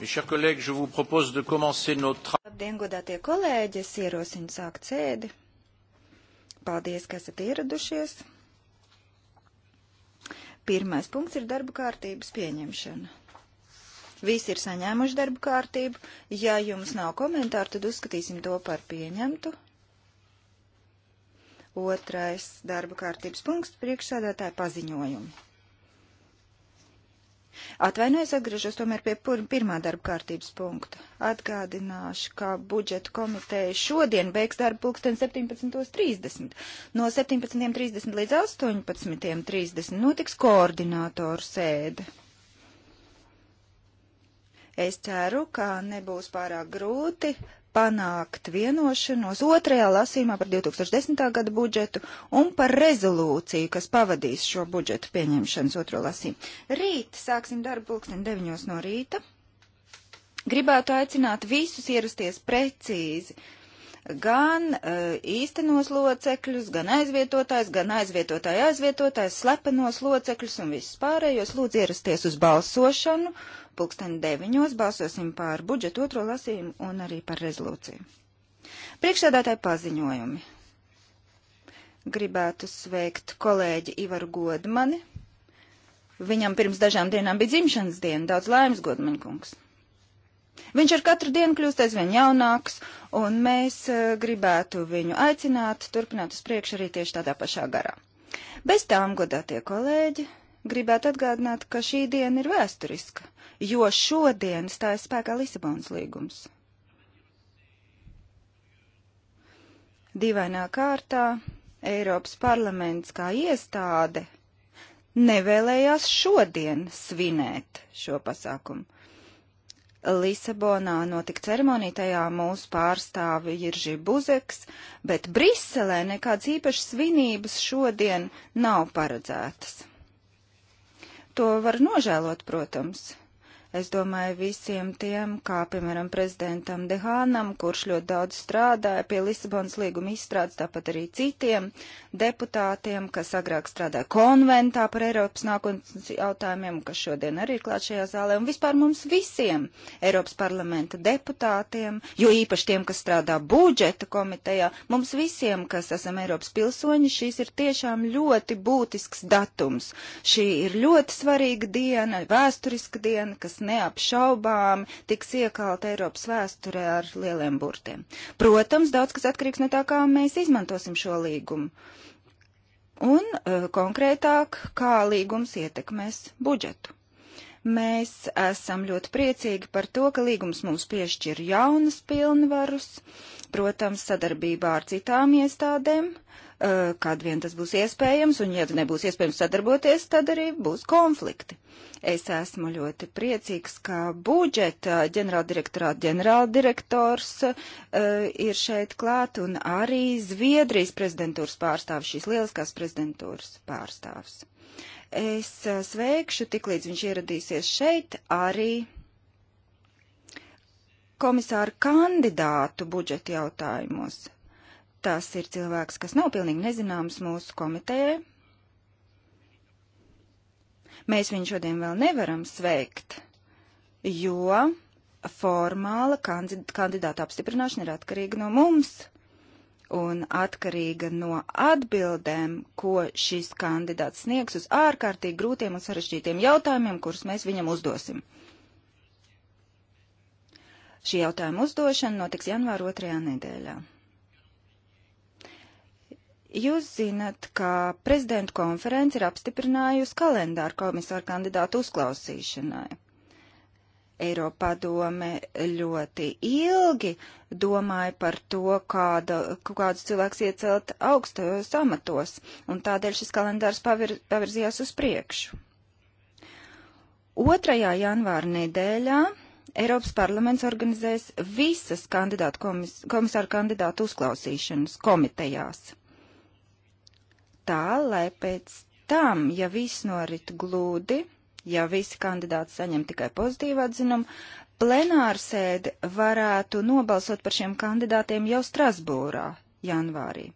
Mes chers collègues, je vous propose de commencer notre. Labdien, godātie kolēģi, es ierosinu sākt sēdi. Paldies, ka esat ieradušies. Pirmais punkts ir darba kārtības pieņemšana. Visi ir saņēmuši darba kārtību. Ja jums nav komentāru, tad uzskatīsim to par pieņemtu. Otrais darba kārtības punkts - priekšsēdētāja paziņojumi. Atvainojos, atgriežos tomēr pie pirmā darba kārtības punkta. Atgādināšu, ka budžeta komiteja šodien beigs darbu pulksten 17.30. No 17.30 līdz 18.30 notiks koordinātoru sēde. Es ceru, ka nebūs pārāk grūti panākt vienošanos otrajā lasīmā par 2010. gada budžetu un par rezolūciju, kas pavadīs šo budžetu pieņemšanas otro lasīmu. Rīt sāksim darbu pulksten 9 no rīta. Gribētu aicināt visus ierasties precīzi gan uh, īstenos locekļus, gan aizvietotājs, gan aizvietotāja aizvietotājs, slepenos locekļus un visus pārējos lūdzu ierasties uz balsošanu. Uh, Pulksten deviņos balsosim pār budžetu otro lasījumu un arī par rezolūciju. Priekšsēdētāji paziņojumi. Gribētu sveikt kolēģi Ivaru Godmani. Viņam pirms dažām dienām bija dzimšanas diena, daudz laimes Godmani kungs. Viņš ar katru dienu kļūst aizvien jaunāks, un mēs uh, gribētu viņu aicināt turpināt uz priekšu arī tieši tādā pašā garā. Bez tām, godātie kolēģi, Gribētu atgādināt, ka šī diena ir vēsturiska, jo šodien stājas spēkā Lisabonas līgums. Dīvainā kārtā Eiropas parlaments kā iestāde nevēlējās šodien svinēt šo pasākumu. Lisabonā notika ceremonija, tajā mūsu pārstāvi ir Žibuzeks, bet Briselē nekādas īpašas svinības šodien nav paredzētas. To var nožēlot, protams. Es domāju, visiem tiem, kā piemēram prezidentam Dehānam, kurš ļoti daudz strādāja pie Lisabonas līguma izstrādes, tāpat arī citiem deputātiem, kas agrāk strādāja konventā par Eiropas nākotnes jautājumiem, kas šodien arī ir klāt šajā zālē, un vispār mums visiem Eiropas parlamenta deputātiem, jo īpaši tiem, kas strādā budžeta komitejā, mums visiem, kas esam Eiropas pilsoņi, šīs ir tiešām ļoti būtisks datums. Šī ir ļoti svarīga diena, vēsturiska diena, kas neapšaubām tiks iekalt Eiropas vēsturē ar lieliem burtiem. Protams, daudz kas atkarīgs no tā, kā mēs izmantosim šo līgumu. Un uh, konkrētāk, kā līgums ietekmēs budžetu. Mēs esam ļoti priecīgi par to, ka līgums mums piešķir jaunas pilnvarus, protams, sadarbībā ar citām iestādēm. Uh, Eh, kad vien tas būs iespējams, un ja nebūs iespējams sadarboties, tad arī būs konflikti. Es esmu ļoti priecīgs, ka budžeta ģenerāldirektorāta ģenerāldirektors uh, ir šeit klāt, un arī Zviedrijas prezidentūras pārstāvis, šīs lieliskās prezidentūras pārstāvis. Es uh, sveikšu, tiklīdz viņš ieradīsies šeit, arī komisāru kandidātu budžeta jautājumos Tas ir cilvēks, kas nav pilnīgi nezināms mūsu komitejai. Mēs viņu šodien vēl nevaram sveikt, jo formāla kandidāta apstiprināšana ir atkarīga no mums un atkarīga no atbildēm, ko šis kandidāts sniegs uz ārkārtīgi grūtiem un sarežģītiem jautājumiem, kurus mēs viņam uzdosim. Šī jautājuma uzdošana notiks janvāra otrajā nedēļā. Jūs zinat, ka prezidenta konference ir apstiprinājusi kalendāru komisāru kandidātu uzklausīšanai. Eiropadome ļoti ilgi domāja par to, kāda, kādus cilvēkus iecelt augstajos amatos, un tādēļ šis kalendārs pavir, pavirzījās uz priekšu. 2. janvāra nedēļā Eiropas parlaments organizēs visas kandidātu komis, komisāru kandidātu uzklausīšanas komitejās tā, lai pēc tam, ja viss norit glūdi, ja visi kandidāti saņem tikai pozitīvu atzinumu, plenārsēde varētu nobalsot par šiem kandidātiem jau Strasbūrā janvārī.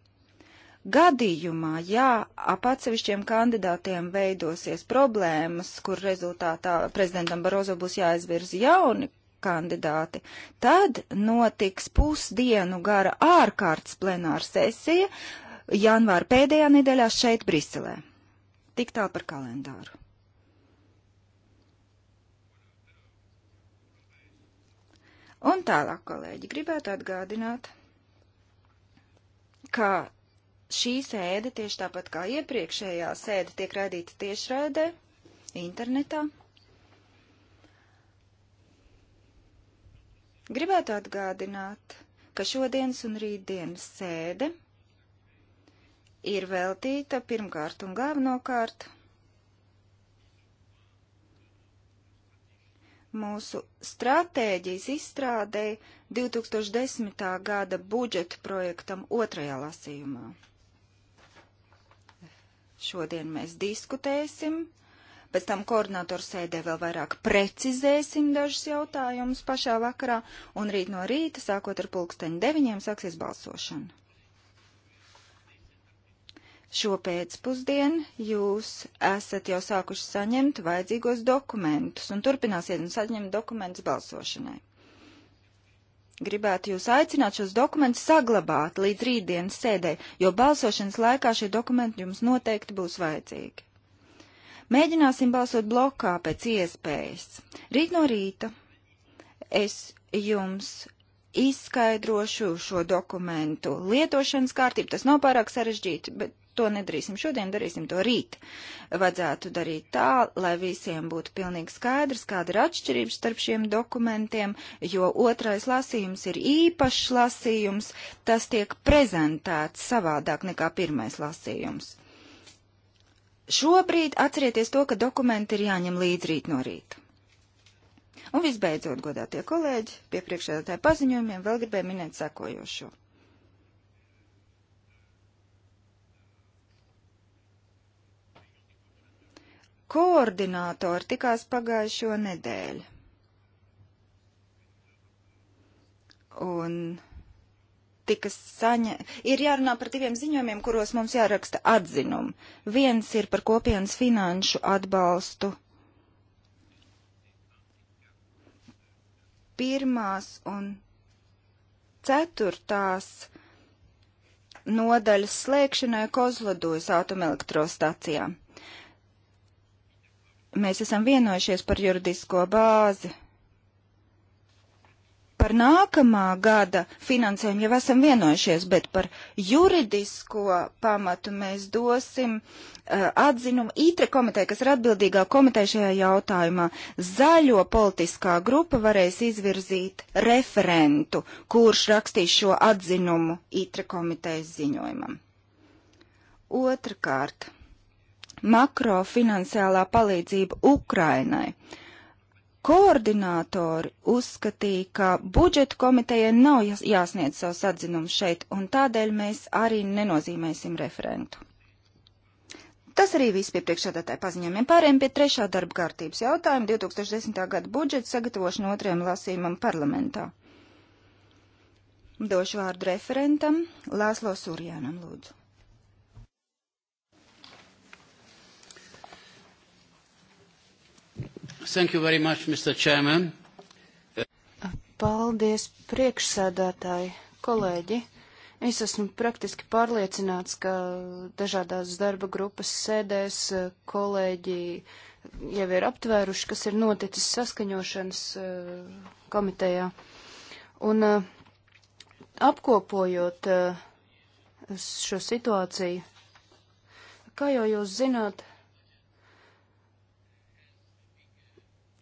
Gadījumā, ja ap atsevišķiem kandidātiem veidosies problēmas, kur rezultātā prezidentam Barozo būs jāizvirza jauni kandidāti, tad notiks pusdienu gara ārkārtas plenāra sesija, janvāra pēdējā nedēļā šeit, Briselē. Tik tā par kalendāru. Un tālāk, kolēģi, gribētu atgādināt, ka šī sēde, tieši tāpat kā iepriekšējā sēde, tiek raidīta tiešraidē, internetā. Gribētu atgādināt, ka šodienas un rītdienas sēde ir veltīta pirmkārt un galvenokārt mūsu stratēģijas izstrādē 2010. gada budžeta projektam otrajā lasījumā. Šodien mēs diskutēsim, pēc tam koordinatoru sēdē vēl vairāk precizēsim dažus jautājumus pašā vakarā, un rīt no rīta, sākot ar pulksteņu deviņiem, sāksies balsošana. Šo pēcpusdienu jūs esat jau sākuši saņemt vajadzīgos dokumentus un turpināsiet un saņemt dokumentus balsošanai. Gribētu jūs aicināt šos dokumentus saglabāt līdz rītdienas sēdē, jo balsošanas laikā šie dokumenti jums noteikti būs vajadzīgi. Mēģināsim balsot blokā pēc iespējas. Rīt no rīta es jums izskaidrošu šo dokumentu lietošanas kārtību. Tas nav pārāk sarežģīti, bet to nedarīsim šodien, darīsim to rīt. Vajadzētu darīt tā, lai visiem būtu pilnīgi skaidrs, kāda ir atšķirība starp šiem dokumentiem, jo otrais lasījums ir īpašs lasījums, tas tiek prezentēts savādāk nekā pirmais lasījums. Šobrīd atcerieties to, ka dokumenti ir jāņem līdz rīt no rīta. Un visbeidzot, godātie kolēģi, pie priekšēdātāju paziņojumiem vēl gribēju minēt sekojošo. Koordinātori tikās pagājušo nedēļu. Un tika saņa... Ir jārunā par diviem ziņojumiem, kuros mums jāraksta atzinumi. Viens ir par kopienas finanšu atbalstu. Pirmās un ceturtās nodaļas slēgšanai Kozlodojas atomelektrostacijām mēs esam vienojušies par juridisko bāzi. Par nākamā gada finansējumu jau esam vienojušies, bet par juridisko pamatu mēs dosim uh, atzinumu ITRE komiteja, kas ir atbildīgā komiteja šajā jautājumā. Zaļo politiskā grupa varēs izvirzīt referentu, kurš rakstīs šo atzinumu ITRE komitejas ziņojumam. Otrakārt makrofinansiālā palīdzība Ukrainai. Koordinātori uzskatīja, ka budžeta komitejai nav jāsniedz savus atzinumus šeit, un tādēļ mēs arī nenozīmēsim referentu. Tas arī viss pie priekšādātāja paziņojumiem. Pārējiem pie trešā darba kārtības jautājuma 2010. gada budžeta sagatavošana otrajam lasījumam parlamentā. Došu vārdu referentam Lāslo Surjānam, lūdzu. Thank you very much, Mr. Chairman. Paldies, priekšsēdētāji, kolēģi. Es esmu praktiski pārliecināts, ka dažādās darba grupas sēdēs kolēģi jau ir aptvēruši, kas ir noticis saskaņošanas komitejā. Un apkopojot šo situāciju, kā jau jūs zināt,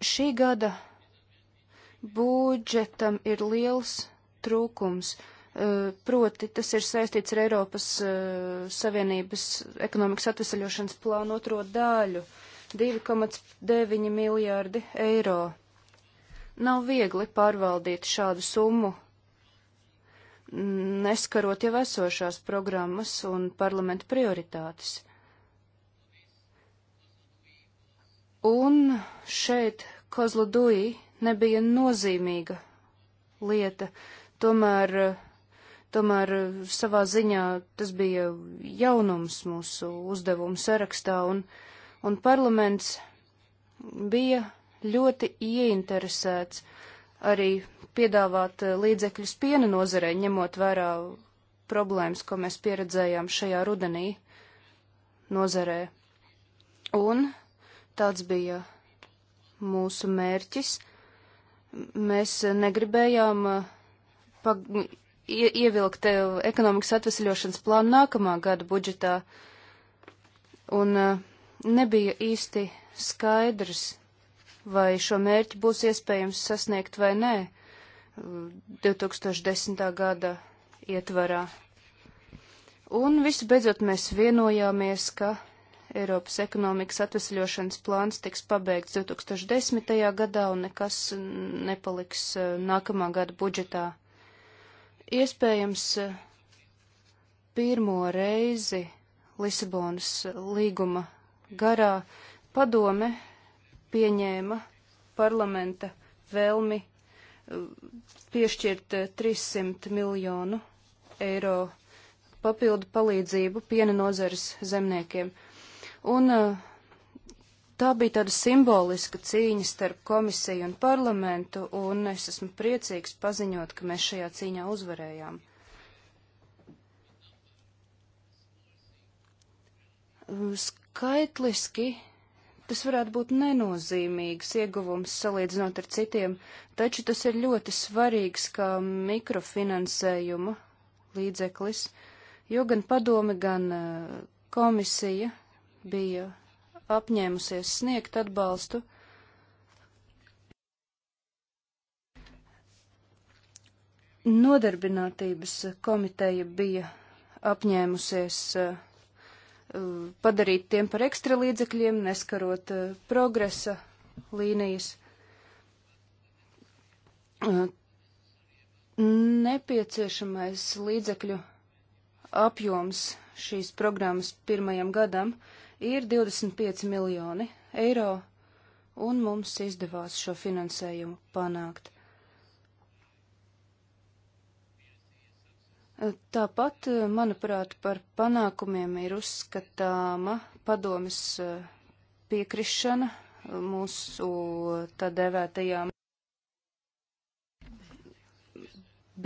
Šī gada budžetam ir liels trūkums, eh, proti tas ir saistīts ar Eiropas eh, Savienības ekonomikas atvesaļošanas plānu otro daļu - 2,9 miljārdi eiro. Nav viegli pārvaldīt šādu summu, neskarot jau esošās programmas un parlamenta prioritātes. Un šeit Kozludui nebija nozīmīga lieta, tomēr, tomēr savā ziņā tas bija jaunums mūsu uzdevumu sarakstā, un, un parlaments bija ļoti ieinteresēts arī piedāvāt līdzekļus piena nozarei, ņemot vērā problēmas, ko mēs pieredzējām šajā rudenī nozarē. Un tāds bija mūsu mērķis. Mēs negribējām uh, pag... ie ievilkt uh, ekonomikas atvesļošanas plānu nākamā gada budžetā, un uh, nebija īsti skaidrs, vai šo mērķi būs iespējams sasniegt vai nē 2010. gada ietvarā. Un visu beidzot mēs vienojāmies, ka Eiropas ekonomikas atvesļošanas plāns tiks pabeigts 2010. gadā un nekas nepaliks eh, nākamā gada budžetā. Iespējams, eh, pirmo reizi Lisabonas līguma garā padome pieņēma parlamenta vēlmi eh, piešķirt 300 miljonu eiro papildu palīdzību piena nozares zemniekiem. Un eh, tā bija tāda simboliska cīņa starp komisiju un parlamentu, un es esmu priecīgs paziņot, ka mēs šajā cīņā uzvarējām. Skaitliski tas varētu būt nenozīmīgs ieguvums salīdzinot ar citiem, taču tas ir ļoti svarīgs kā mikrofinansējuma līdzeklis, jo gan padomi, gan eh, komisija bija apņēmusies sniegt atbalstu. Nodarbinātības komiteja bija apņēmusies uh, padarīt tiem par ekstra līdzekļiem, neskarot uh, progresa līnijas. Uh, nepieciešamais līdzekļu apjoms šīs programmas pirmajam gadam uh, ir 25 miljoni eiro, un mums izdevās šo finansējumu panākt. Tāpat, manuprāt, par panākumiem ir uzskatāma padomis eh, piekrišana mūsu tā devētajām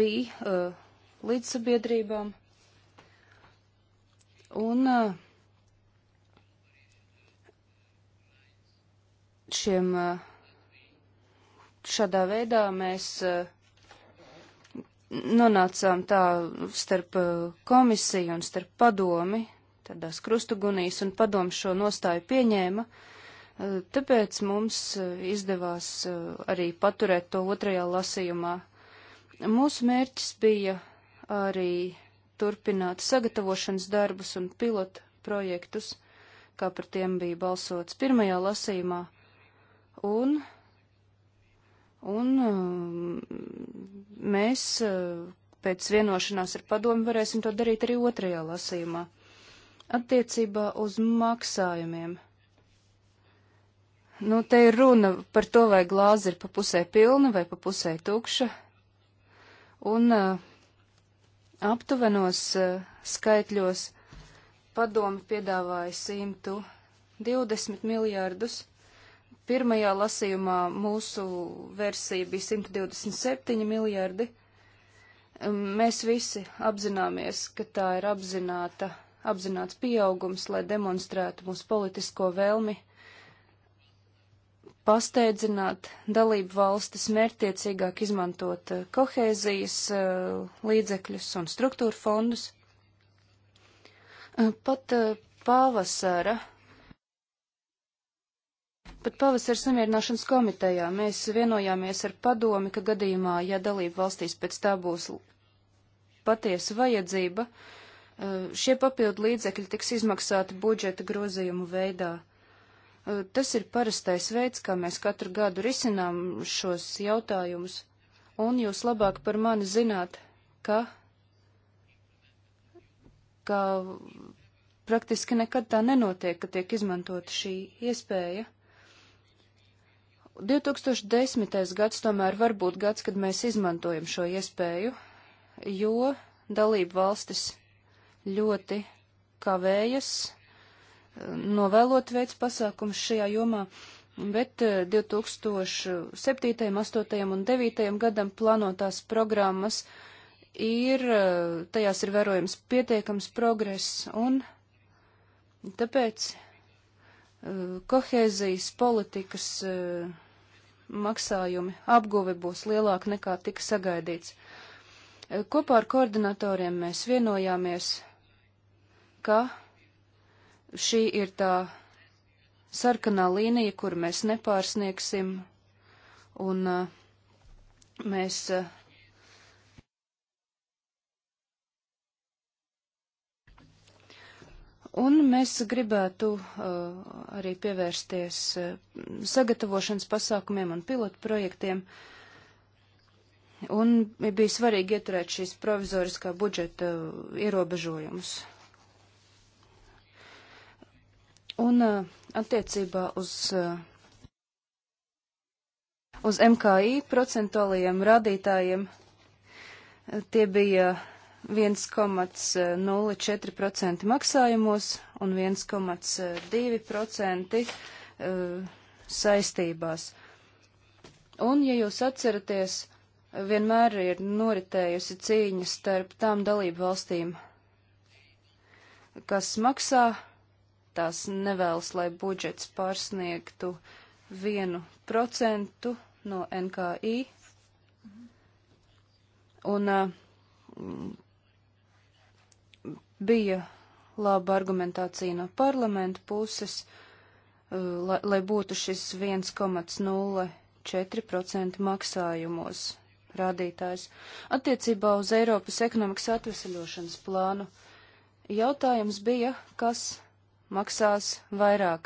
bija eh, līdzsabiedrībām. Un uh, šiem eh, šādā veidā mēs eh, nonācām tā starp eh, komisiju un starp padomi, tādās krustugunīs, un padomi šo nostāju pieņēma, tāpēc mums izdevās arī paturēt to otrajā lasījumā. Mūsu mērķis bija arī turpināt sagatavošanas darbus un pilotu projektus, kā par tiem bija balsots pirmajā lasījumā un, un um, mēs uh, pēc vienošanās ar padomu varēsim to darīt arī otrajā lasījumā. Attiecībā uz maksājumiem. Nu, te ir runa par to, vai glāze ir pa pusē pilna vai pa pusē tukša. Un uh, aptuvenos uh, skaitļos padomi piedāvāja 120 miljārdus Pirmajā lasījumā mūsu versija bija 127 miljardi. Um, mēs visi apzināmies, ka tā ir apzināta, apzināts pieaugums, lai demonstrētu mūsu politisko vēlmi pasteidzināt dalību valstis mērtiecīgāk izmantot uh, kohēzijas uh, līdzekļus un struktūra fondus. Uh, pat pavasara Pat pavasars samierināšanas komitejā mēs vienojāmies ar padomi, ka gadījumā, ja dalību valstīs pēc tā būs patiesa vajadzība, eh, šie papildu līdzekļi tiks izmaksāti budžeta grozījumu veidā. Eh, tas ir parastais veids, kā mēs katru gadu risinām šos jautājumus, un jūs labāk par mani zināt, ka, ka praktiski nekad tā nenotiek, ka tiek izmantota šī iespēja. 2010. gads tomēr var būt gads, kad mēs izmantojam šo iespēju, jo dalību valstis ļoti kavējas, eh, novēlot veids pasākums šajā jomā, bet 2007., eh, 2008. un 2009. gadam plānotās programmas ir, eh, tajās ir vērojams pietiekams progress, un tāpēc kohēzijas politikas uh, maksājumi apguve būs lielāka nekā tika sagaidīts. E, kopā ar koordinatoriem mēs vienojāmies, ka šī ir tā sarkanā līnija, kur mēs nepārsniegsim, un e, mēs e, Un mēs gribētu uh, arī pievērsties uh, sagatavošanas pasākumiem un pilotu projektiem. Un bija svarīgi ieturēt šīs provizoriskā budžeta uh, ierobežojumus. Un uh, attiecībā uz, uh, uz MKI procentuālajiem rādītājiem uh, tie bija 1,04% eh, maksājumos un 1,2% eh, eh, saistībās. Un, ja jūs atceraties, vienmēr ir noritējusi cīņa starp tām dalību valstīm, kas maksā, tās nevēlas, lai budžets pārsniegtu vienu procentu no NKI. Un uh, bija laba argumentācija no parlamenta puses, uh, lai, lai būtu šis 1,04% maksājumos rādītājs. Attiecībā uz Eiropas ekonomikas atvesaļošanas plānu jautājums bija, kas maksās vairāk.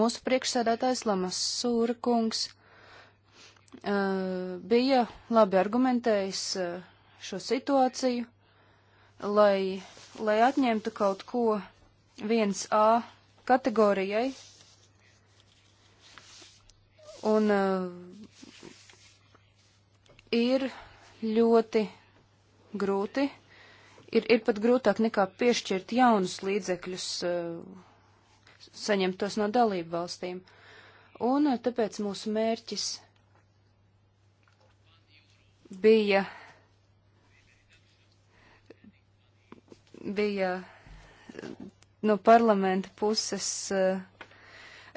Mūsu priekšsēdētājs Lamas Sūra kungs uh, bija labi argumentējis uh, šo situāciju lai, lai atņemtu kaut ko 1A kategorijai. Un uh, ir ļoti grūti, ir, ir pat grūtāk nekā piešķirt jaunus līdzekļus, uh, eh, saņemt tos no dalību valstīm. Un uh, tāpēc mūsu mērķis bija bija eh, no parlamenta puses, eh,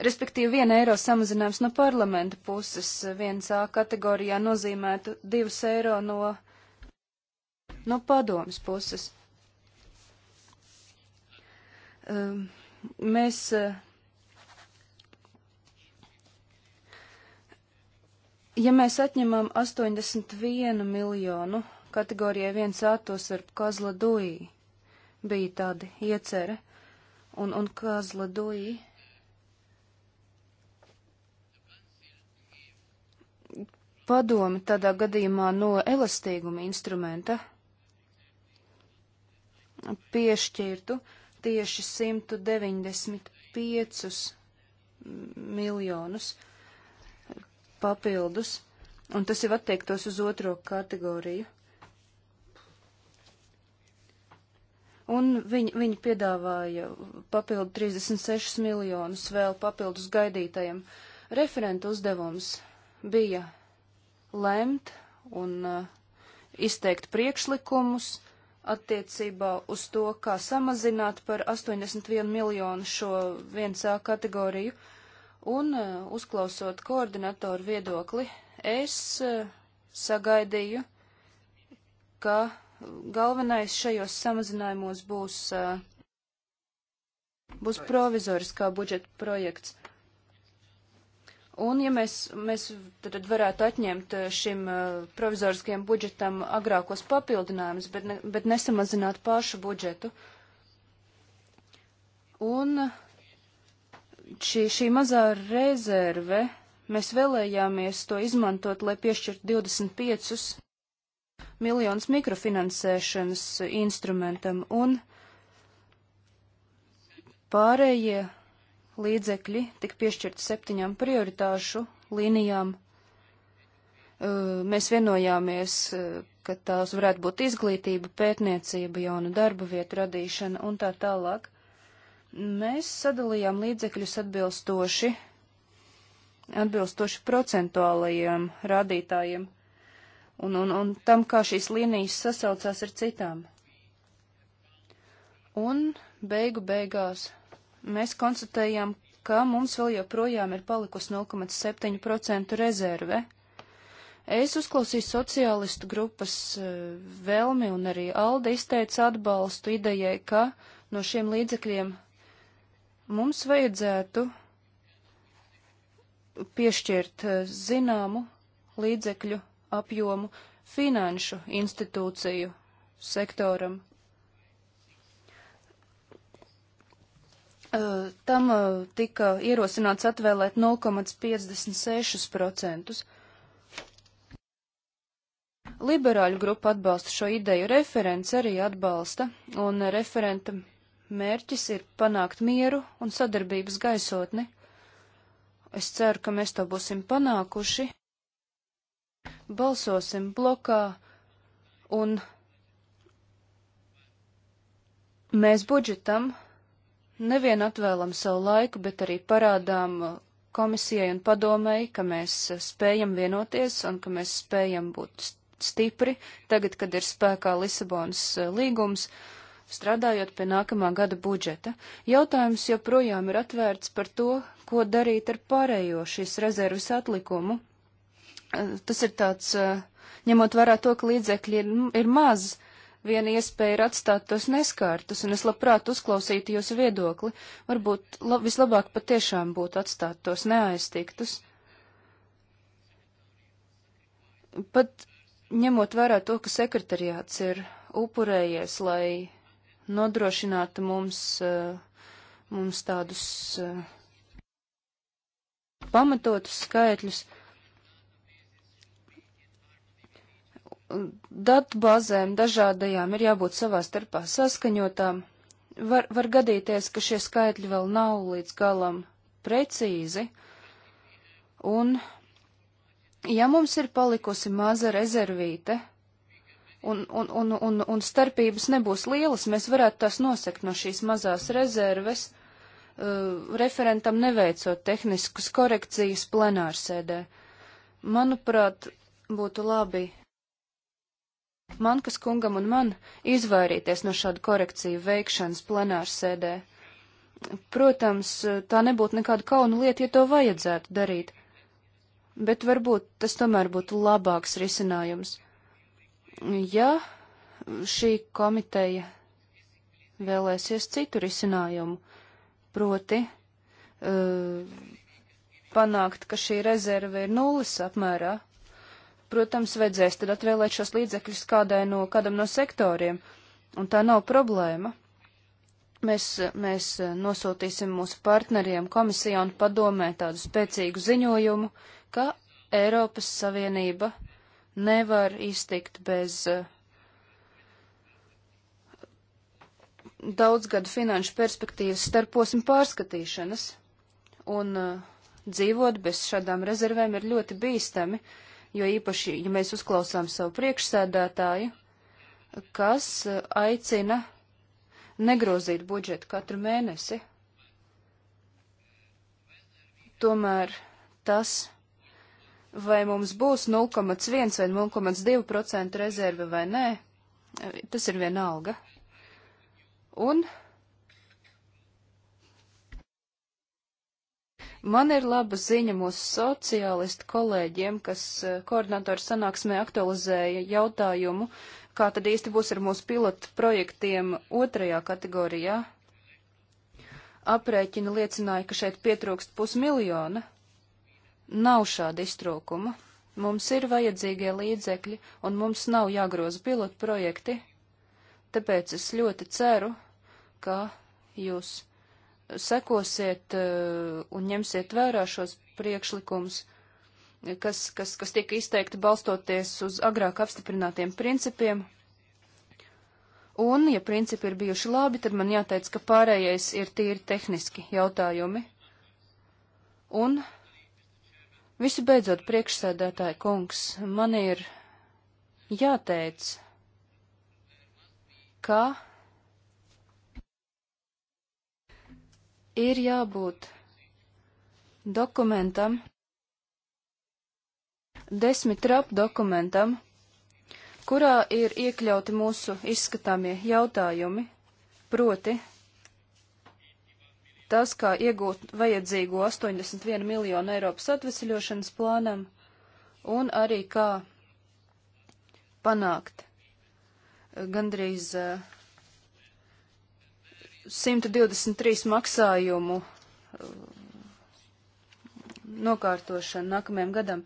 respektīvi 1 eiro samazinājums no parlamenta puses, 1A kategorijā nozīmētu 2 eiro no, no padomas puses. Ehm, mēs eh, Ja mēs atņemam 81 miljonu kategorijai 1A to starp Kozla Duī, bija tādi iecere un, un kazladoji. Padomi tādā gadījumā no elastīguma instrumenta piešķirtu tieši 195 miljonus papildus, un tas jau attiektos uz otro kategoriju. Un viņi, viņi piedāvāja papildu 36 miljonus vēl papildus gaidītajiem. Referenta uzdevums bija lemt un uh, izteikt priekšlikumus attiecībā uz to, kā samazināt par 81 miljonu šo 1A kategoriju. Un uh, uzklausot koordinatoru viedokli, es uh, sagaidīju, ka galvenais šajos samazinājumos būs, eh, būs provizoriskā budžeta projekts. Un, ja mēs, mēs tad varētu atņemt eh, šim eh, provizoriskajam budžetam agrākos papildinājumus, bet, ne, bet nesamazināt pašu budžetu. Un šī, šī mazā rezerve, mēs vēlējāmies to izmantot, lai piešķirtu 25 miljonus mikrofinansēšanas instrumentam un pārējie līdzekļi tika piešķirti septiņām prioritāšu līnijām. Mēs vienojāmies, ka tās varētu būt izglītība, pētniecība, jauna darba vieta radīšana un tā tālāk. Mēs sadalījām līdzekļus atbilstoši, atbilstoši procentuālajiem rādītājiem un, un, un tam, kā šīs līnijas sasaucās ar citām. Un beigu beigās mēs konstatējām, ka mums vēl joprojām ir palikusi 0,7% rezerve. Es uzklausīju sociālistu grupas eh, vēlmi un arī Alde izteica atbalstu idejai, ka no šiem līdzekļiem mums vajadzētu piešķirt eh, zināmu līdzekļu apjomu finanšu institūciju sektoram. Tam tika ierosināts atvēlēt 0,56%. Liberāļu grupa atbalsta šo ideju, referents arī atbalsta, un referenta mērķis ir panākt mieru un sadarbības gaisotni. Es ceru, ka mēs to būsim panākuši. Balsosim blokā un mēs budžetam nevien atvēlam savu laiku, bet arī parādām komisijai un padomēji, ka mēs spējam vienoties un ka mēs spējam būt stipri tagad, kad ir spēkā Lisabonas līgums strādājot pie nākamā gada budžeta. Jautājums joprojām ir atvērts par to, ko darīt ar pārējo šīs rezerves atlikumu, tas ir tāds, ņemot vērā to, ka līdzekļi ir, ir maz, viena iespēja ir atstāt tos neskārtus, un es labprāt uzklausītu jūsu viedokli. Varbūt lab, vislabāk patiešām būtu atstāt tos neaiztiktus. Pat ņemot vērā to, ka sekretariāts ir upurējies, lai nodrošinātu mums, mums tādus pamatotus skaitļus, datbāzēm dažādajām ir jābūt savā starpā saskaņotām. Var, var gadīties, ka šie skaitļi vēl nav līdz galam precīzi, un ja mums ir palikusi maza rezervīte, un, un, un, un, un starpības nebūs lielas, mēs varētu tās nosekt no šīs mazās rezerves, uh, referentam neveicot tehniskas korekcijas plenārsēdē. Manuprāt, būtu labi Mankas kungam un man izvairīties no šādu korekciju veikšanas plenārsēdē. Protams, tā nebūtu nekāda kauna lieta, ja to vajadzētu darīt, bet varbūt tas tomēr būtu labāks risinājums. Ja šī komiteja vēlēsies citu risinājumu, proti uh, panākt, ka šī rezerve ir nulles apmērā, protams, vajadzēs tad atvēlēt šos līdzekļus kādai no, kādam no sektoriem, un tā nav problēma. Mēs, mēs nosūtīsim mūsu partneriem komisijā un padomē tādu spēcīgu ziņojumu, ka Eiropas Savienība nevar iztikt bez eh, daudzgadu finanšu perspektīvas starposmu pārskatīšanas, un eh, dzīvot bez šādām rezervēm ir ļoti bīstami. Uh, jo īpaši, ja mēs uzklausām savu priekšsēdētāju, kas e, aicina negrozīt budžetu katru mēnesi. Tomēr tas, vai mums būs 0,1 vai 0,2% rezerve vai nē, e, tas ir vienalga. Un Man ir laba ziņa mūsu sociālistu kolēģiem, kas eh, koordinatoru sanāksmē aktualizēja jautājumu, kā tad īsti būs ar mūsu pilotu projektiem otrajā kategorijā. Aprēķina liecināja, ka šeit pietrūkst pusmiljona. Nav šāda iztrūkuma. Mums ir vajadzīgie līdzekļi, un mums nav jāgroza pilotu projekti. Tāpēc es ļoti ceru, ka jūs sekosiet eh, un ņemsiet vērā šos priekšlikumus, kas, kas, kas tika izteikti balstoties uz agrāk apstiprinātiem principiem. Un, ja principi ir bijuši labi, tad man jāteic, ka pārējais ir tīri tehniski jautājumi. Un visu beidzot, priekšsēdētāji kungs, man ir jāteic, ka ir jābūt dokumentam, desmit trap dokumentam, kurā ir iekļauti mūsu izskatāmie jautājumi, proti tas, kā iegūt vajadzīgo 81 miljonu Eiropas atvesļošanas plānam, un arī kā panākt gandrīz uh, 123 maksājumu uh, nokārtošanu nākamajam gadam.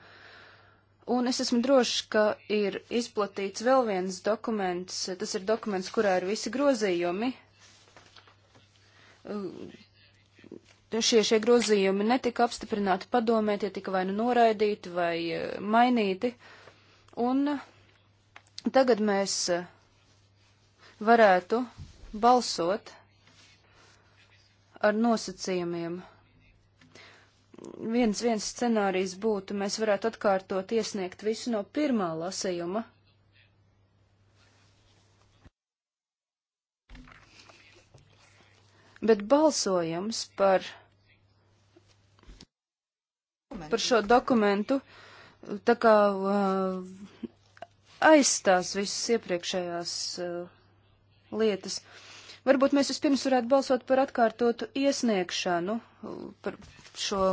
Un es esmu drošs, ka ir izplatīts vēl viens dokuments, tas ir dokuments, kurā ir visi grozījumi. Uh, šie, šie grozījumi netika apstiprināti padomē, tie tika vai nu noraidīti, vai uh, mainīti. Un tagad mēs varētu balsot ar nosacījumiem. Viens, viens scenārijs būtu, mēs varētu atkārtot iesniegt visu no pirmā lasījuma. Bet balsojums par, par šo dokumentu tā kā uh, aizstās visas iepriekšējās uh, lietas. Uh, Varbūt mēs vispirms varētu balsot par atkārtotu iesniegšanu, par šo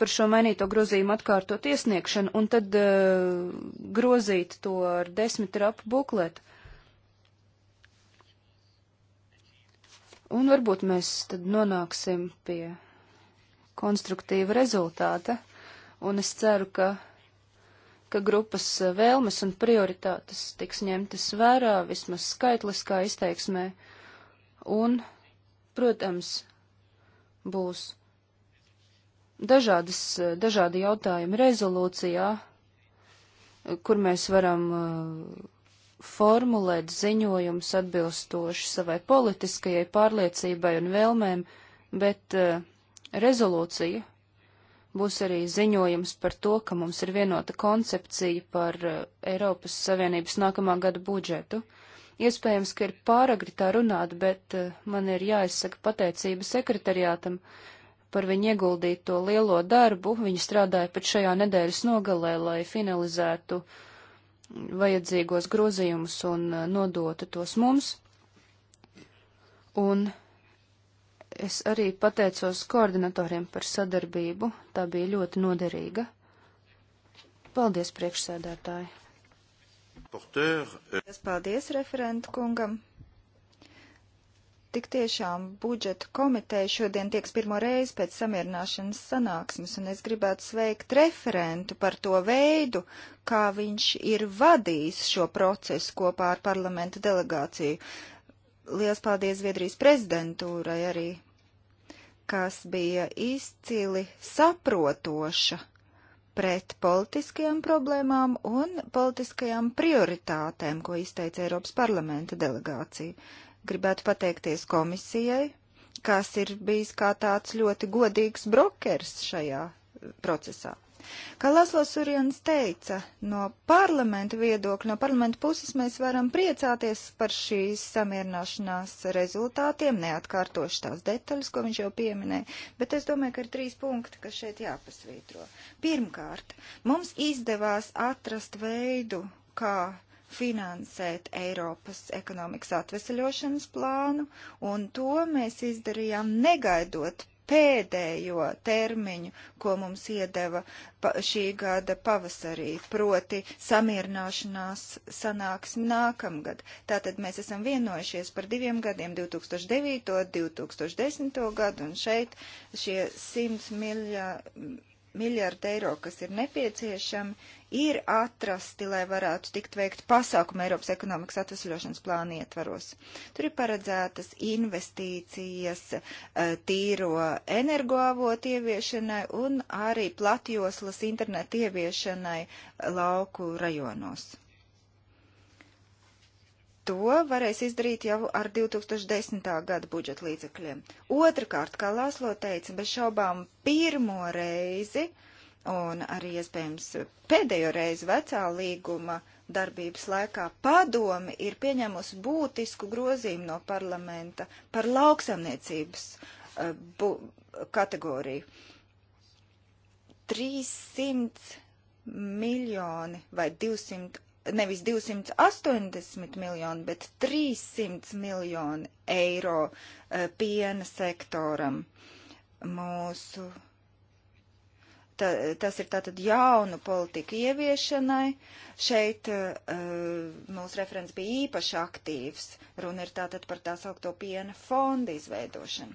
par šo mainīto grozījumu atkārtot iesniegšanu un tad uh, grozīt to ar desmit rapu bukletu. Un varbūt mēs tad nonāksim pie konstruktīva rezultāta, un es ceru, ka ka grupas vēlmes un prioritātes tiks ņemtas vērā vismaz skaitliskā izteiksmē, un, protams, būs dažādas, dažādi jautājumi rezolūcijā, kur mēs varam uh, formulēt ziņojums atbilstoši savai politiskajai pārliecībai un vēlmēm, bet uh, rezolūcija Būs arī ziņojums par to, ka mums ir vienota koncepcija par eh, Eiropas Savienības nākamā gada budžetu. Iespējams, ka ir pāragri tā runāt, bet eh, man ir jāizsaka pateicība sekretariātam par viņu ieguldīto lielo darbu. Viņi strādāja pat šajā nedēļas nogalē, lai finalizētu vajadzīgos grozījumus un eh, nodotu tos mums. Un Es arī pateicos koordinatoriem par sadarbību, tā bija ļoti noderīga. Paldies, priekšsēdētāji! Es paldies referentu kungam! Tik tiešām budžeta komiteja šodien tieks pirmo reizi pēc samierināšanas sanāksmes, un es gribētu sveikt referentu par to veidu, kā viņš ir vadījis šo procesu kopā ar parlamenta delegāciju. Liels paldies Zviedrijas prezidentūrai arī, kas bija izcili saprotoša pret politiskajām problēmām un politiskajām prioritātēm, ko izteica Eiropas parlamenta delegācija. Gribētu pateikties komisijai, kas ir bijis kā tāds ļoti godīgs brokers šajā procesā. Kā Laslo Surjans teica, no parlamenta viedokļa, no parlamenta puses mēs varam priecāties par šīs samierināšanās rezultātiem, neatkārtoši tās detaļas, ko viņš jau pieminēja, bet es domāju, ka ir trīs punkti, kas šeit jāpasvītro. Pirmkārt, mums izdevās atrast veidu, kā finansēt Eiropas ekonomikas atvesaļošanas plānu, un to mēs izdarījām negaidot pēdējo termiņu, ko mums iedeva šī gada pavasarī, proti samierināšanās sanāksmi nākamgad. Tātad mēs esam vienojušies par diviem gadiem - 2009. un 2010. gadu, un šeit šie 100 miljoni miljardi eiro, kas ir nepieciešami, ir atrasti, lai varētu tikt veikt pasākumu Eiropas ekonomikas atvesļošanas plāna ietvaros. Tur ir paredzētas investīcijas eh, tīro energoavotu ieviešanai un arī platjoslas internetu ieviešanai eh, lauku rajonos. To varēs izdarīt jau ar 2010. gada budžeta līdzekļiem. Otrakārt, kā Lāslo teica, bez šaubām pirmo reizi un arī iespējams pēdējo reizi vecā līguma darbības laikā padomi ir pieņēmusi būtisku grozījumu no parlamenta par lauksamniecības uh, eh, bu, kategoriju. 300 miljoni vai 200 nevis 280 miljoni, bet 300 miljoni eiro e, piena sektoram mūsu. Ta, tas ir tātad jaunu politiku ieviešanai. Šeit uh, mūsu referents bija īpaši aktīvs. Runa ir tātad par tā saukto piena fonda izveidošanu.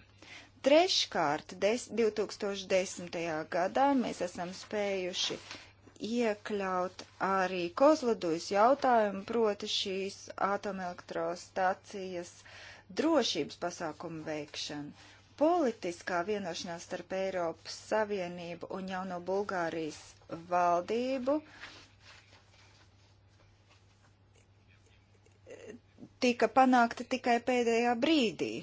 Treškārt, des, 2010. gadā mēs esam spējuši uh, iekļaut arī kozlodujas jautājumu, proti šīs atomelektrostacijas drošības pasākumu veikšanu. Politiskā vienošanās starp Eiropas Savienību un jauno Bulgārijas valdību tika panākta tikai pēdējā brīdī.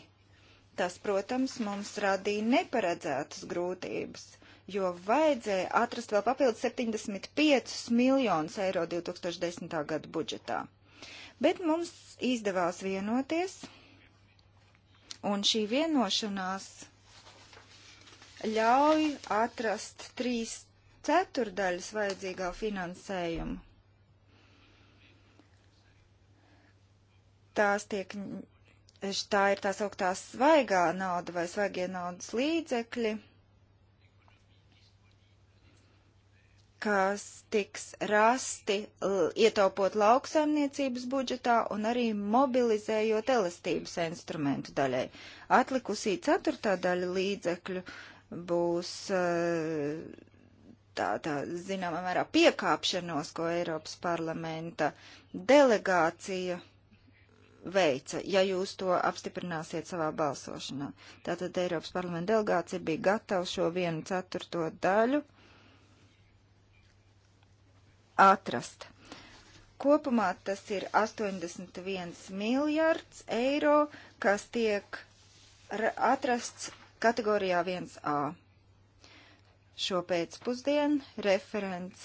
Tas, protams, mums radīja neparedzētas grūtības jo vajadzēja atrast vēl papildus 75 miljonus eiro 2010. gada budžetā. Bet mums izdevās vienoties, un šī vienošanās ļauj atrast trīs ceturdaļas vajadzīgā finansējuma. Tās tiek, tā ir tā sauktā svaigā nauda vai svaigie naudas līdzekļi kas tiks rasti ietaupot lauksaimniecības budžetā un arī mobilizējot elastības instrumentu daļai. Atlikusī ceturtā daļa līdzekļu būs e, tā, tā zināmā mērā piekāpšanos, ko Eiropas parlamenta delegācija veica, ja jūs to apstiprināsiet savā balsošanā. Tātad Eiropas parlamenta delegācija bija gatava šo vienu ceturto daļu atrast. Kopumā tas ir 81 miljards eiro, kas tiek atrasts kategorijā 1A. Šo pēcpusdienu referents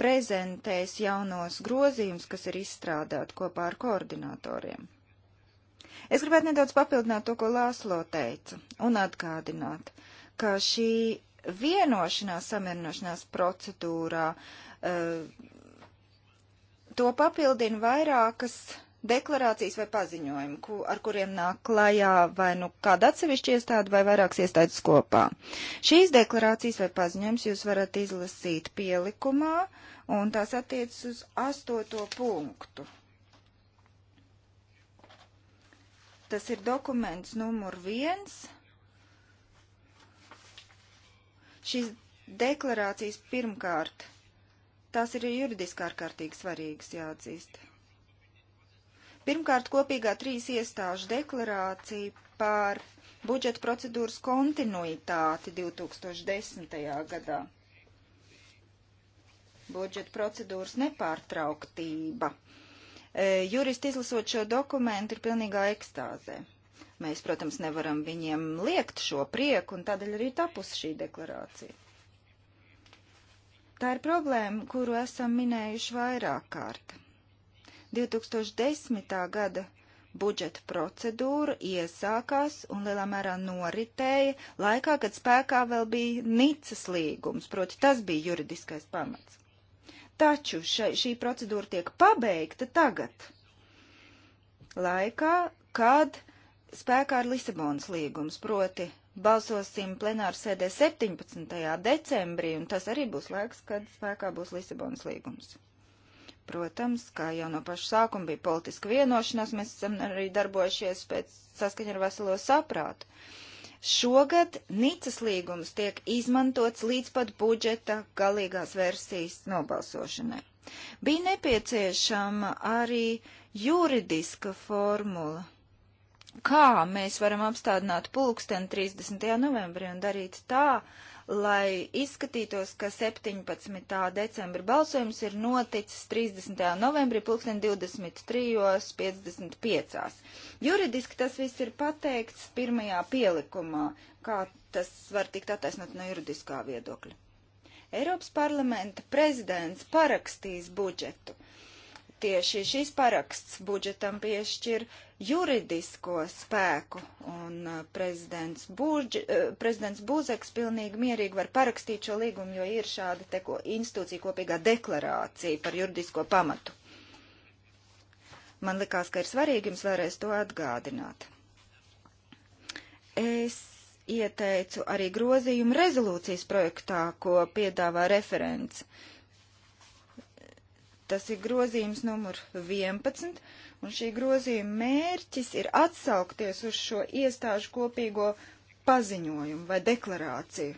prezentēs jaunos grozījumus, kas ir izstrādāti kopā ar koordinatoriem. Es gribētu nedaudz papildināt to, ko Lāslo teica, un atgādināt, ka šī vienošanās samierināšanās procedūrā eh, to papildina vairākas deklarācijas vai paziņojumi, ku, ar kuriem nāk klajā vai nu kāda atsevišķa iestāde vai vairākas iestādes kopā. Šīs deklarācijas vai paziņojums jūs varat izlasīt pielikumā, un tās attiecas uz astoto punktu. Tas ir dokuments numur viens Šīs deklarācijas pirmkārt, tās ir juridiski ārkārtīgi svarīgas jāatzīst. Pirmkārt, kopīgā trīs iestāžu deklarācija par budžeta procedūras kontinuitāti 2010. gadā. Budžeta procedūras nepārtrauktība. E, juristi izlasot šo dokumentu ir pilnīgā ekstāzē. Mēs, protams, nevaram viņiem liekt šo prieku, un tādēļ arī tapus šī deklarācija. Tā ir problēma, kuru esam minējuši vairāk kārt. 2010. gada budžeta procedūra iesākās un lielā mērā noritēja laikā, kad spēkā vēl bija Nicas līgums, proti tas bija juridiskais pamats. Taču še, šī procedūra tiek pabeigta tagad, laikā, kad spēkā ir Lisabonas līgums, proti balsosim plenāru sēdē 17. decembrī, un tas arī būs laiks, kad spēkā būs Lisabonas līgums. Protams, kā jau no paša sākuma bija politiska vienošanās, mēs esam arī darbojušies pēc saskaņa ar veselo saprātu. Šogad Nicas līgums tiek izmantots līdz pat budžeta galīgās versijas nobalsošanai. Bija nepieciešama arī juridiska formula kā mēs varam apstādināt pulksteni 30. novembrī un darīt tā, lai izskatītos, ka 17. decembra balsojums ir noticis 30. novembrī pulksteni 23.55. Juridiski tas viss ir pateikts pirmajā pielikumā, kā tas var tikt attaisnot no juridiskā viedokļa. Eiropas parlamenta prezidents parakstīs budžetu. Tieši šis paraksts budžetam piešķir uh, juridisko spēku, un uh, prezidents, Būdž, uh, prezidents Būzeks pilnīgi mierīgi var parakstīt šo līgumu, jo ir šāda te ko institūcija kopīgā deklarācija par juridisko pamatu. Man likās, ka ir svarīgi jums vēlreiz to atgādināt. Es ieteicu arī grozījumu rezolūcijas projektā, ko piedāvā referents. Tas ir grozījums numur 11 Un šī grozījuma mērķis ir atsaukties uz šo iestāžu kopīgo paziņojumu vai deklarāciju.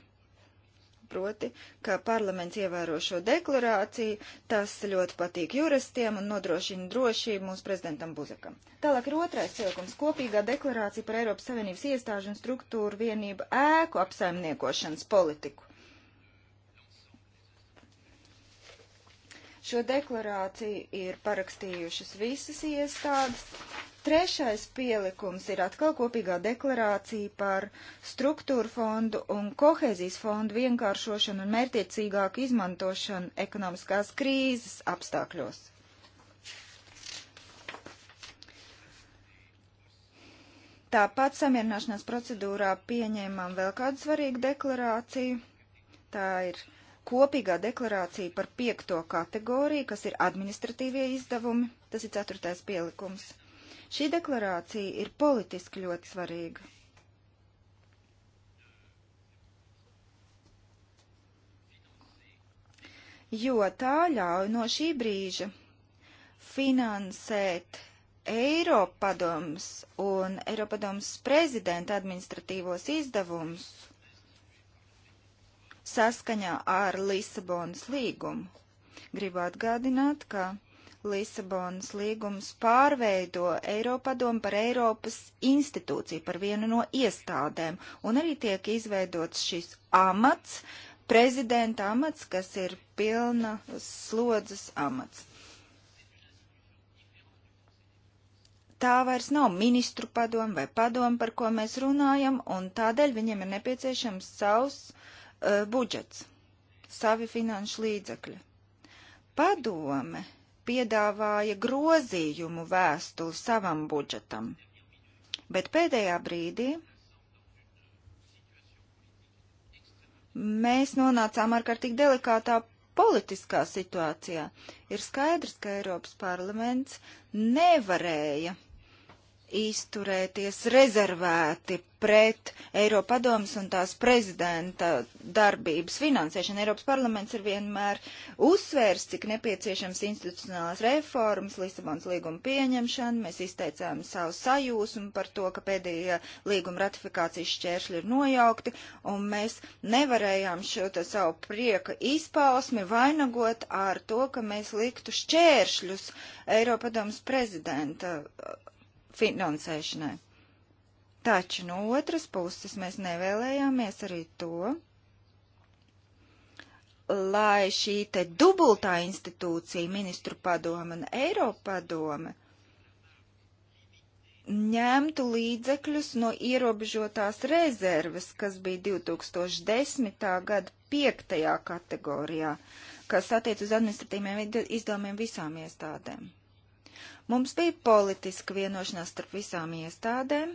Proti, ka parlaments ievēro šo deklarāciju, tas ļoti patīk juristiem un nodrošina drošību mūsu prezidentam Buzekam. Tālāk ir otrais silkums - kopīgā deklarācija par Eiropas Savienības iestāžu un struktūru vienību ēku apsaimniekošanas politiku. Šo deklarāciju ir parakstījušas visas iestādes. Trešais pielikums ir atkal kopīgā deklarācija par struktūru fondu un kohēzijas fondu vienkāršošanu un mērtiecīgāku izmantošanu ekonomiskās krīzes apstākļos. Tāpat samierināšanās procedūrā pieņēmām vēl kādu svarīgu deklarāciju. Tā ir kopīgā deklarācija par piekto kategoriju, kas ir administratīvie izdevumi, tas ir ceturtais pielikums. Šī deklarācija ir politiski ļoti svarīga. Jo tā ļauj no šī brīža finansēt Eiropadoms un Eiropadoms prezidenta administratīvos izdevumus saskaņā ar Lisabonas līgumu. Gribu atgādināt, ka Lisabonas līgums pārveido Eiropadomu par Eiropas institūciju, par vienu no iestādēm, un arī tiek izveidots šis amats, prezidenta amats, kas ir pilna slodzes amats. Tā vairs nav ministru padoma vai padoma, par ko mēs runājam, un tādēļ viņiem ir nepieciešams savs Uh, budžets, savi finanšu līdzekļi. Padome piedāvāja grozījumu vēstuli savam budžetam, bet pēdējā brīdī mēs nonācām ārkārtīgi delikātā politiskā situācijā. Ir skaidrs, ka Eiropas parlaments nevarēja izturēties rezervēti pret Eiropadomas un tās prezidenta darbības finansēšanu. Eiropas parlaments ir vienmēr uzsvērs, cik nepieciešams institucionālās reformas, Lisabons līguma pieņemšana. Mēs izteicām savu sajūsmu par to, ka pēdējie līguma ratifikācijas šķēršļi ir nojaukti, un mēs nevarējām šo savu prieka izpausmi vainagot ar to, ka mēs liktu šķēršļus Eiropadomas prezidenta finansēšanai. Taču no otras puses mēs nevēlējāmies arī to, lai šī te dubultā institūcija, ministru padome un Eiropa padome, ņemtu līdzekļus no ierobežotās rezerves, kas bija 2010. gada piektajā kategorijā, kas attiec uz administratīviem izdevumiem visām iestādēm. Mums bija politiska vienošanās starp visām iestādēm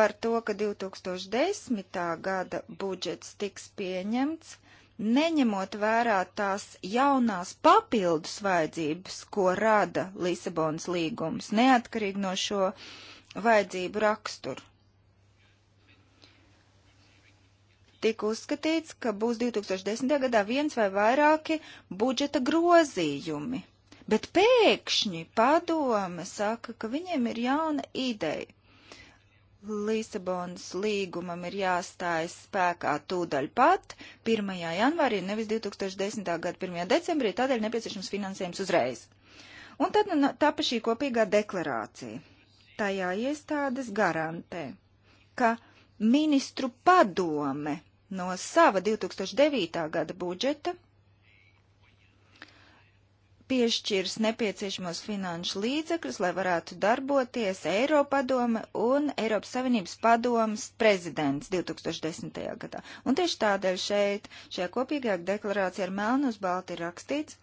par to, ka 2010. gada budžets tiks pieņemts, neņemot vērā tās jaunās papildus vajadzības, ko rada Lisabonas līgums, neatkarīgi no šo vajadzību raksturu. tika uzskatīts, ka būs 2010. gadā viens vai vairāki budžeta grozījumi. Bet pēkšņi padome saka, ka viņiem ir jauna ideja. Lisabonas līgumam ir jāstājas spēkā tūdaļ pat 1. janvārī, nevis 2010. gada 1. decembrī, tādēļ nepieciešams finansējums uzreiz. Un tad nu, tapa šī kopīgā deklarācija. Tajā iestādes garantē, ka ministru padome no sava 2009. gada budžeta piešķirs nepieciešamos finanšu līdzekļus, lai varētu darboties Eiropadome un Eiropas Savienības padomas prezidents 2010. gadā. Un tieši tādēļ šeit, šajā kopīgajā deklarācijā ar melnu uz balti ir rakstīts,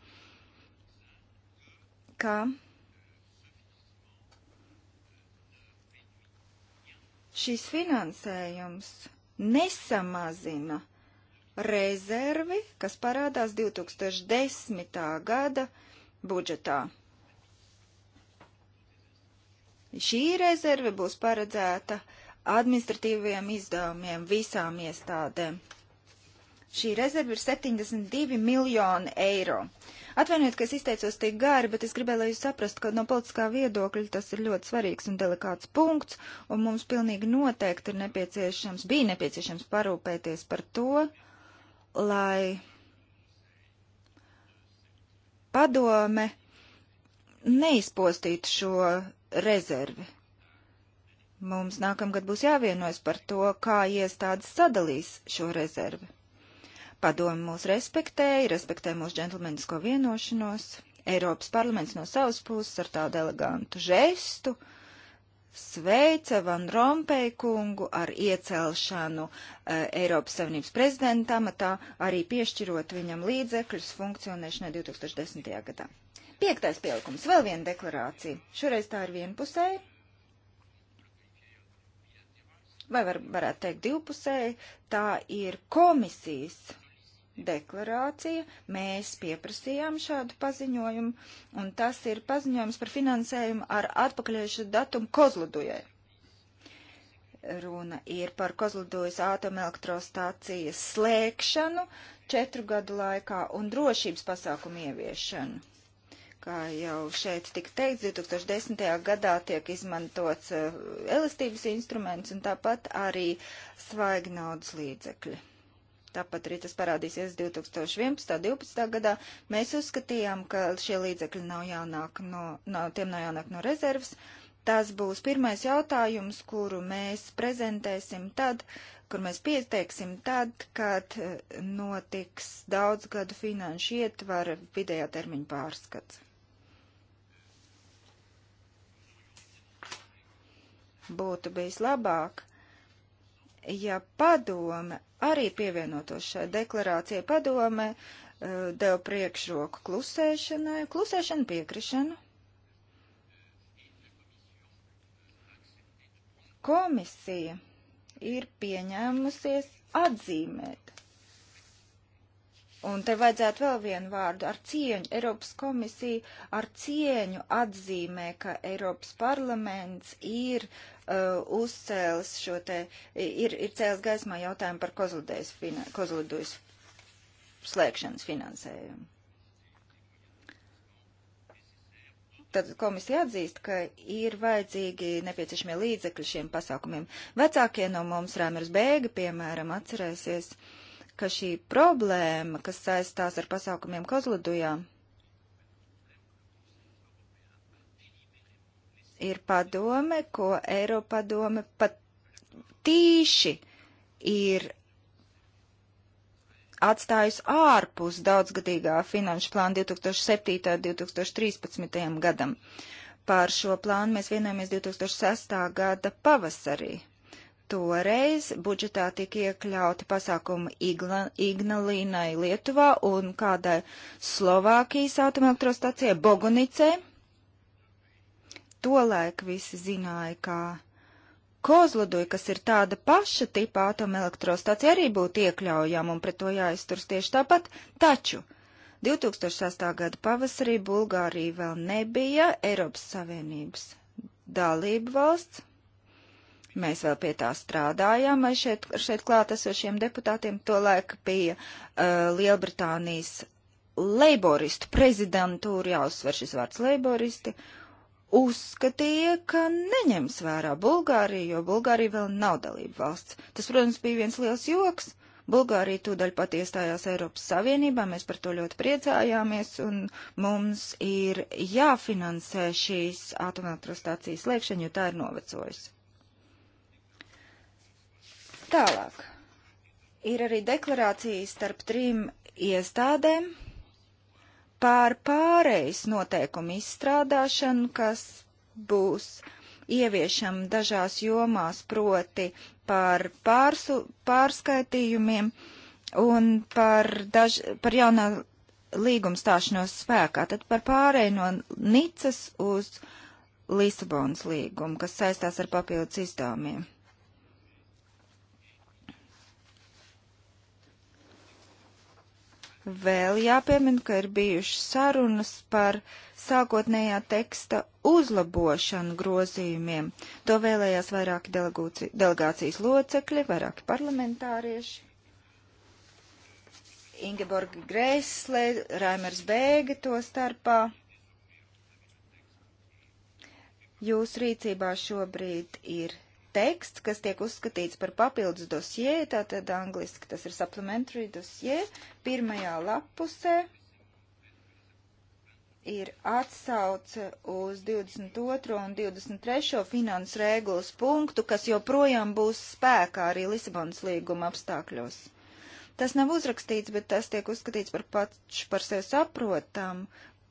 ka šis finansējums nesamazina rezervi, kas parādās 2010. gada budžetā. Šī rezerve būs paredzēta administratīviem izdevumiem visām iestādēm. Šī rezerve ir 72 miljoni eiro. Atvainojiet, ka es izteicos tik gari, bet es gribēju, lai jūs saprastu, ka no politiskā viedokļa tas ir ļoti svarīgs un delikāts punkts, un mums pilnīgi noteikti ir nepieciešams, bija nepieciešams parūpēties par to, lai padome neizpostītu šo rezervi. Mums nākamgad būs jāvienojas par to, kā iestādes sadalīs šo rezervi. Padomi mūs respektēja, respektē mūsu džentlmenisko vienošanos. Eiropas parlaments no savas puses ar tādu elegantu žestu uh, sveica Van Rompēj kungu ar iecelšanu uh, Eiropas Savienības prezidenta amatā, arī piešķirot viņam līdzekļus funkcionēšanai 2010. gadā. Piektais pielikums, vēl viena deklarācija. Šoreiz tā ir vienpusēja. Vai var, varētu teikt divpusēji, tā ir komisijas deklarācija, mēs pieprasījām šādu paziņojumu, un tas ir paziņojums par finansējumu ar atpakaļiešu datumu Kozludujai. Runa ir par Kozludujas atomelektrostācijas slēgšanu četru gadu laikā un drošības pasākumu ieviešanu. Kā jau šeit tika teikts, 2010. gadā tiek izmantots eh, elastības instruments un tāpat arī svaigi naudas līdzekļi Tāpat arī tas parādīsies 2011. un 2012. gadā. Mēs uzskatījām, ka šie līdzekļi nav jānāk no, no, tiem nav jānāk no rezervas. Tas būs pirmais jautājums, kuru mēs prezentēsim tad, kur mēs pieteiksim tad, kad eh, notiks daudz gadu finanšu ietvara vidējā termiņa pārskats. Būtu bijis labāk, ja padome arī pievienotos šai deklarācijai padome, eh, deva priekšroku klusēšanai, klusēšana piekrišanu. Komisija ir pieņēmusies atzīmēt Un te vajadzētu vēl vienu vārdu ar cieņu. Eiropas komisija ar cieņu atzīmē, ka Eiropas parlaments ir uh, uzcēlis šo te, ir, ir cēlis gaismā jautājumu par kozlidojas slēgšanas finansējumu. Tad komisija atzīst, ka ir vajadzīgi nepieciešamie līdzekļi šiem pasākumiem. Vecākie no mums, Rāmers Bēga, piemēram, atcerēsies. Uh, ka šī problēma, kas saistās ar pasākumiem Kozludujā, ir padome, ko Eiropadome pat tīši ir atstājusi ārpus daudzgadīgā finanšu plāna 2007.-2013. gadam. Pār šo plānu mēs vienojamies 2006. gada pavasarī. Toreiz budžetā tika iekļauti pasākumi Igla, Ignalīnai Lietuvā un kādai Slovākijas automelektrostacijai Bogunicē. Tolaik visi zināja, kā Kozloduja, kas ir tāda paša tipa atomelektrostacija, arī būtu iekļaujama un pret to jāizturs tieši tāpat, taču 2008. gada pavasarī Bulgārija vēl nebija Eiropas Savienības dalība valsts, Mēs vēl pie tā strādājām, lai šeit, šeit klātesošiem deputātiem to laika bija uh, Lielbritānijas leiboristu prezidentūra, jāuzsver šis vārds leiboristi, uzskatīja, ka neņems vērā Bulgāriju, jo Bulgārija vēl nav dalība valsts. Tas, protams, bija viens liels joks. Bulgārija tūdaļ pat iestājās Eiropas Savienībā, mēs par to ļoti priecājāmies, un mums ir jāfinansē šīs atomelektrostācijas slēgšana, jo tā ir novecojusi. Tālāk. Ir arī deklarācija starp trim iestādēm pār pārejas noteikumu izstrādāšanu, kas būs ieviešama dažās jomās, proti par pārsu, pārskaitījumiem un par, daž, par jaunā līguma stāšanos spēkā, tad par pārēju no Nicas uz Lisabonas līgumu, kas saistās ar papildus izdevumiem. Vēl jāpiemina, ka ir bijušas sarunas par sākotnējā teksta uzlabošanu grozījumiem. To vēlējās vairāki delegācijas locekļi, vairāki parlamentārieši. Ingeborga Greisle, Raimers Bēge to starpā. Jūsu rīcībā šobrīd ir teksts, kas tiek uzskatīts par papildus dosie, tātad angliski tas ir supplementary dosie, pirmajā lapusē ir atsauce uz 22. un 23. finanses regulas punktu, kas joprojām būs spēkā arī Lisabonas līguma apstākļos. Tas nav uzrakstīts, bet tas tiek uzskatīts par pats par sevi saprotam,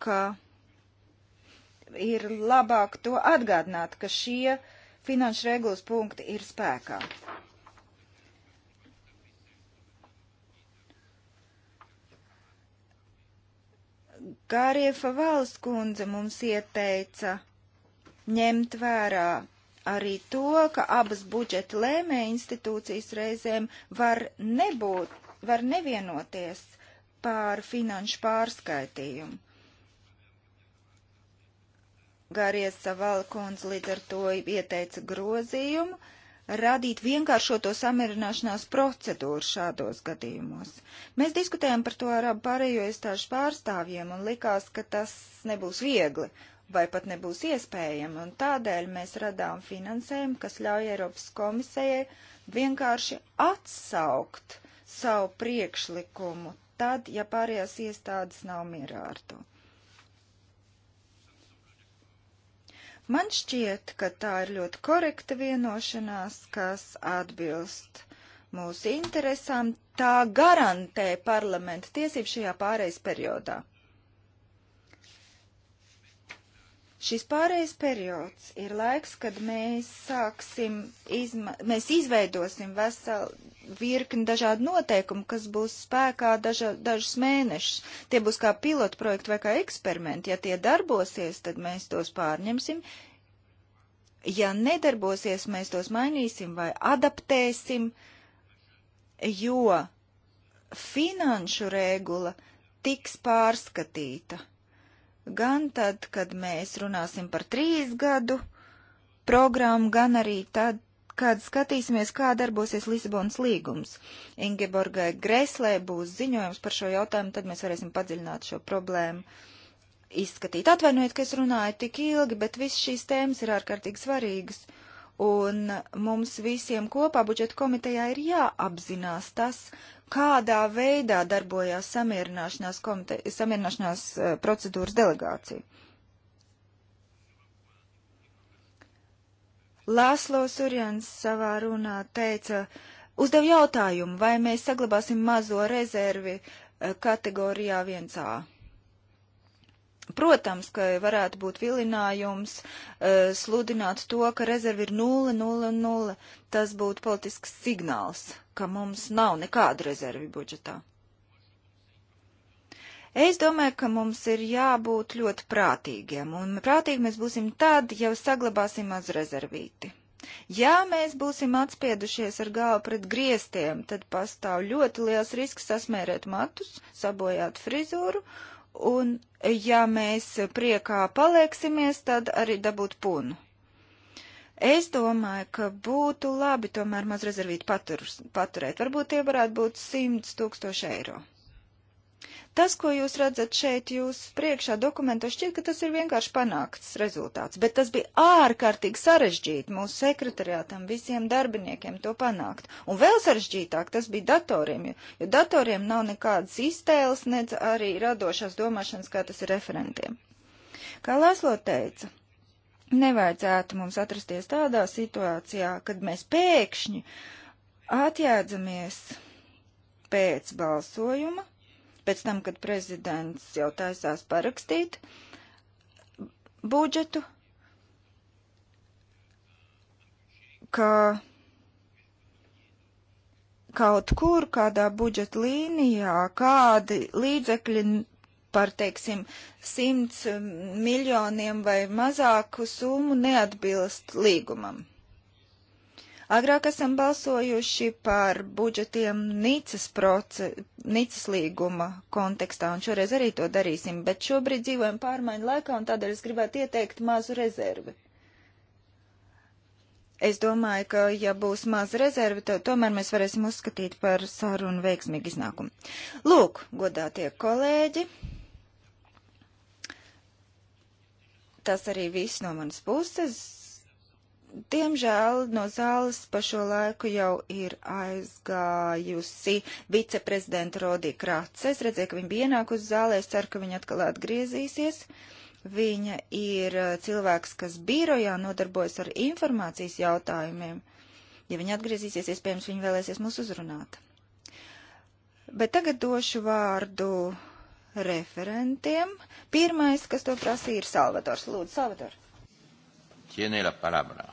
ka ir labāk to atgādināt, ka šie uh, finanšu regulas punkti ir spēkā. Gāriefa valsts kundze mums ieteica ņemt vērā arī to, ka abas budžeta lēmē institūcijas reizēm var nebūt, var nevienoties pār finanšu pārskaitījumu. Gāriesa Valkons līdz ar to ieteica grozījumu radīt vienkāršoto samierināšanās procedūru šādos gadījumos. Mēs diskutējām par to ar abu pārējo iestāžu pārstāvjiem un likās, ka tas nebūs viegli vai pat nebūs iespējami, un tādēļ mēs radām finansējumu, kas ļauj Eiropas komisijai vienkārši atsaukt savu priekšlikumu tad, ja pārējās iestādes nav mierā ar to. Man šķiet, ka tā ir ļoti korekta vienošanās, kas atbilst mūsu interesām. Tā garantē parlamenta tiesību šajā pārejas periodā. Šis pārejas periods ir laiks, kad mēs sāksim, izma, mēs izveidosim veselu virkni dažādu noteikumu, kas būs spēkā daža, dažus mēnešus. Tie būs kā pilotu projekti vai kā eksperimenti. Ja tie darbosies, tad mēs tos pārņemsim. Ja nedarbosies, mēs tos mainīsim vai adaptēsim, jo finanšu regula tiks pārskatīta. Gan tad, kad mēs runāsim par trīs gadu programmu, gan arī tad, kad skatīsimies, kā darbosies Lisabonas līgums. Ingeborgai Greslē būs ziņojums par šo jautājumu, tad mēs varēsim padziļināt šo problēmu izskatīt. Atvainojiet, ka es runāju tik ilgi, bet viss šīs tēmas ir ārkārtīgi svarīgas. Un mums visiem kopā budžeta komitejā ir jāapzinās tas, kādā veidā darbojās samierināšanās, komite, samierināšanās eh, procedūras delegācija. Lāslo Surjans savā runā teica, uzdev jautājumu, vai mēs saglabāsim mazo rezervi e, kategorijā 1A. Protams, ka varētu būt vilinājums uh, sludināt to, ka rezervi ir 0, 0, 0. Tas būtu politisks signāls, ka mums nav nekādu rezervi budžetā. Es domāju, ka mums ir jābūt ļoti prātīgiem, un prātīgi mēs būsim tad, ja saglabāsim maz rezervīti. Ja mēs būsim atspiedušies ar galvu pret griestiem, tad pastāv ļoti liels risks sasmērēt matus, sabojāt frizūru, un ja mēs priekā palieksimies, tad arī dabūt punu. Es domāju, ka būtu labi tomēr maz rezervīt patur, paturēt. Varbūt tie varētu būt 100 tūkstoši eiro. Tas, ko jūs redzat šeit jūsu priekšā dokumentā, šķiet, ka tas ir vienkārši panākts rezultāts, bet tas bija ārkārtīgi sarežģīti mūsu sekretariātam, visiem darbiniekiem to panākt. Un vēl sarežģītāk tas bija datoriem, jo, jo datoriem nav nekādas iztēles, nedz arī radošās domāšanas, kā tas ir referentiem. Kā Lēslo teica, nevajadzētu mums atrasties tādā situācijā, kad mēs pēkšņi atjēdzamies pēc balsojuma pēc tam, kad prezidents jau taisās parakstīt budžetu, ka kaut kur kādā budžeta līnijā kādi līdzekļi par, teiksim, simts miljoniem vai mazāku summu neatbilst līgumam. Agrāk esam balsojuši par budžetiem Nīcas, proce, Nīcas līguma kontekstā, un šoreiz arī to darīsim, bet šobrīd dzīvojam pārmaiņu laikā, un tādēļ es gribētu ieteikt mazu rezervi. Es domāju, ka, ja būs maz rezervi, tad tomēr mēs varēsim uzskatīt par sarunu veiksmīgu iznākumu. Lūk, godātie kolēģi, tas arī viss no manas puses. Diemžēl no zāles pa šo laiku jau ir aizgājusi viceprezidenta Rodija Krats. Es redzēju, ka viņa bija ienākusi zālē, es ceru, ka viņa atkal atgriezīsies. Viņa ir eh, cilvēks, kas birojā nodarbojas ar informācijas jautājumiem. Ja viņa atgriezīsies, iespējams, viņa vēlēsies mūs uzrunāt. Bet tagad došu vārdu referentiem. Pirmais, kas to prasīja, ir Salvadors. Lūdzu, Salvador. Tiene la palabra.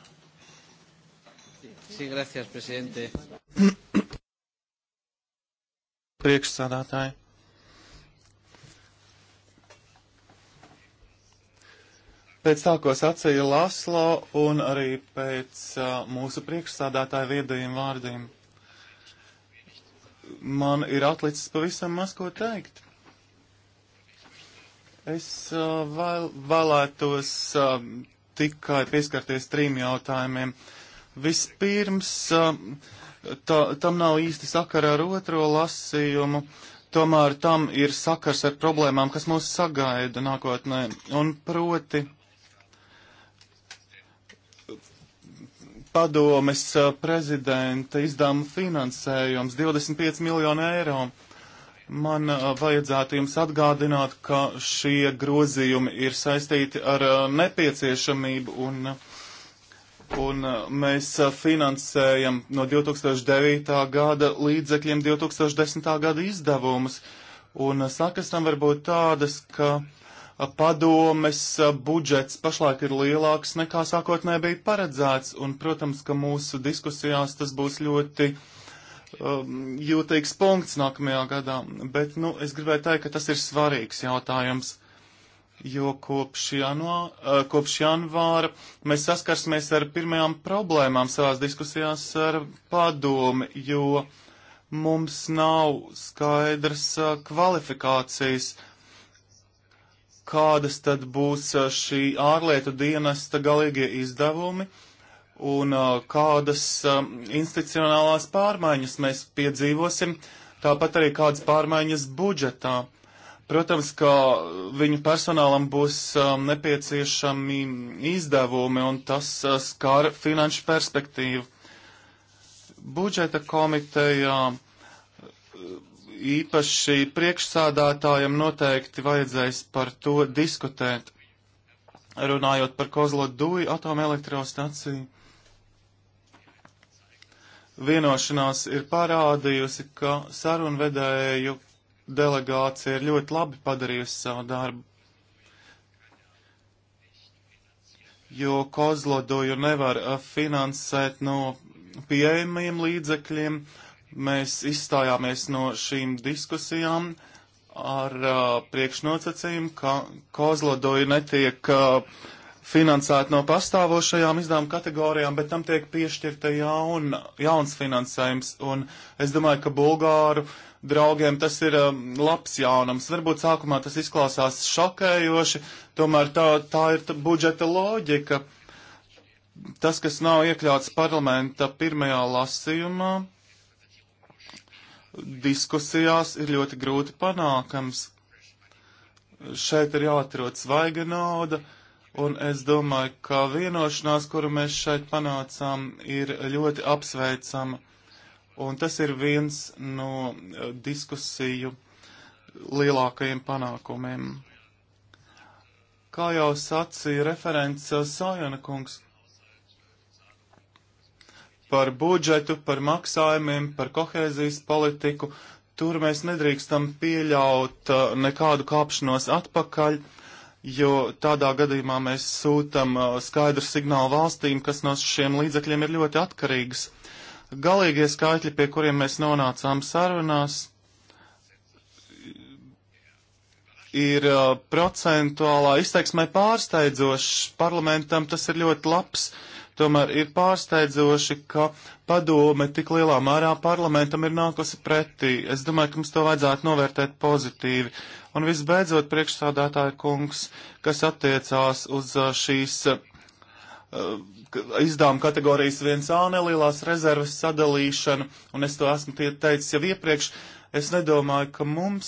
Sí, gracias, presidente. Priekšsādātāji. Pēc tā, ko sacīja Laslo un arī pēc uh, mūsu priekšsādātāja viedajiem vārdiem, man ir atlicis pavisam maz ko teikt. Es uh, vēl, vēlētos uh, tikai pieskarties trim jautājumiem. Uh, Vispirms, um, tā, tam nav īsti sakara ar otro lasījumu, tomēr tam ir sakars ar problēmām, kas mūs sagaida nākotnē. Un proti padomes uh, prezidenta izdevuma finansējums 25 miljonu eiro. Man uh, vajadzētu jums atgādināt, ka šie grozījumi ir saistīti ar uh, nepieciešamību un uh, Un uh, mēs uh, finansējam no 2009. gada līdzekļiem 2010. gada izdevumus. Un uh, sakas tam var būt tādas, ka padomes budžets pašlaik ir lielāks nekā sākotnē bija paredzēts. Un, protams, ka mūsu diskusijās tas būs ļoti um, jūtīgs punkts nākamajā gadā. Bet, nu, es gribēju teikt, ka tas ir svarīgs jautājums jo kopš, janua, eh, kopš janvāra mēs saskarsimies ar pirmajām problēmām savās diskusijās ar padomi, jo mums nav skaidras eh, kvalifikācijas, kādas tad būs eh, šī ārlietu dienesta galīgie izdevumi un kādas institucionālās pārmaiņas mēs piedzīvosim, tāpat arī kādas pārmaiņas budžetā Protams, ka viņu personālam būs um, nepieciešami izdevumi, un tas uh, skar finanšu perspektīvu. Budžeta komitejā uh, īpaši priekšsādātājam noteikti vajadzēs par to diskutēt, runājot par Kozloduju atomelektrostaciju. Vienošanās ir parādījusi, ka sarunvedēju delegācija ir ļoti labi padarījusi savu darbu, jo kozlodoju nevar eh, finansēt no pieejamiem līdzekļiem. Mēs izstājāmies no šīm diskusijām ar uh, priekšnosacījumu, ka kozlodoju netiek uh, finansēt no pastāvošajām izdevuma kategorijām, bet tam tiek piešķirta jauna, jauns finansējums. Un es domāju, ka Bulgāru uh, draugiem tas ir um, labs jaunums. Varbūt sākumā tas izklausās šokējoši, tomēr tā, tā ir tā budžeta loģika. Tas, kas nav iekļauts parlamenta pirmajā lasījumā, diskusijās ir ļoti grūti panākams. Šeit ir jāatrod svaiga nauda, un es domāju, ka vienošanās, kuru mēs šeit panācām, ir ļoti apsveicama un tas ir viens no eh, diskusiju lielākajiem panākumiem. Kā jau sacīja referents eh, Sājana kungs, par budžetu, par maksājumiem, par kohēzijas politiku. Tur mēs nedrīkstam pieļaut eh, nekādu kāpšanos atpakaļ, jo tādā gadījumā mēs sūtam skaidru signālu valstīm, kas no šiem līdzekļiem ir ļoti atkarīgas. Galīgie skaitļi, pie kuriem mēs nonācām sarunās, ir uh, procentuālā izteiksmē pārsteidzošs. Parlamentam tas ir ļoti labs. Tomēr ir pārsteidzoši, ka padome tik lielā mērā parlamentam ir nākusi pretī. Es domāju, ka mums to vajadzētu novērtēt pozitīvi. Un visbeidzot, priekšsādātāja kungs, kas attiecās uz uh, šīs uh, izdevuma kategorijas 1A nelielās rezerves sadalīšanu, un es to esmu teicis jau iepriekš, es nedomāju, ka mums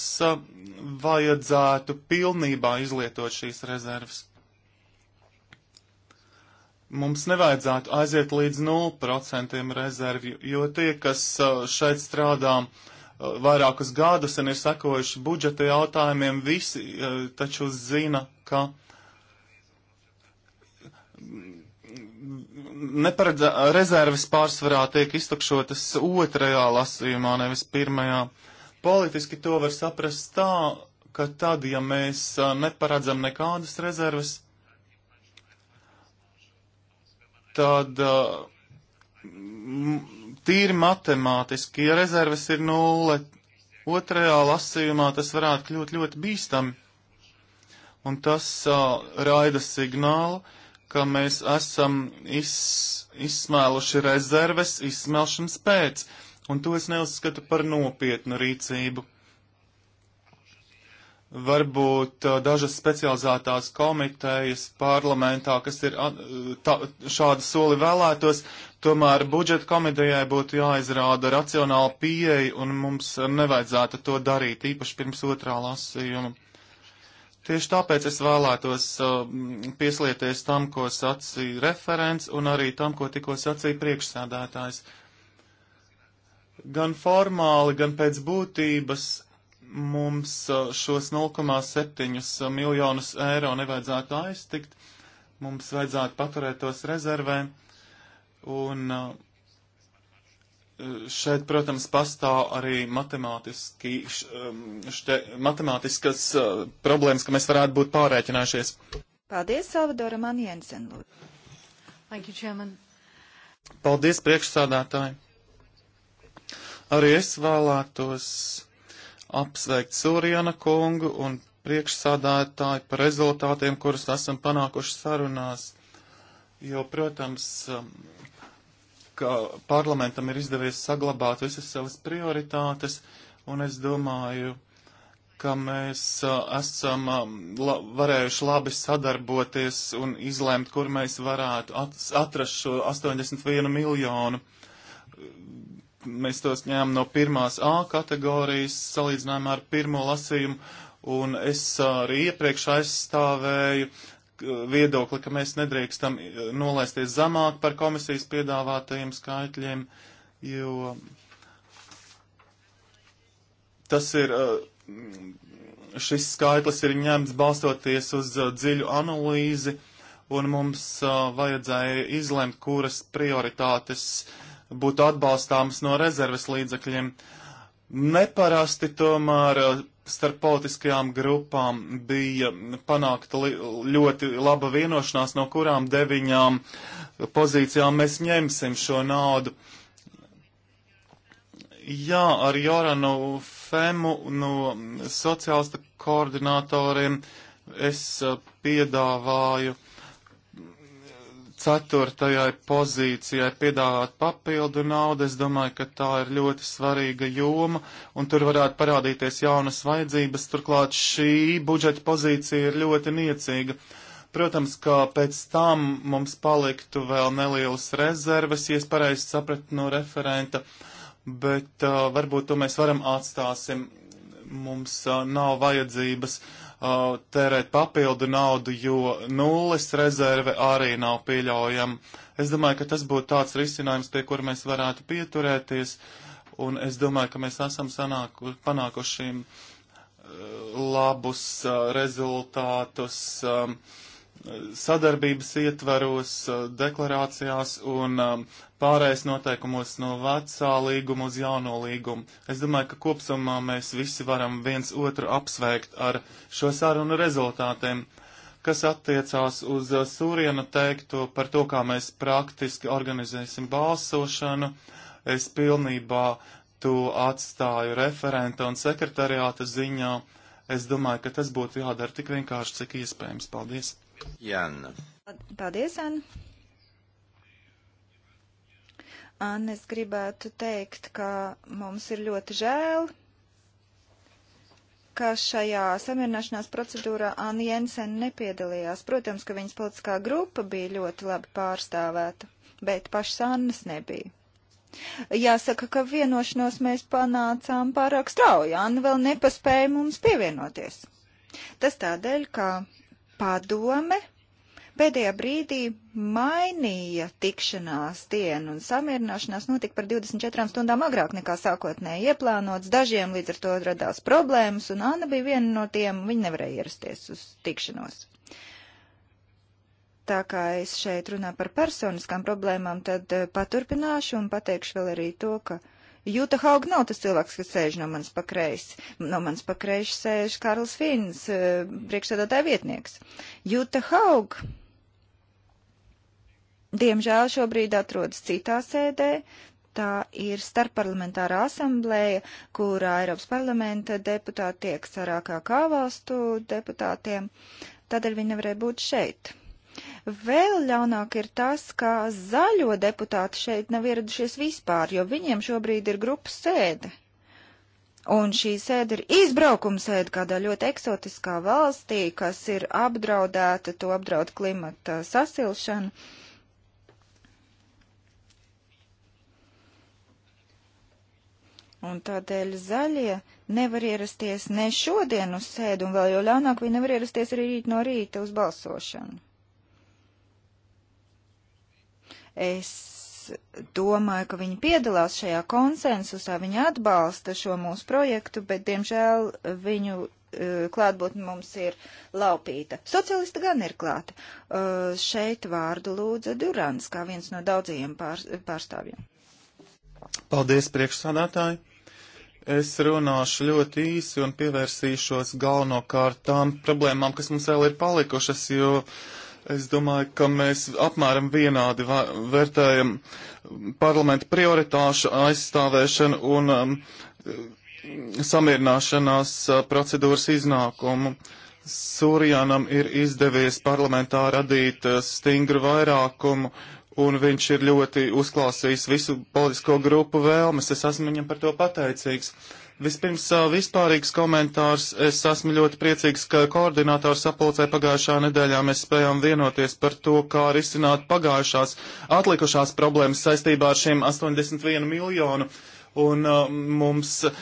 vajadzētu pilnībā izlietot šīs rezerves. Mums nevajadzētu aiziet līdz 0% rezervju, jo tie, kas šeit strādā vairākus gadus un ir sekojuši budžeta jautājumiem, visi taču zina, ka uh, neparedz rezerves pārsvarā tiek iztukšotas otrajā lasījumā, nevis pirmajā. Politiski to var saprast tā, ka tad, ja mēs neparedzam nekādas rezerves, tad tīri matemātiski, ja rezerves ir nulle, otrajā lasījumā tas varētu kļūt ļoti bīstami. Un tas uh, raida signālu, uh, ka mēs esam iz, izsmēluši rezerves izsmelšanas pēc, un to es neuzskatu par nopietnu rīcību. Varbūt uh, dažas specializētās komitejas parlamentā, kas ir uh, tā, šādu soli vēlētos, tomēr budžeta komitejai būtu jāizrāda racionāla pieeja, un mums nevajadzētu to darīt īpaši pirms otrā lasījuma. Tieši tāpēc es vēlētos uh, pieslieties tam, ko sacīja referents, un arī tam, ko tikko sacīja priekšsādātājs. Gan formāli, gan pēc būtības mums uh, šos 0,7 uh, miljonus eiro nevajadzētu aiztikt, mums vajadzētu paturēt tos rezervē, un uh, Šeit, protams, pastāv arī um, šte, matemātiskas uh, problēmas, ka mēs varētu būt pārēķinājušies. Paldies, Salvadora Manjensen. Thank you, Chairman. Paldies, priekšsādātāji. Arī es vēlētos apsveikt Sūriana kungu un priekšsādātāju par rezultātiem, kurus esam panākuši sarunās. Jo, protams, um, ka parlamentam ir izdevies saglabāt visas savas prioritātes, un es domāju, ka mēs a, esam a, la, varējuši labi sadarboties un izlēmt, kur mēs varētu at, atrast šo 81 miljonu. Mēs tos ņēmām no pirmās A kategorijas salīdzinājumā ar pirmo lasījumu, un es a, arī iepriekš aizstāvēju viedokli, ka mēs nedrīkstam e, nolaisties zamāk par komisijas piedāvātajiem skaitļiem, jo tas ir. E, šis skaitlis ir ņemts balstoties uz e, dziļu analīzi, un mums vajadzēja izlemt, kuras prioritātes būtu atbalstāmas no rezerves līdzekļiem. Neparasti tomēr starp politiskajām grupām bija panākta ļoti laba vienošanās, no kurām deviņām pozīcijām mēs ņemsim šo naudu. Jā, ar Joranu Femu no sociālista koordinatoriem es eh, piedāvāju uh, ceturtajai pozīcijai piedāvāt papildu naudu. Es domāju, ka tā ir ļoti svarīga joma, un tur varētu parādīties jaunas vajadzības. Turklāt šī budžeta pozīcija ir ļoti niecīga. Protams, ka pēc tam mums paliktu vēl nelielas rezerves, ja es pareizi sapratu no referenta, bet uh, varbūt to mēs varam atstāsim. Mums uh, nav vajadzības uh, uh, tērēt papildu naudu, jo nulles rezerve arī nav pieļaujama. Es domāju, ka tas būtu tāds risinājums, pie kura mēs varētu pieturēties, un es domāju, ka mēs esam sanāku, panākuši uh, labus uh, rezultātus. Um, sadarbības ietvaros, uh, deklarācijās un um, pārējais noteikumos no vecā līguma uz jauno līgumu. Es domāju, ka kopsumā mēs visi varam viens otru apsveikt ar šo sarunu rezultātiem, kas attiecās uz Sūrienu teikto par to, kā mēs praktiski organizēsim balsošanu. Es pilnībā to atstāju referenta un sekretariāta ziņā. Es domāju, ka tas būtu jādara tik vienkārši, cik iespējams. Paldies! Jāna. Paldies, Anna! Anne, es gribētu teikt, ka mums ir ļoti žēl, ka šajā samierināšanās procedūrā Anna Jensen nepiedalījās. Protams, ka viņas politiskā grupa bija ļoti labi pārstāvēta, bet pašas Annas nebija. Jāsaka, ka vienošanos mēs panācām pārāk strauji. Anna vēl nepaspēja mums pievienoties. Tas tādēļ, ka padome pēdējā brīdī mainīja tikšanās dienu un samierināšanās notika par 24 stundām agrāk nekā sākotnēji ieplānots. Dažiem līdz ar to radās problēmas, un Anna bija viena no tiem, viņa nevarēja ierasties uz tikšanos. Tā kā es šeit runāju par personiskām problēmām, tad eh, paturpināšu un pateikšu vēl arī to, ka. Jūta Haug nav tas cilvēks, kas sēž no manas pakreis. No manas pakreis sēž Karls Fins, eh, priekšsēdētāja vietnieks. Jūta Haug diemžēl šobrīd atrodas citā sēdē. Tā ir starpparlamentārā asamblēja, kurā Eiropas parlamenta deputāti tiek sarākā kā valstu deputātiem. Tādēļ viņi nevarēja būt šeit. Vēl ļaunāk ir tas, ka zaļo deputāti šeit nav ieradušies vispār, jo viņiem šobrīd ir grupas sēde. Un šī sēde ir izbraukuma sēde kādā ļoti eksotiskā valstī, kas ir apdraudēta, to apdraud klimata sasilšana. Uh, Un tādēļ zaļie nevar ierasties ne šodien uz sēdu, un vēl jau ļaunāk viņi nevar ierasties arī rīt no rīta uz balsošanu. Es domāju, ka viņi piedalās šajā konsensusā, viņi atbalsta šo mūsu projektu, bet, diemžēl, viņu uh, klātbūtne mums ir laupīta. Socialista gan ir klāta. Uh, e, šeit vārdu lūdza Durants, kā viens no daudzajiem pār, pārstāvjiem. Paldies, priekšsādātāji! Es runāšu ļoti īsi un pievērsīšos galvenokārt tām problēmām, kas mums vēl ir palikušas, jo es domāju, ka mēs apmēram vienādi vērtējam parlamentu prioritāšu aizstāvēšanu un um, samierināšanās uh, procedūras iznākumu. Sūrijānam ir izdevies parlamentā radīt uh, stingru vairākumu, uh, un viņš ir ļoti uzklausījis visu politisko grupu vēlmes. Es esmu viņam par to pateicīgs. Vispirms vispārīgs komentārs. Es esmu ļoti priecīgs, ka koordinātāru sapulcē pagājušā nedēļā mēs spējām vienoties par to, kā risināt pagājušās atlikušās problēmas saistībā ar šiem 81 miljonu. Un uh, mums uh,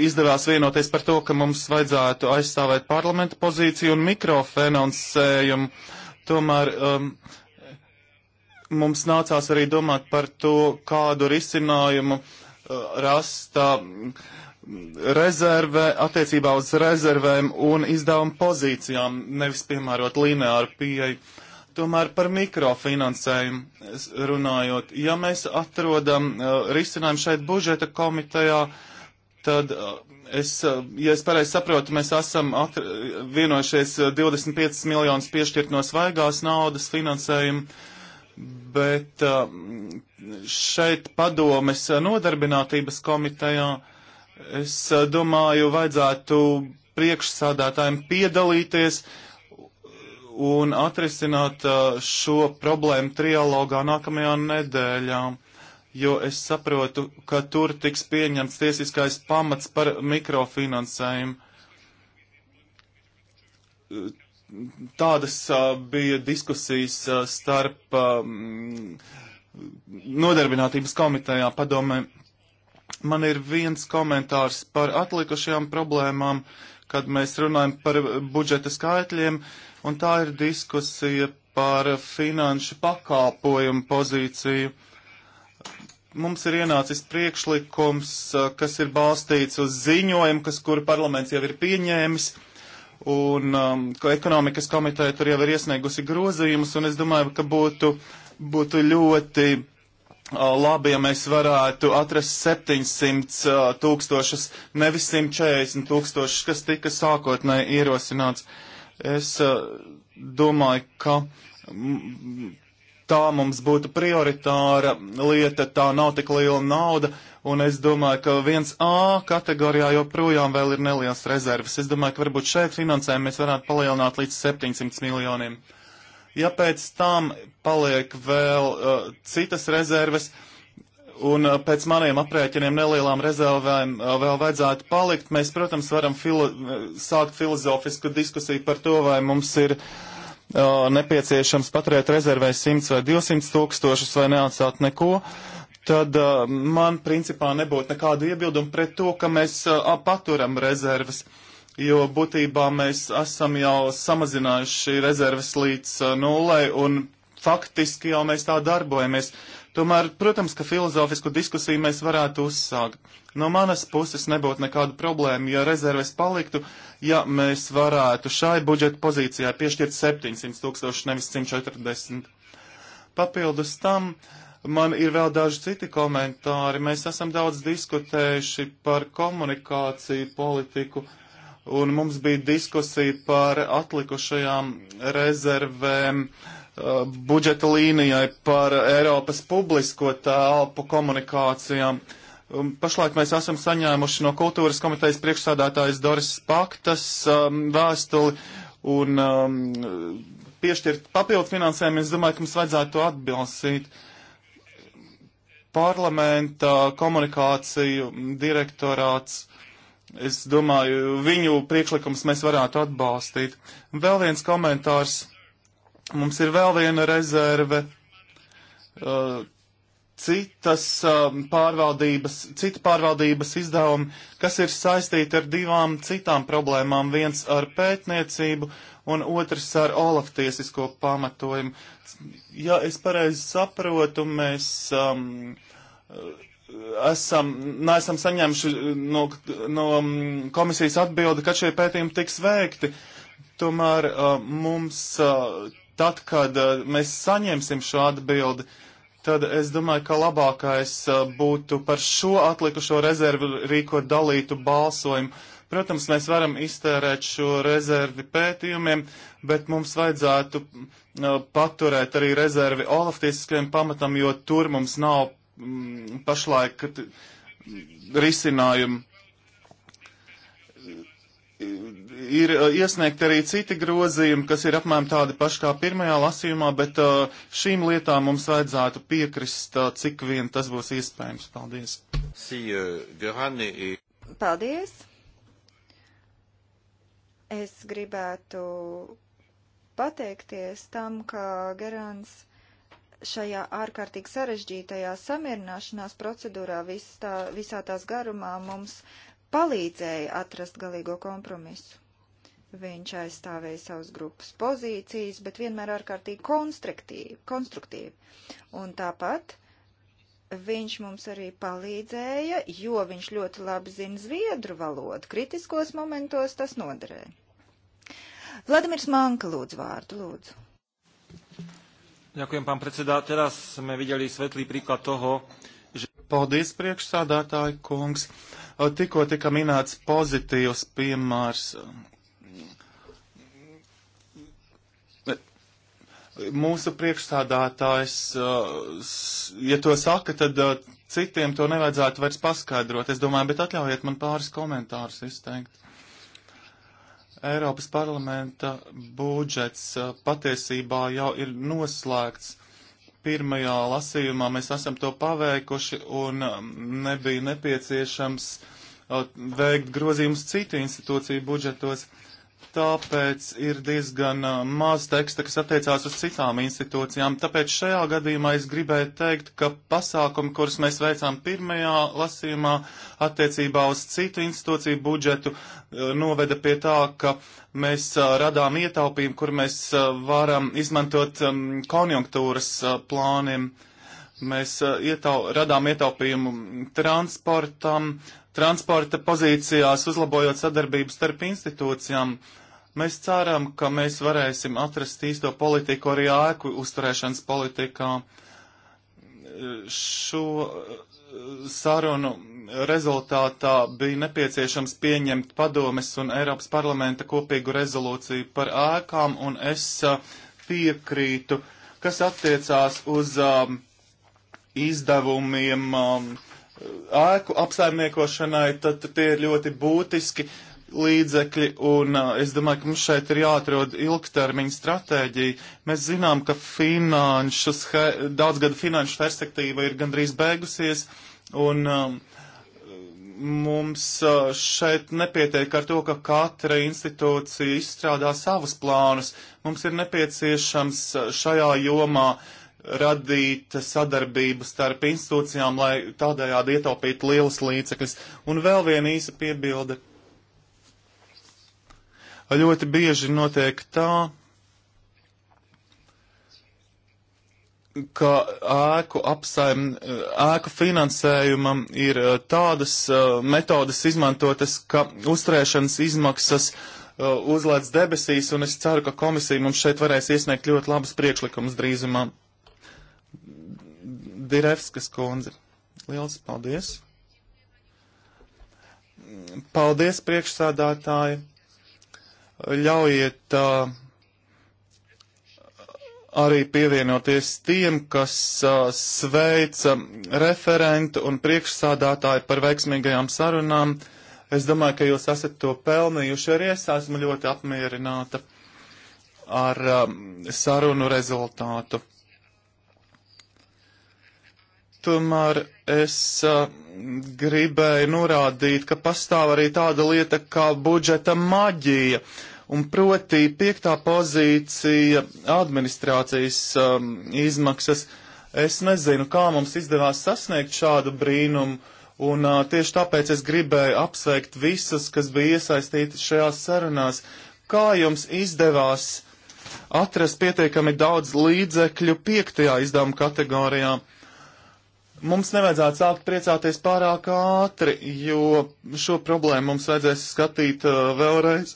izdevās vienoties par to, ka mums vajadzētu aizstāvēt parlamenta pozīciju un mikrofinansējumu. Tomēr um, uh, mums nācās arī domāt par to, kādu risinājumu uh, rasta rezerve attiecībā uz rezervēm un izdevuma pozīcijām, nevis piemērot lineāru pieeju. Tomēr par mikrofinansējumu runājot, ja mēs atrodam uh, risinājumu šeit budžeta komitejā, tad uh, es, uh, ja es pareizi saprotu, mēs esam vienojušies 25 uh, miljonus piešķirt no svaigās naudas finansējumu bet uh, šeit padomes nodarbinātības komitejā es uh, domāju, vajadzētu priekšsādātājiem piedalīties un atrisināt uh, šo problēmu trialogā nākamajā nedēļā, jo es saprotu, ka tur tiks pieņemts tiesiskais pamats par mikrofinansējumu tādas bija diskusijas starp mm, nodarbinātības komitejā padomē. Man ir viens komentārs par atlikušajām problēmām, kad mēs runājam par budžeta skaitļiem, un tā ir diskusija par finanšu pakāpojumu pozīciju. Mums ir ienācis priekšlikums, kas ir balstīts uz ziņojumu, kas kuru parlaments jau ir pieņēmis. Uh, Un um, ko ekonomikas komiteja tur jau ir iesniegusi grozījumus, un es domāju, ka būtu, būtu ļoti uh, labi, ja mēs varētu atrast 700 uh, tūkstošus, nevis 140 tūkstošus, kas tika sākotnēji ierosināts. Es uh, domāju, ka mm, tā mums būtu prioritāra lieta, tā nav tik liela nauda, Un es domāju, ka 1A kategorijā joprojām vēl ir nelielas rezerves. Es domāju, ka varbūt šeit finansējumu mēs varētu palielināt līdz 700 miljoniem. Ja pēc tam paliek vēl uh, citas rezerves, un uh, pēc maniem aprēķiniem nelielām rezervēm uh, vēl vajadzētu palikt, mēs, protams, varam filo uh, sākt filozofisku diskusiju par to, vai mums ir uh, nepieciešams paturēt rezervē 100 vai 200 tūkstošus vai neatstāt neko. Uh, tad uh, man principā nebūtu nekādu iebildumu pret to, ka mēs uh, paturam rezerves, jo būtībā mēs esam jau samazinājuši rezerves līdz uh, nulai un faktiski jau mēs tā darbojamies. Tomēr, protams, ka filozofisku diskusiju mēs varētu uzsākt. No manas puses nebūtu nekādu problēmu, ja rezerves paliktu, ja mēs varētu šai budžeta pozīcijai piešķirt 700 tūkstoši, nevis 140. Papildus tam uh, Man ir vēl daži citi komentāri. Mēs esam daudz diskutējuši par komunikāciju politiku, un mums bija diskusija par atlikušajām rezervēm uh, budžeta līnijai par Eiropas publisko telpu komunikācijām. Um, pašlaik mēs esam saņēmuši no kultūras komitejas priekšsādātājas Doris Paktas um, vēstuli un um, piešķirt papildu finansējumu. Es domāju, ka mums vajadzētu to atbilstīt. Uh, parlamenta komunikāciju direktorāts. Es domāju, viņu priekšlikums mēs varētu atbalstīt. Vēl viens komentārs. Mums ir vēl viena rezerve. Uh, citas uh, pārvaldības, cita pārvaldības izdevumi, kas ir saistīti ar divām citām problēmām. Viens ar pētniecību un otrs ar Olaf tiesisko pamatojumu. Ja es pareizi saprotu, mēs um, esam, neesam saņēmuši no, no um, komisijas atbildi, kad šie pētījumi tiks veikti. Tomēr uh, mums, uh, tad, kad uh, mēs saņemsim šo atbildi, tad es domāju, ka labākais uh, būtu par šo atlikušo rezervu rīkot dalītu balsojumu. Uh, Protams, mēs varam iztērēt šo rezervi pētījumiem, bet mums vajadzētu eh, paturēt arī rezervi olaftiesiskajam pamatam, jo tur mums nav m, pašlaik risinājumu. Ir eh, iesniegt arī citi grozījumi, kas ir apmēram tādi paši kā pirmajā lasījumā, bet eh, šīm lietām mums vajadzētu piekrist, cik vien tas būs iespējams. Paldies! Euh, Paldies! Es gribētu pateikties tam, ka Gerants šajā ārkārtīgi sarežģītajā samierināšanās procedūrā vis tā, visā tās garumā mums palīdzēja atrast galīgo kompromisu. Viņš aizstāvēja savas grupas pozīcijas, bet vienmēr ārkārtīgi konstruktīvi. konstruktīvi. Un tāpat Viņš mums arī palīdzēja, jo viņš ļoti labi zina zviedru valodu. Kritiskos momentos tas noderēja. Vladimirs Manka lūdzu vārdu, lūdzu. Ďakujem, pán predsedá. Teraz sme videli svetlý príklad toho, že... Paldies, priekšsādātāji kungs. Tikko tika minēts pozitīvs piemērs Mūsu priekšstādātājs, uh, ja to saka, tad uh, citiem to nevajadzētu vairs paskaidrot. Es domāju, bet atļaujiet man pāris komentārus izteikt. Eiropas parlamenta budžets uh, patiesībā jau ir noslēgts. Pirmajā lasījumā mēs esam to paveikuši un um, nebija nepieciešams veikt grozījumus citu institūciju budžetos. Uh, tāpēc ir diezgan maz teksta, kas attiecās uz citām institūcijām. Tāpēc šajā gadījumā es gribēju teikt, ka pasākumi, kurus mēs veicām pirmajā lasījumā attiecībā uz citu institūciju budžetu, noveda pie tā, ka mēs radām ietaupījumu, kur mēs varam izmantot konjunktūras plāniem. Mēs ietau, radām ietaupījumu transportam, uh, transporta pozīcijās, uzlabojot sadarbību starp institūcijām. Mēs ceram, ka mēs varēsim atrast īsto politiku arī ēku uzturēšanas politikā. Šo sarunu rezultātā bija nepieciešams pieņemt padomes un Eiropas parlamenta kopīgu rezolūciju par ēkām, un es piekrītu, kas attiecās uz um, izdevumiem. Um, ēku apsaimniekošanai, tad tie ir ļoti būtiski līdzekļi, un es domāju, ka mums šeit ir jāatrod ilgtermiņa stratēģija. Mēs zinām, ka finanšu, daudzgadu finanšu perspektīva ir gandrīz beigusies, un um, mums šeit nepietiek ar to, ka katra institūcija izstrādā savus plānus. Mums ir nepieciešams šajā jomā uh, radīt sadarbību starp institūcijām, lai tādējādi ietaupītu lielas līdzekļus. Un vēl viena īsa piebilde. Ļoti bieži notiek tā, ka ēku, apsaim, ēku finansējumam ir eh, tādas uh, metodas izmantotas, ka uzturēšanas izmaksas uh, eh, uzlēdz debesīs, un es ceru, ka komisija mums šeit varēs iesniegt ļoti labus priekšlikumus drīzumā. Direvskas kundze. Liels paldies! Paldies, priekšsādātāji! Ļaujiet uh, arī pievienoties tiem, kas uh, sveica referentu un priekšsādātāju par veiksmīgajām sarunām. Es domāju, ka jūs esat to pelnījuši arī es esmu ļoti apmierināta ar um, sarunu rezultātu. Tomēr es uh, gribēju norādīt, ka pastāv arī tāda lieta kā budžeta maģija, un proti piektā pozīcija administrācijas um, izmaksas. Es nezinu, kā mums izdevās sasniegt šādu brīnumu, un uh, tieši tāpēc es gribēju apsveikt visus, kas bija iesaistīti šajās sarunās. Kā jums izdevās atrast pietiekami daudz līdzekļu piektajā izdevuma kategorijā? Mums nevajadzētu sākt priecāties pārāk ātri, jo šo problēmu mums vajadzēs skatīt uh, vēlreiz.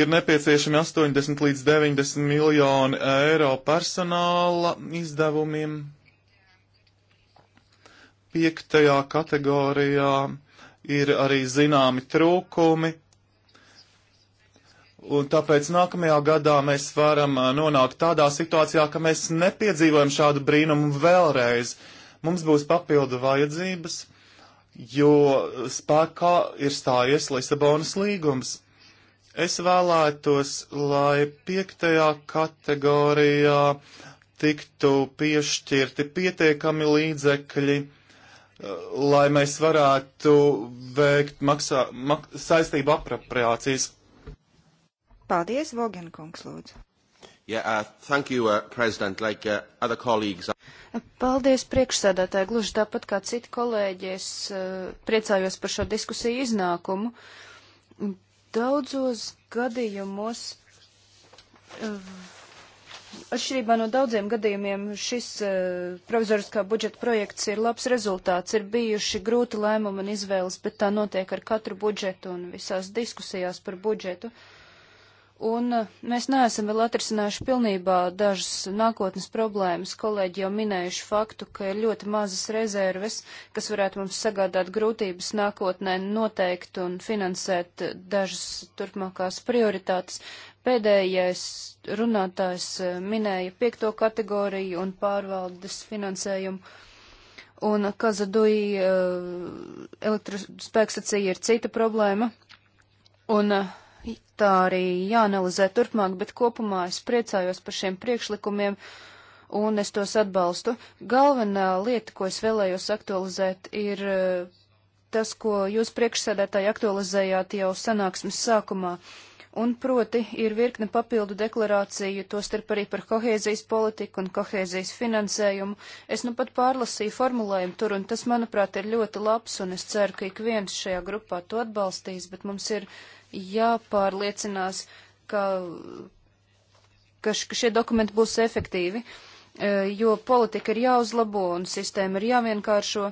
Ir nepieciešami 80 līdz 90 miljoni eiro personāla izdevumiem. Piektajā kategorijā ir arī zināmi trūkumi Un tāpēc nākamajā gadā mēs varam nonākt tādā situācijā, ka mēs nepiedzīvojam šādu brīnumu vēlreiz. Mums būs papildu vajadzības, jo spēkā ir stājies Lisabonas līgums. Es vēlētos, lai piektajā kategorijā tiktu piešķirti pietiekami līdzekļi, lai mēs varētu veikt maksā, mak, saistību apropriācijas. Paldies, Vogenkungs, lūdzu. Yeah, uh, thank you, uh, President. Like uh, other colleagues. Uh, Paldies, priekšsēdētāji. Gluži tāpat kā citi kolēģi, es uh, priecājos par šo diskusiju iznākumu. Daudzos gadījumos, uh, atšķirībā no daudziem gadījumiem, šis uh, provizoriskā budžeta projekts ir labs rezultāts. Ir bijuši grūti lēmumi un izvēles, bet tā notiek ar katru budžetu un visās diskusijās par budžetu. Uh, Un uh, mēs neesam vēl atrisinājuši pilnībā dažas nākotnes problēmas. Kolēģi jau minējuši faktu, ka ir ļoti mazas rezerves, kas varētu mums sagādāt grūtības nākotnē noteikt un finansēt dažas turpmākās prioritātes. Pēdējais runātājs uh, minēja piekto kategoriju un pārvaldes finansējumu. Un Kazaduji uh, elektrospēkstacija ir cita problēma. Un uh, tā arī jāanalizē turpmāk, bet kopumā es priecājos par šiem priekšlikumiem un es tos atbalstu. Galvenā lieta, ko es vēlējos aktualizēt, ir eh, tas, ko jūs priekšsēdētāji aktualizējāt jau sanāksmes sākumā. Un proti ir virkne papildu deklarāciju, tostarp arī par kohēzijas politiku un kohēzijas finansējumu. Es nu pat pārlasīju formulējumu tur, un tas, manuprāt, ir ļoti labs, un es ceru, ka ik viens šajā grupā to atbalstīs, bet mums ir uh, jāpārliecinās, ka, ka, š, ka šie dokumenti būs efektīvi, e, jo politika ir jāuzlabo un sistēma ir jāvienkāršo,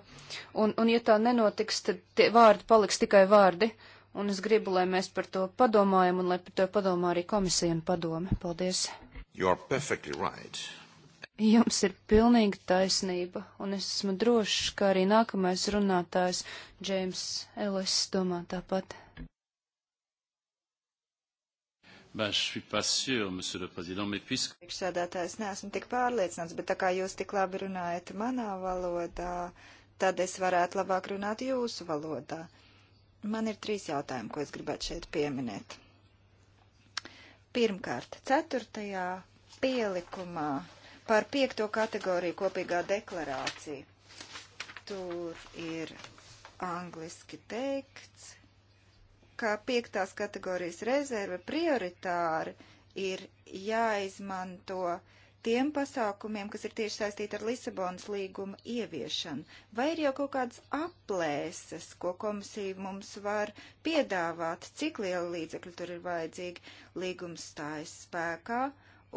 un, un ja tā nenotiks, tad tie vārdi paliks tikai vārdi, un es gribu, lai mēs par to padomājam, un lai par to padomā arī komisija un padome. Paldies! Right. Jums ir pilnīga taisnība, un es esmu drošs, ka arī nākamais runātājs, Džeims Ellis, domā tāpat. Ben, je suis pas sûr, monsieur le président, mais puisque... Priekšsēdētājs neesmu tik pārliecināts, bet tā kā jūs tik labi runājat manā valodā, tad es varētu labāk runāt jūsu valodā. Man ir trīs jautājumi, ko es gribētu šeit pieminēt. Pirmkārt, ceturtajā pielikumā par piekto kategoriju kopīgā deklarācija. Tur ir angliski teikts, ka piektās kategorijas rezerve prioritāri ir jāizmanto tiem pasākumiem, kas ir tieši saistīti ar Lisabonas līguma ieviešanu? Vai ir jau kaut kādas aplēses, ko komisija mums var piedāvāt, cik liela līdzekļa tur ir vajadzīga? Līgums stājas spēkā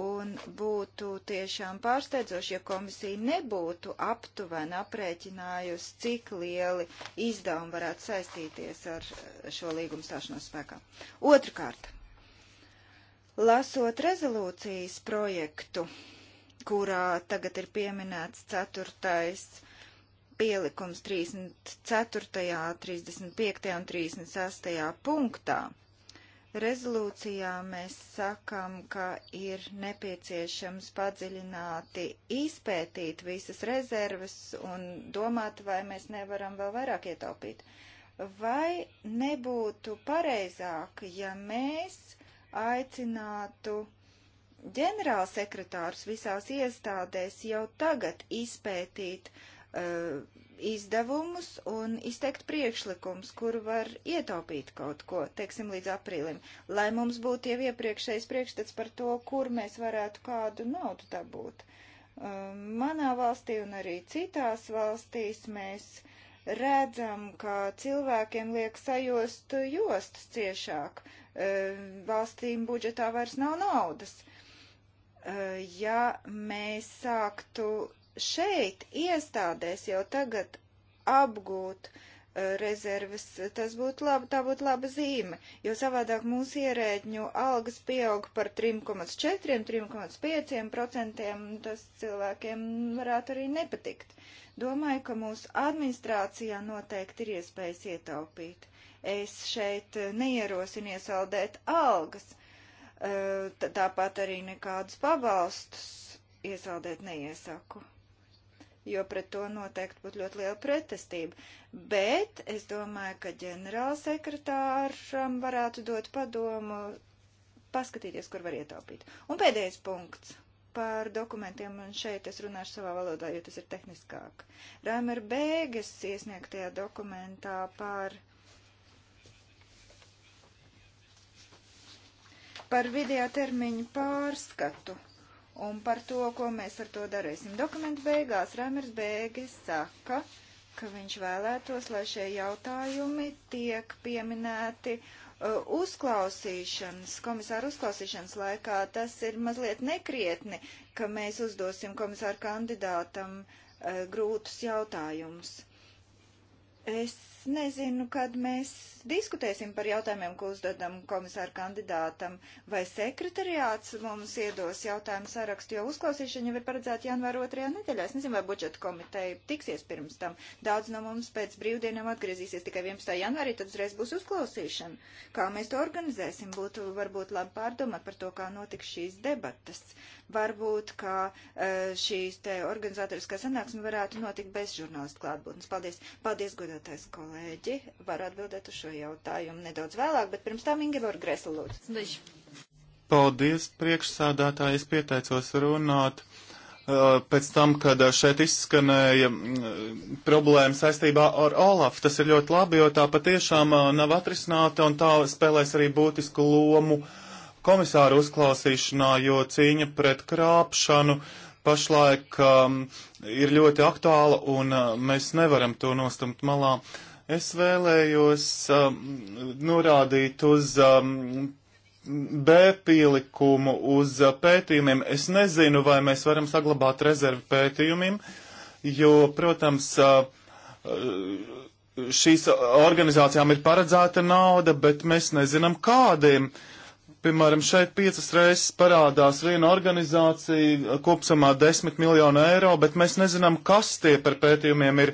Un būtu tiešām pārsteidzoši, ja komisija nebūtu aptuveni aprēķinājusi, cik lieli izdevumi varētu saistīties ar šo līgumu stāšanos spēkā. Otrakārt, lasot rezolūcijas projektu, kurā tagad ir pieminēts ceturtais pielikums 34., 35. un 36. punktā Rezolūcijā mēs sakam, ka ir nepieciešams padziļināti izpētīt visas rezerves un domāt, vai mēs nevaram vēl vairāk ietaupīt. Vai nebūtu pareizāk, ja mēs aicinātu ģenerālsekretārus visās iestādēs jau tagad izpētīt uh, izdevumus un izteikt priekšlikums, kur var ietaupīt kaut ko, teiksim, līdz aprīlim, lai mums būtu jau iepriekšējais priekšstats par to, kur mēs varētu kādu naudu dabūt. Um, manā valstī un arī citās valstīs mēs redzam, ka cilvēkiem liek sajost jostas ciešāk, um, valstīm budžetā vairs nav naudas uh, ja mēs sāktu šeit iestādēs jau tagad apgūt uh, rezerves, tas būtu labi, tā būtu laba zīme, jo savādāk mūsu ierēģņu algas pieaug par 3,4, 3,5%, tas cilvēkiem varētu arī nepatikt. Domāju, ka mūsu administrācijā noteikti ir iespējas ietaupīt. Es šeit neierosinu iesaldēt algas, e, tāpat arī nekādus pabalstus iesaldēt neiesaku jo pret to noteikti būtu ļoti liela pretestība. Bet es domāju, ka ģenerālsekretāram varētu dot padomu paskatīties, kur var ietaupīt. Un pēdējais punkts par dokumentiem, un šeit es runāšu savā valodā, jo tas ir tehniskāk. Raimer Bēges iesniegtajā dokumentā par par vidējā termiņu pārskatu un par to, ko mēs ar to darīsim. Dokumentu beigās Rēmers Bēgis saka, ka viņš vēlētos, lai šie jautājumi tiek pieminēti uh, uzklausīšanas, komisāra uzklausīšanas laikā. Tas ir mazliet nekrietni, ka mēs uzdosim komisāra kandidātam uh, grūtus jautājumus. Es nezinu, kad mēs diskutēsim par jautājumiem, ko uzdodam komisāru kandidātam, vai sekretariāts mums iedos jautājumu sarakstu, jo uzklausīšana jau ir paredzēta janvāra otrajā nedēļā. Es nezinu, vai budžeta komiteja tiksies pirms tam. Daudz no mums pēc brīvdienām atgriezīsies tikai 11. janvārī, tad uzreiz būs uzklausīšana. Kā mēs to organizēsim, būtu varbūt labi pārdomāt par to, kā notiks šīs debatas. Varbūt, kā e, šīs te organizatoriskā sanāksme varētu notikt bez žurnālistu klātbūtnes. Paldies, paldies godātais kolēģi kolēģi var atbildēt uz šo jautājumu nedaudz vēlāk, bet pirms tam Ingeborg Gresla lūdzu. Paldies, priekšsādātāji, es pieteicos runāt uh, pēc tam, kad uh, šeit izskanēja mm, problēma saistībā ar Olafu. Tas ir ļoti labi, jo tā patiešām uh, nav atrisināta un tā spēlēs arī būtisku lomu komisāru uzklausīšanā, jo cīņa pret krāpšanu pašlaik um, ir ļoti aktuāla un uh, mēs nevaram to nostumt malā. Uh, Es vēlējos um, norādīt uz um, B pielikumu, uz uh, pētījumiem. Es nezinu, vai mēs varam saglabāt rezervi pētījumiem, jo, protams, uh, uh, šīs organizācijām ir paredzēta nauda, bet mēs nezinām kādiem. Piemēram, šeit piecas reizes parādās viena organizācija uh, kopsumā desmit miljonu eiro, bet mēs nezinām, kas tie par pētījumiem ir.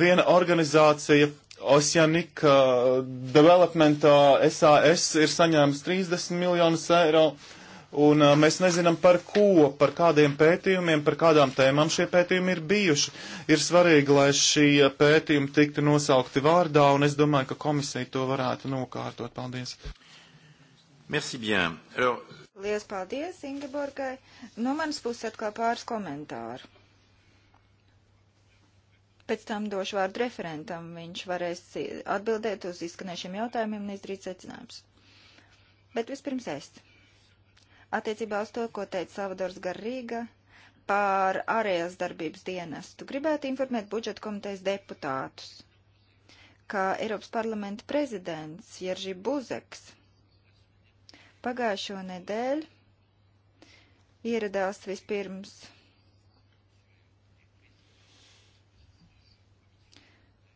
Viena organizācija Osjanik uh, developmentā uh, SAS ir saņēmis 30 miljonus eiro, un uh, mēs nezinām par ko, par kādiem pētījumiem, par kādām tēmām šie pētījumi ir bijuši. Ir svarīgi, lai šie pētījumi tiktu nosaukti vārdā, un es domāju, ka komisija to varētu nokārtot. Paldies! Merci bien. Alors... Lies paldies Ingeborgai. No manas puses atkal pāris komentāru. Pēc tam došu vārdu referentam. Viņš varēs atbildēt uz izskanējušiem jautājumiem un izdarīt secinājumus. Bet vispirms es. Attiecībā uz to, ko teica Salvadors Garīga par ārējās darbības dienestu, gribētu informēt budžeta komitejas deputātus, ka Eiropas parlamenta prezidents Jerži Buzeks pagājušo nedēļu ieradās vispirms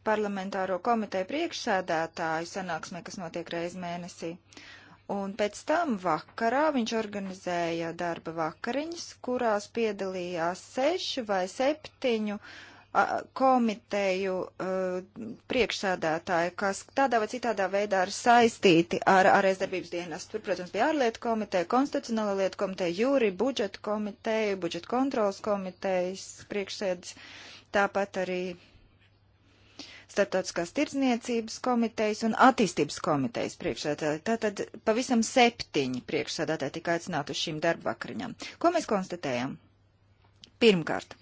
parlamentāro komiteju priekšsēdētāju sanāksmē, kas notiek reiz mēnesī. Un pēc tam vakarā viņš organizēja darba vakariņas, kurās piedalījās sešu vai septiņu a, komiteju a, priekšsēdētāji, kas tādā vai citādā veidā ir saistīti ar ārēsdarbības dienestu. Tur, protams, bija ārlietu komiteja, konstitucionāla lietu komiteja, jūri, budžeta komiteja, budžeta kontrolas komitejas priekšsēdis, tāpat arī starptautiskās tirdzniecības komitejas un attīstības komitejas priekšsēdētāji. Tātad pavisam septiņi priekšsēdētāji tika aicināti uz šīm darba vakariņām. Ko mēs konstatējam? Pirmkārt,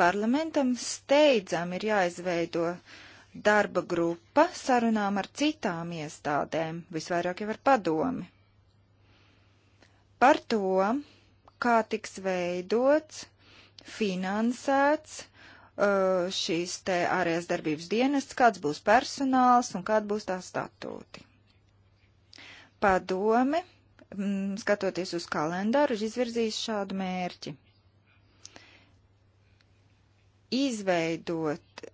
parlamentam steidzam ir jāizveido darba grupa sarunām ar citām iestādēm, visvairāk jau ar padomi. Par to, kā tiks veidots, finansēts Uh, šīs te ārējās darbības dienests, kāds būs personāls un kāda būs tā statūti. Padome, mm, skatoties uz kalendāru, ir izvirzījis šādu mērķi. Izveidot,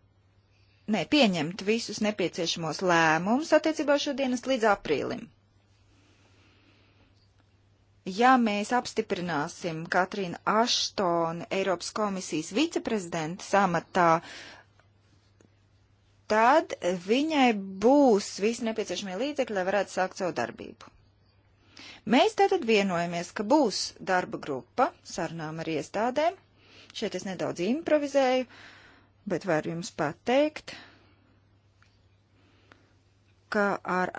ne, pieņemt visus nepieciešamos lēmumus attiecībā šodienas līdz aprīlim ja mēs apstiprināsim Katrīnu Aštonu Eiropas komisijas viceprezidenta samatā, tad viņai būs visi nepieciešamie līdzekļi, lai varētu sākt savu darbību. Mēs tātad vienojamies, ka būs darba grupa sarunām ar iestādēm. Šeit es nedaudz improvizēju, bet varu jums pateikt, ka ar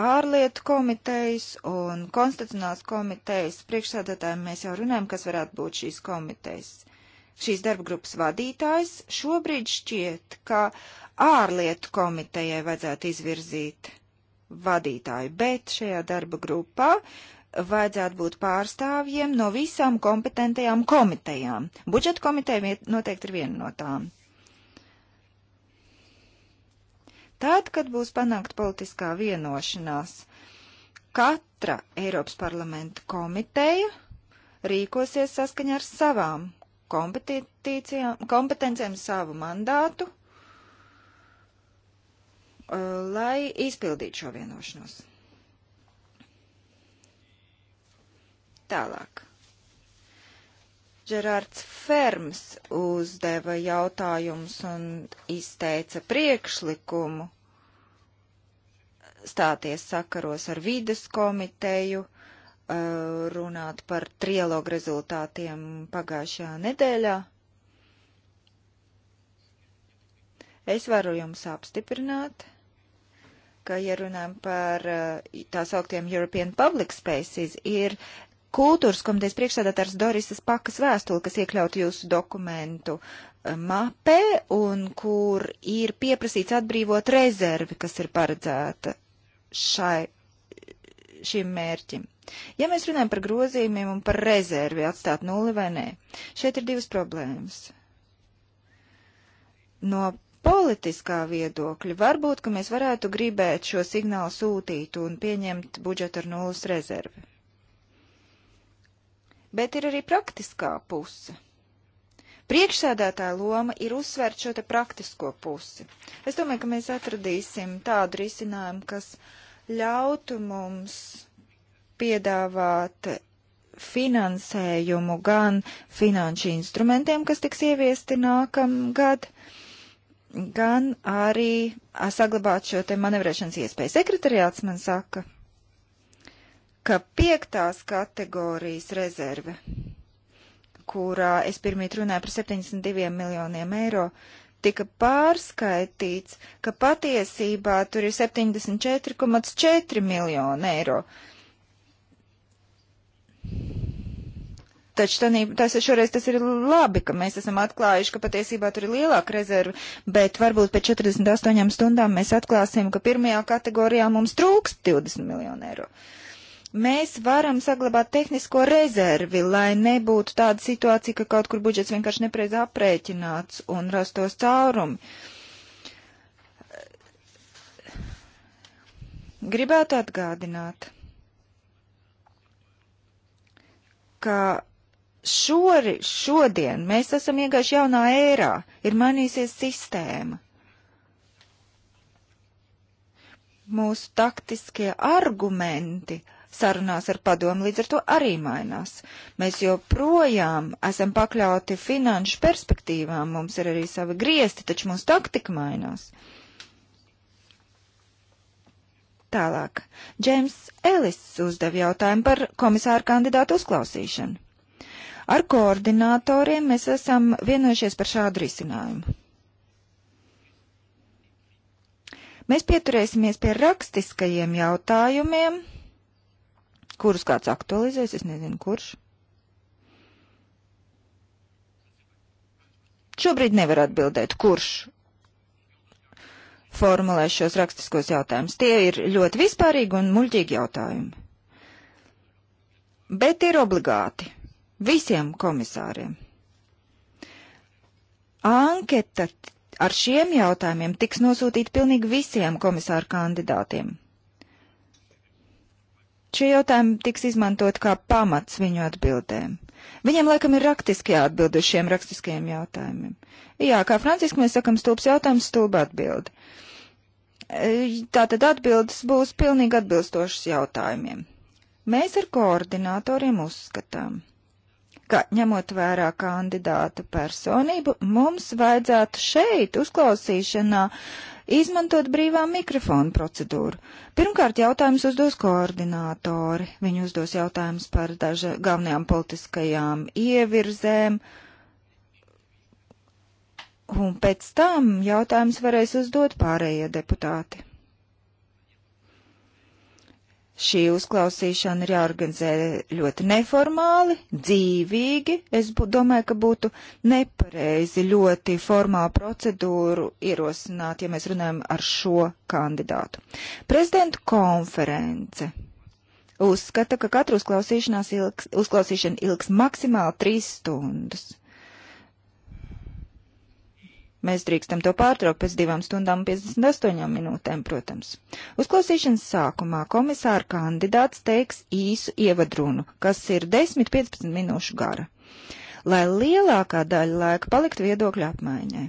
ārlietu komitejas un konstitucionālas komitejas priekšsēdētājiem mēs jau runājam, kas varētu būt šīs komitejas. Šīs darba grupas vadītājs šobrīd šķiet, ka ārlietu komitejai vajadzētu izvirzīt vadītāju, bet šajā darba grupā vajadzētu būt pārstāvjiem no visām kompetentajām komitejām. Budžeta komiteja noteikti ir viena no tām. Tad, kad būs panākt politiskā vienošanās, katra Eiropas parlamenta komiteja rīkosies saskaņā ar savām kompetencijām, savu mandātu, eh, lai izpildītu šo vienošanos. Tālāk. Žerārds Ferms uzdeva jautājumus un izteica priekšlikumu stāties sakaros ar vides komiteju, uh, runāt par trialogu rezultātiem pagājušajā nedēļā. Es varu jums apstiprināt, ka, ja runājam par uh, tā sauktiem European Public Spaces, ir kultūras komitejas priekšsēdētājs Dorisas Pakas vēstuli, kas iekļaut jūsu dokumentu eh, mapē un kur ir pieprasīts atbrīvot rezervi, kas ir paredzēta šai, šim mērķim. Ja mēs runājam par grozījumiem un par rezervi atstāt nulli vai nē, šeit ir divas problēmas. No politiskā viedokļa varbūt, ka mēs varētu gribēt šo signālu sūtīt un pieņemt budžetu ar nulles rezervi bet ir arī praktiskā puse. Priekšsēdētāja loma ir uzsvērt šo te praktisko pusi. Es domāju, ka mēs atradīsim tādu risinājumu, kas ļautu mums piedāvāt finansējumu gan finanšu instrumentiem, kas tiks ieviesti nākamgad, gan arī saglabāt šo te manevrēšanas iespēju. Sekretariāts man saka, ka piektās kategorijas rezerve, kurā es pirmīt runāju par 72 miljoniem eiro, tika pārskaitīts, ka patiesībā tur ir 74,4 miljoni eiro. Taču tanī, tas, šoreiz tas ir labi, ka mēs esam atklājuši, ka patiesībā tur ir lielāka rezerva, bet varbūt pēc 48 stundām mēs atklāsim, ka pirmajā kategorijā mums trūks 20 miljonu eiro. Uh, mēs varam saglabāt tehnisko rezervi, lai nebūtu tāda situācija, ka kaut kur budžets vienkārši nepreiz aprēķināts un rastos caurumi. Gribētu atgādināt, ka šori, šodien mēs esam iegājuši jaunā ērā, ir mainīsies sistēma. mūsu taktiskie argumenti sarunās ar padomu, līdz ar to arī mainās. Mēs joprojām esam pakļauti finanšu perspektīvām, mums ir arī savi griesti, taču mūsu taktika mainās. Tālāk. Džeims Ellis uzdev jautājumu par komisāru kandidātu uzklausīšanu. Ar koordinatoriem mēs esam vienojušies par šādu risinājumu. Mēs pieturēsimies pie rakstiskajiem jautājumiem kurus kāds aktualizēs, es nezinu, kurš. Šobrīd nevar atbildēt, kurš formulē šos rakstiskos jautājumus. Tie ir ļoti vispārīgi un muļķīgi jautājumi. Bet ir obligāti visiem komisāriem. Anketa ar šiem jautājumiem tiks nosūtīta pilnīgi visiem komisāru kandidātiem. Šie jautājumi tiks izmantot kā pamats viņu atbildēm. Viņiem laikam ir raktiski jāatbild uz šiem rakstiskajiem jautājumiem. Jā, kā franciski mēs sakam, stulbs jautājums, stulba atbildi. E, tātad atbildes būs pilnīgi atbilstošas jautājumiem. Mēs ar koordinatoriem uzskatām, ka ņemot vērā kandidātu personību, mums vajadzētu šeit uzklausīšanā uh, izmantot brīvā mikrofona procedūru. Pirmkārt, jautājums uzdos koordinātori. Viņi uzdos jautājumus par daža galvenajām politiskajām ievirzēm. Un pēc tam jautājums varēs uzdot pārējie deputāti. Šī uzklausīšana ir jāorganizē ļoti neformāli, dzīvīgi. Es bū, domāju, ka būtu nepareizi ļoti formālu procedūru ierosināt, ja mēs runājam ar šo kandidātu. Prezidenta konference uzskata, ka katra uzklausīšanās ilgs, uzklausīšana ilgs maksimāli trīs stundas. Mēs drīkstam to pārtraukt pēc divām stundām un 58 minūtēm, protams. Uzklausīšanas sākumā komisāra kandidāts teiks īsu ievadrunu, kas ir 10-15 minūšu gara, lai lielākā daļa laika palikt viedokļu apmaiņai.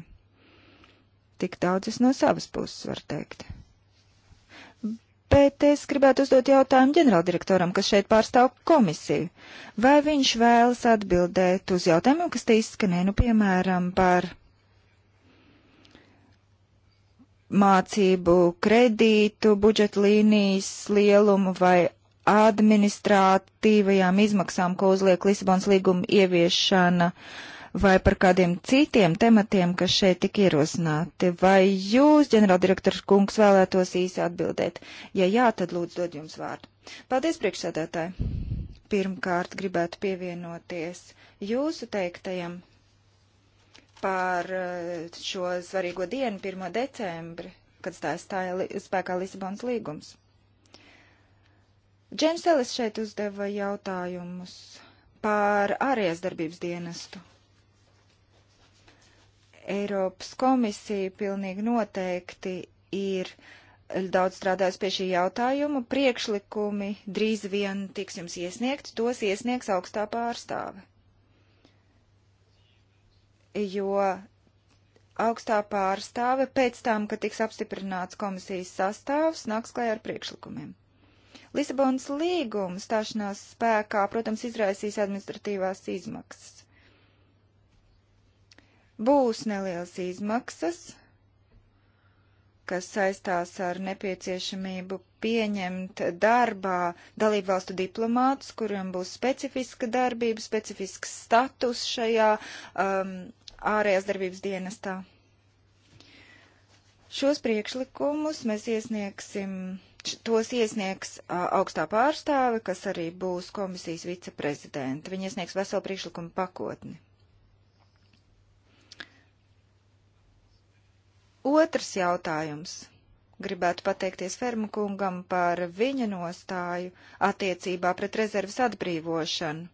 Tik daudz es no savas puses varu teikt bet es gribētu uzdot jautājumu ģenerāldirektoram, kas šeit pārstāv komisiju. Vai viņš vēlas atbildēt uz jautājumiem, kas te izskanē, nu, piemēram, par mācību kredītu budžeta līnijas lielumu vai administratīvajām izmaksām, ko uzliek Lisabons līguma ieviešana, vai par kādiem citiem tematiem, kas šeit tik ierosināti. Vai jūs, ģenerāldirektors kungs, vēlētos īsi atbildēt? Ja jā, tad lūdzu dod jums vārdu. Paldies, priekšsēdētāji! Pirmkārt, gribētu pievienoties jūsu teiktajam par eh, šo svarīgo dienu, 1. decembri, kad stāja spēkā Lisabonas līgums. Džēms Ellis šeit uzdeva jautājumus par ārējās darbības dienestu. Eiropas komisija pilnīgi noteikti ir daudz strādājusi pie šī jautājuma. Priekšlikumi drīz vien tiks jums iesniegt, tos iesniegs augstā pārstāve jo augstā pārstāve pēc tam, kad tiks apstiprināts komisijas sastāvs, nāks klajā ar priekšlikumiem. Lisabonas līguma stāšanās spēkā, protams, izraisīs administratīvās izmaksas. Būs nelielas izmaksas, kas saistās ar nepieciešamību pieņemt darbā dalībvalstu diplomātus, kuriem būs specifiska darbība, specifisks status šajā um, ārējās darbības dienestā. Šos priekšlikumus mēs iesniegsim, tos iesniegs augstā pārstāve, kas arī būs komisijas viceprezidenta. Viņa iesniegs veselu priekšlikumu pakotni. Otrs jautājums. Gribētu pateikties Fermu kungam par viņa nostāju attiecībā pret rezerves atbrīvošanu.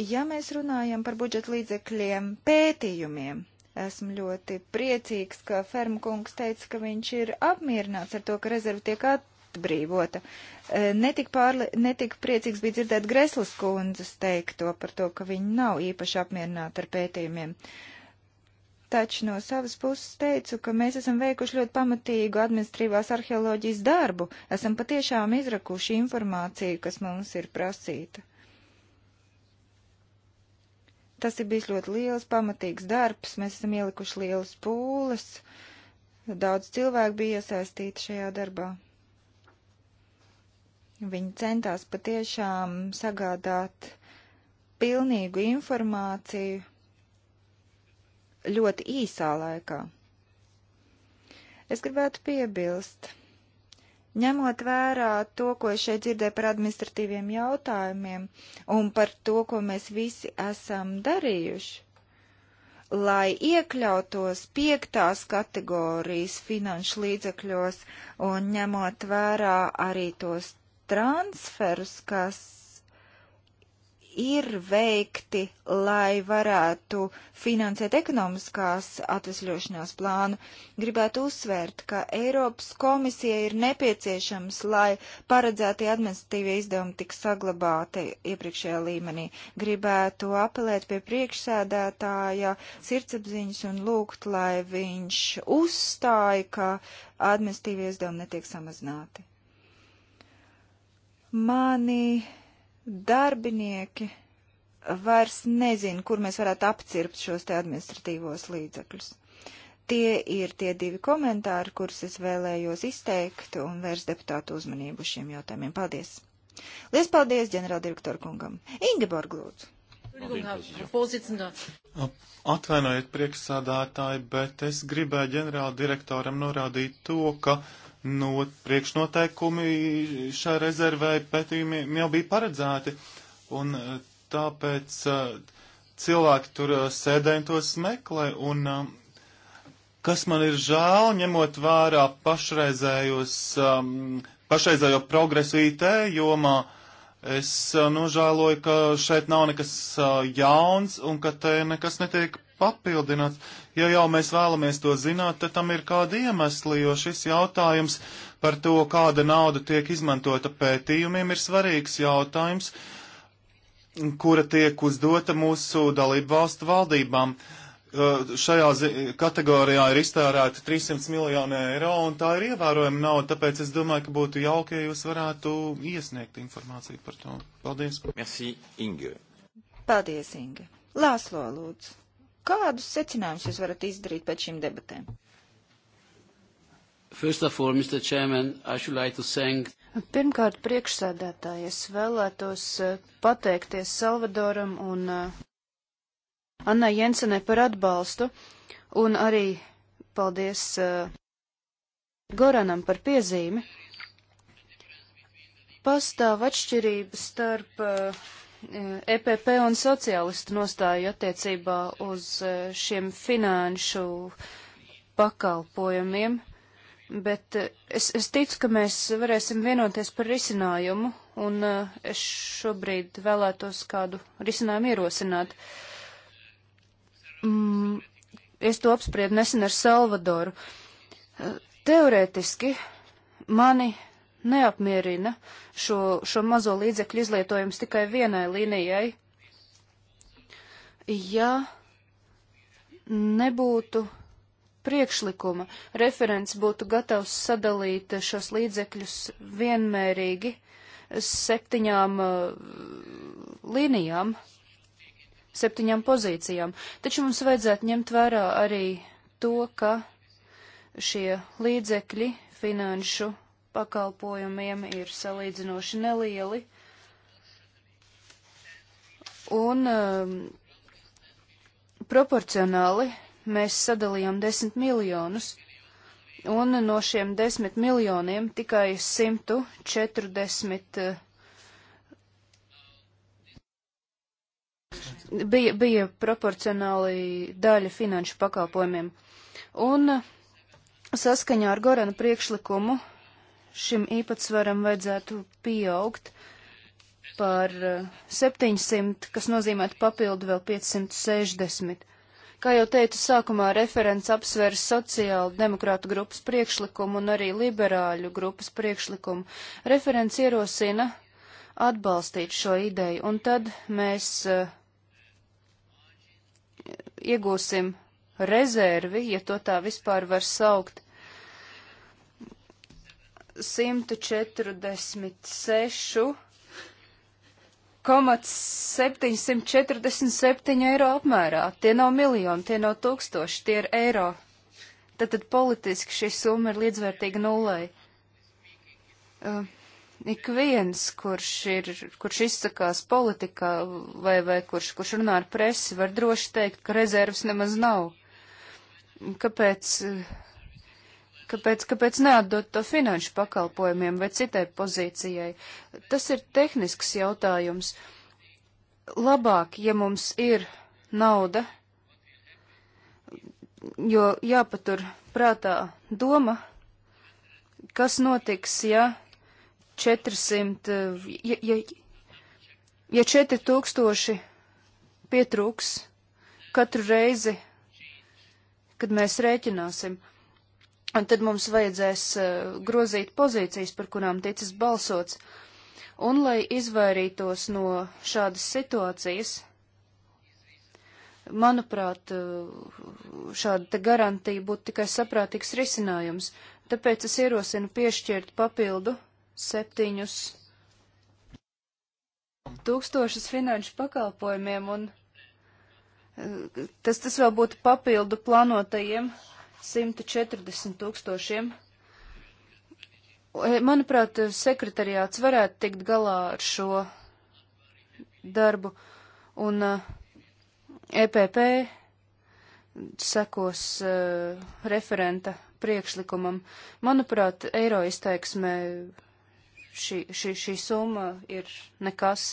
Ja mēs runājam par budžeta līdzekļiem pētījumiem, esmu ļoti priecīgs, ka Fermkungs teica, ka viņš ir apmierināts ar to, ka rezerva tiek atbrīvota. E, netik, pārli, netik priecīgs bija dzirdēt Greslas kundzes teikto par to, ka viņi nav īpaši apmierināti ar pētījumiem. Taču no savas puses teicu, ka mēs esam veikuši ļoti pamatīgu administrīvās arheoloģijas darbu, esam patiešām izrakuši informāciju, kas mums ir prasīta. Tas ir bijis ļoti liels, pamatīgs darbs, mēs esam ielikuši lielas pūles, daudz cilvēku bija iesaistīti šajā darbā. Viņi centās patiešām sagādāt pilnīgu informāciju ļoti īsā laikā. Es gribētu piebilst, Ņemot vērā to, ko es šeit dzirdēju par administratīviem jautājumiem un par to, ko mēs visi esam darījuši, lai iekļautos piektās kategorijas finanšu līdzekļos un ņemot vērā arī tos transferus, kas ir veikti, lai varētu finansēt ekonomiskās atvesļošanās plānu, gribētu uzsvērt, ka Eiropas komisija ir nepieciešams, lai paredzētie administratīvie izdevumi tik saglabāti iepriekšējā līmenī. Gribētu apelēt pie priekšsēdētāja sirdsapziņas un lūgt, lai viņš uzstāja, ka administratīvie izdevumi netiek samazināti. Mani darbinieki vairs nezina, kur mēs varētu apcirpt šos te administratīvos līdzekļus. Tie ir tie divi komentāri, kurus es vēlējos izteikt un vērst deputātu uzmanību šiem jautājumiem. Paldies! Lies paldies ģenerāldirektoru kungam! Ingeborg lūdzu! Atvainojiet priekšsādātāji, bet es gribēju ģenerāldirektoram norādīt to, ka no priekšnoteikumi šai rezervai pētījumiem jau bija paredzēti, un eh, tāpēc eh, cilvēki tur eh, sēdēja to smeklē, un kas man ir žēl, ņemot vērā pašreizējos, ehm, pašreizējo progresu IT jomā, es nožēloju, ka šeit nav nekas jauns un ka te nekas netiek papildināt. Ja jau mēs vēlamies to zināt, tad tam ir kādi iemesli, jo šis jautājums par to, kāda nauda tiek izmantota pētījumiem, ir svarīgs jautājums, kura tiek uzdota mūsu dalību valstu valdībām. Šajā kategorijā ir iztērēta 300 miljoni eiro, un tā ir ievērojama nauda, tāpēc es domāju, ka būtu jauki, ja jūs varētu iesniegt informāciju par to. Paldies! Merci, Inge! Paldies, Inge! Lāslo, lūdzu! Kādus secinājumus jūs varat izdarīt pēc šīm debatēm? All, Chairman, like thank... Pirmkārt, priekšsēdētāji, es vēlētos eh, pateikties Salvadoram un eh, Annai Jensenai par atbalstu, un arī paldies eh, Goranam par piezīmi. Pastāv atšķirības starp uh, EPP un sociālistu nostāju attiecībā uz e, šiem finanšu pakalpojumiem, bet e, es, es ticu, ka mēs varēsim vienoties par risinājumu, un e, es šobrīd vēlētos kādu risinājumu ierosināt. Mm, es to apspriedu nesen ar Salvadoru. Teorētiski mani neapmierina šo, šo mazo līdzekļu izlietojums tikai vienai līnijai. Ja nebūtu priekšlikuma, referents būtu gatavs sadalīt šos līdzekļus vienmērīgi septiņām uh, līnijām, septiņām pozīcijām. Taču mums vajadzētu ņemt vērā arī to, ka šie līdzekļi finanšu pakalpojumiem ir salīdzinoši nelieli. Un um, proporcionāli mēs sadalījām 10 miljonus, un no šiem 10 miljoniem tikai 140 uh, bija, bija proporcionāli daļa finanšu pakalpojumiem. Un saskaņā ar Gorana priekšlikumu šim īpatsvaram vajadzētu pieaugt par 700, eh, kas nozīmētu papildu vēl 560. Kā jau teicu, sākumā referents apsver sociālu demokrātu grupas priekšlikumu un arī liberāļu grupas priekšlikumu. Referents ierosina atbalstīt šo ideju, un tad mēs uh, iegūsim rezervi, ja to tā vispār var saukt, 146,747 eiro apmērā. Tie nav miljoni, tie nav tūkstoši, tie ir eiro. Tātad politiski šī summa ir līdzvērtīga nulai. Uh, ik viens, kurš, ir, kurš izsakās politikā vai, vai kurš, kurš runā ar presi, var droši teikt, ka rezervas nemaz nav. Kāpēc? Uh, Kāpēc, kāpēc neatdot to finanšu pakalpojumiem vai citai pozīcijai? Tas ir tehnisks jautājums. Labāk, ja mums ir nauda, jo jāpatur prātā doma, kas notiks, ja 400, ja, ja, ja 4000 pietrūks katru reizi, kad mēs rēķināsim. Un tad mums vajadzēs eh, grozīt pozīcijas, par kurām ticis balsots. Un, lai izvairītos no šādas situācijas, manuprāt, eh, šāda garantija būtu tikai saprātīgs risinājums. Tāpēc es ierosinu piešķirt papildu septiņus tūkstošus finanšu pakalpojumiem, un eh, tas, tas vēl būtu papildu plānotajiem 140 tūkstošiem. E, manuprāt, sekretariāts varētu tikt galā ar šo darbu, un EPP e sekos e, referenta priekšlikumam. Manuprāt, eiro izteiksmē šī, šī, šī summa ir nekas,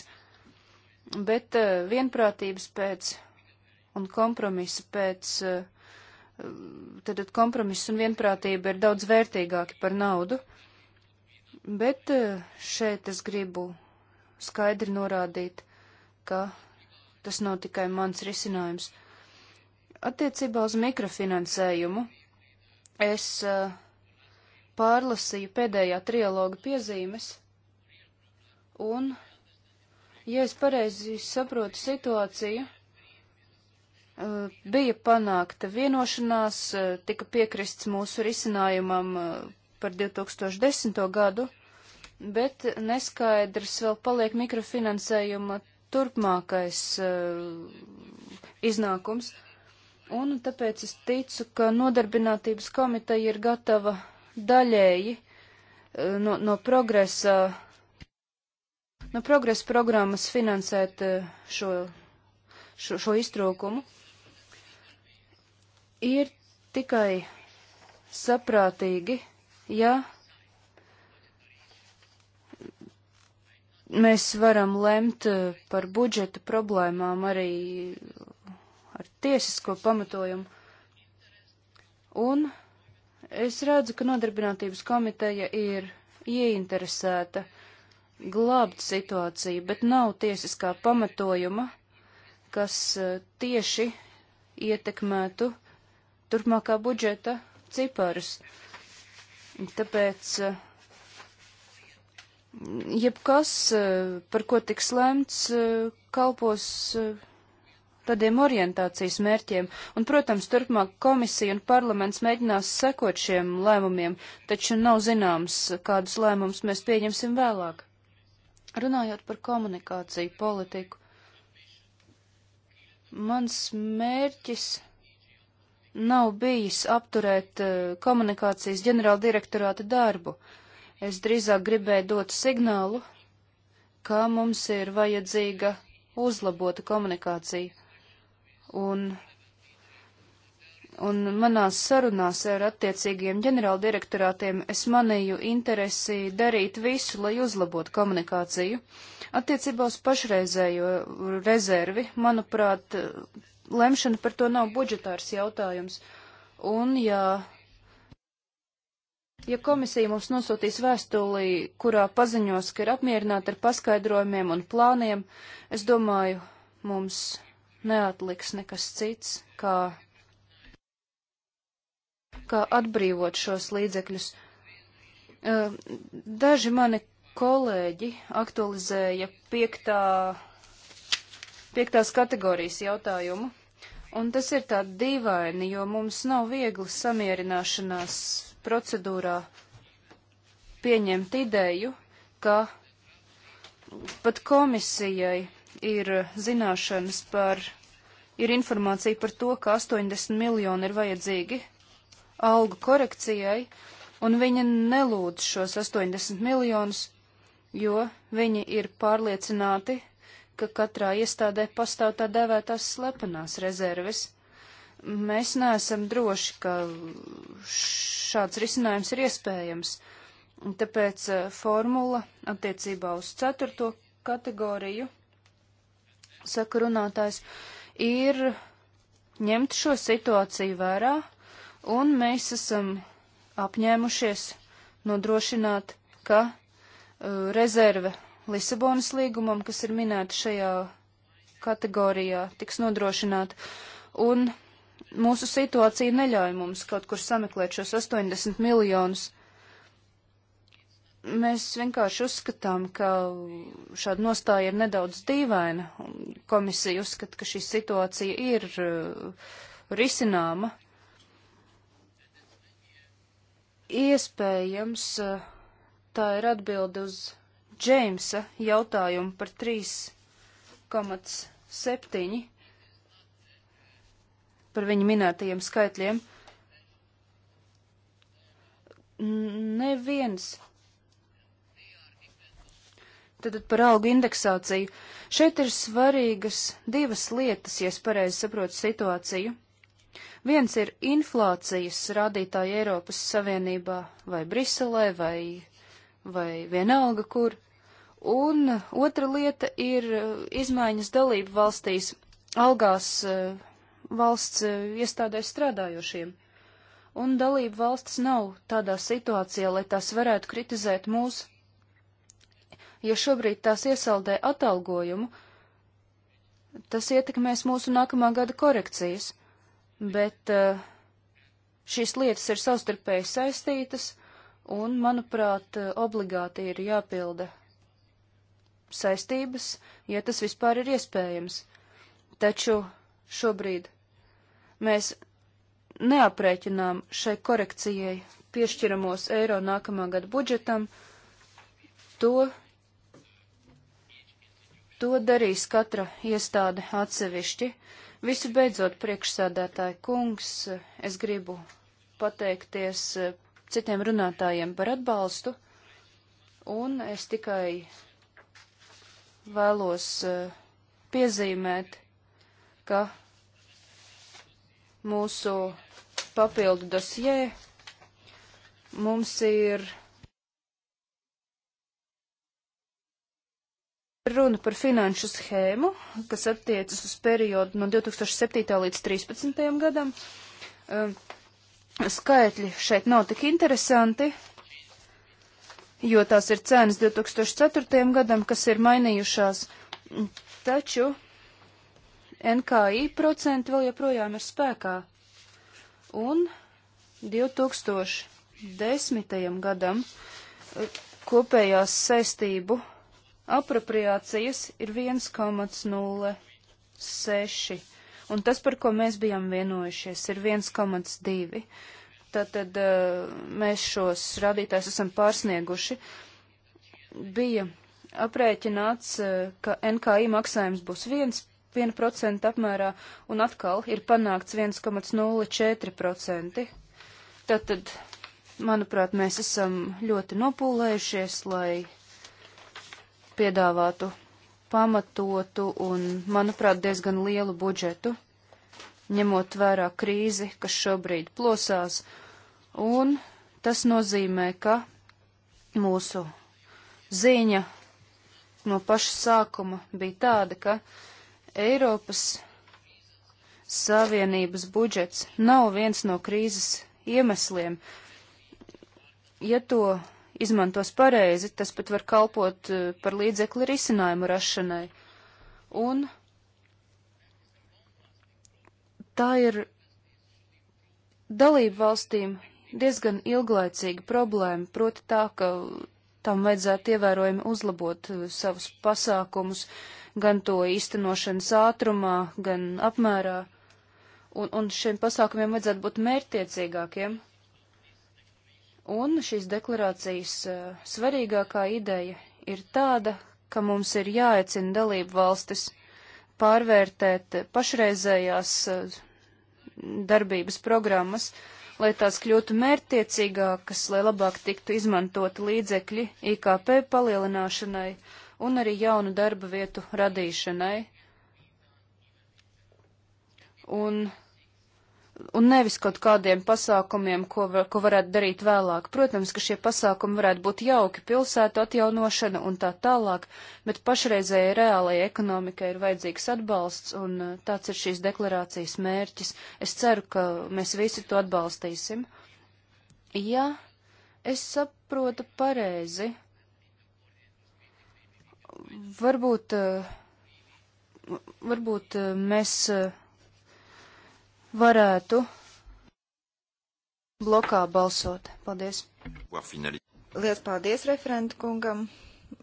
bet vienprātības pēc un kompromisa pēc uh, tad kompromiss un vienprātība ir daudz vērtīgāki par naudu. Bet eh, šeit es gribu skaidri norādīt, ka tas nav tikai mans risinājums. Attiecībā uz mikrofinansējumu es eh, pārlasīju pēdējā trialoga piezīmes, un, ja es pareizi saprotu situāciju, Eh, bija panākta vienošanās, eh, tika piekrists mūsu risinājumam eh, par 2010. gadu, bet neskaidrs vēl paliek mikrofinansējuma turpmākais iznākums. Un tāpēc es ticu, ka nodarbinātības komiteja ir gatava daļēji no, no progresa, no progresa programmas finansēt šo, šo, šo iztrūkumu. Ir tikai saprātīgi, ja mēs varam lemt eh, par budžeta problēmām arī ar tiesisko pamatojumu. Un es redzu, ka nodarbinātības komiteja ir ieinteresēta glābt situāciju, bet nav tiesiskā pamatojuma, kas eh, tieši ietekmētu uh, turpmākā budžeta ciparus. Tāpēc eh, jebkas, eh, par ko tiks lemts, eh, kalpos tādiem orientācijas mērķiem, un, protams, turpmāk komisija un parlaments mēģinās sekot šiem lēmumiem, taču nav zināms, kādus lēmumus mēs pieņemsim vēlāk. Runājot par komunikāciju politiku, mans mērķis nav bijis apturēt eh, komunikācijas ģenerāldirektorāta darbu. Es drīzāk gribēju dot signālu, ka mums ir vajadzīga uzlabota komunikācija. Un, un manās sarunās ar attiecīgiem ģenerāldirektorātiem es manīju interesi darīt visu, lai uzlabotu komunikāciju. Attiecībā uz pašreizējo rezervi, manuprāt, lemšana par to nav budžetārs jautājums. Un ja, ja komisija mums nosūtīs vēstulī, kurā paziņos, ka ir apmierināta ar paskaidrojumiem un plāniem, es domāju, mums neatliks nekas cits, kā kā atbrīvot šos līdzekļus. Daži mani kolēģi aktualizēja piektā, piektās kategorijas jautājumu. Un tas ir tā dīvaini, jo mums nav viegli samierināšanās procedūrā pieņemt ideju, ka pat komisijai ir zināšanas par, ir informācija par to, ka 80 miljoni ir vajadzīgi algu korekcijai, un viņi nelūdz šos 80 miljonus, jo viņi ir pārliecināti, ka katrā iestādē pastāv tā dēvētās slepenās rezerves. Mēs neesam droši, ka šāds risinājums ir iespējams, un tāpēc eh, formula attiecībā uz ceturto kategoriju, saka runātājs, ir ņemt šo situāciju vērā, un mēs esam apņēmušies nodrošināt, ka uh, rezerve Lisabonas līgumam, kas ir minēta šajā kategorijā, tiks nodrošināta. Un mūsu situācija neļauj mums kaut kur sameklēt šos 80 miljonus. Mēs vienkārši uzskatām, ka šāda nostāja ir nedaudz dīvaina. Komisija uzskata, ka šī situācija ir uh, risināma. Iespējams, uh, tā ir atbilde uz Džeimsa jautājumu par 3,7 par viņa minētajiem skaitļiem. Neviens. Tad par algu indeksāciju. Šeit ir svarīgas divas lietas, ja es pareizi saprotu situāciju. Viens ir inflācijas rādītāji Eiropas Savienībā vai Briselē vai, vai vienalga kur. Un otra lieta ir eh, izmaiņas dalību valstīs algās eh, valsts eh, iestādēs strādājošiem. Un dalību valstis nav tādā situācijā, lai tās varētu kritizēt mūs, ja šobrīd tās iesaldē atalgojumu, tas ietekmēs mūsu nākamā gada korekcijas, bet šīs lietas ir savstarpēji saistītas, un, manuprāt, obligāti ir jāpilda saistības, ja tas vispār ir iespējams. Taču šobrīd mēs neaprēķinām šai korekcijai piešķiramos eiro nākamā gada budžetam, to, to darīs katra iestāde atsevišķi. Visu beidzot, priekšsēdētāji kungs, es gribu pateikties eh, citiem runātājiem par atbalstu, un es tikai vēlos e, piezīmēt, ka mūsu papildu dosjē mums ir runa par finanšu schēmu, kas attiecas uz periodu no 2007. līdz 2013. gadam. E, skaitļi šeit nav tik interesanti, jo tās ir cenas 2004. gadam, kas ir mainījušās. Taču NKI procenti vēl joprojām ir spēkā. Un 2010. gadam eh, kopējās saistību apropriācijas ir 1,06, un tas, par ko mēs bijām vienojušies, ir 1,2. Tātad eh, mēs šos rādītājus esam pārsnieguši. Bija aprēķināts, eh, ka NKI maksājums būs 1, 1% apmērā, un atkal ir panākts 1,04%. Tātad, manuprāt, mēs esam ļoti nopūlējušies, lai piedāvātu pamatotu un, manuprāt, diezgan lielu budžetu ņemot vērā krīzi, kas šobrīd plosās, un tas nozīmē, ka mūsu ziņa no paša sākuma bija tāda, ka Eiropas Savienības budžets nav viens no krīzes iemesliem. Ja to izmantos pareizi, tas pat var kalpot eh, par līdzekli risinājumu rašanai. Un Tā ir dalību valstīm diezgan ilglaicīga problēma, proti tā, ka tam vajadzētu ievērojami uzlabot uh, savus pasākumus, gan to īstenošanas ātrumā, gan apmērā, un, un šiem pasākumiem vajadzētu būt mērtiecīgākiem. Un šīs deklarācijas uh, svarīgākā ideja ir tāda, ka mums ir jāecina dalību valstis pārvērtēt pašreizējās uh, darbības programmas, lai tās kļūtu mērtiecīgākas, lai labāk tiktu izmantoti līdzekļi IKP palielināšanai un arī jaunu darba vietu radīšanai. Un un nevis kaut kādiem pasākumiem, ko, var, ko varētu darīt vēlāk. Protams, ka šie pasākumi varētu būt jauki pilsētu atjaunošana un tā tālāk, bet pašreizējai reālajai ekonomikai ir vajadzīgs atbalsts, un uh, tāds ir šīs deklarācijas mērķis. Es ceru, ka mēs visi to atbalstīsim. Ja es saprotu pareizi, varbūt, uh, varbūt uh, mēs varētu blokā balsot. Paldies. Lielas paldies referentu kungam.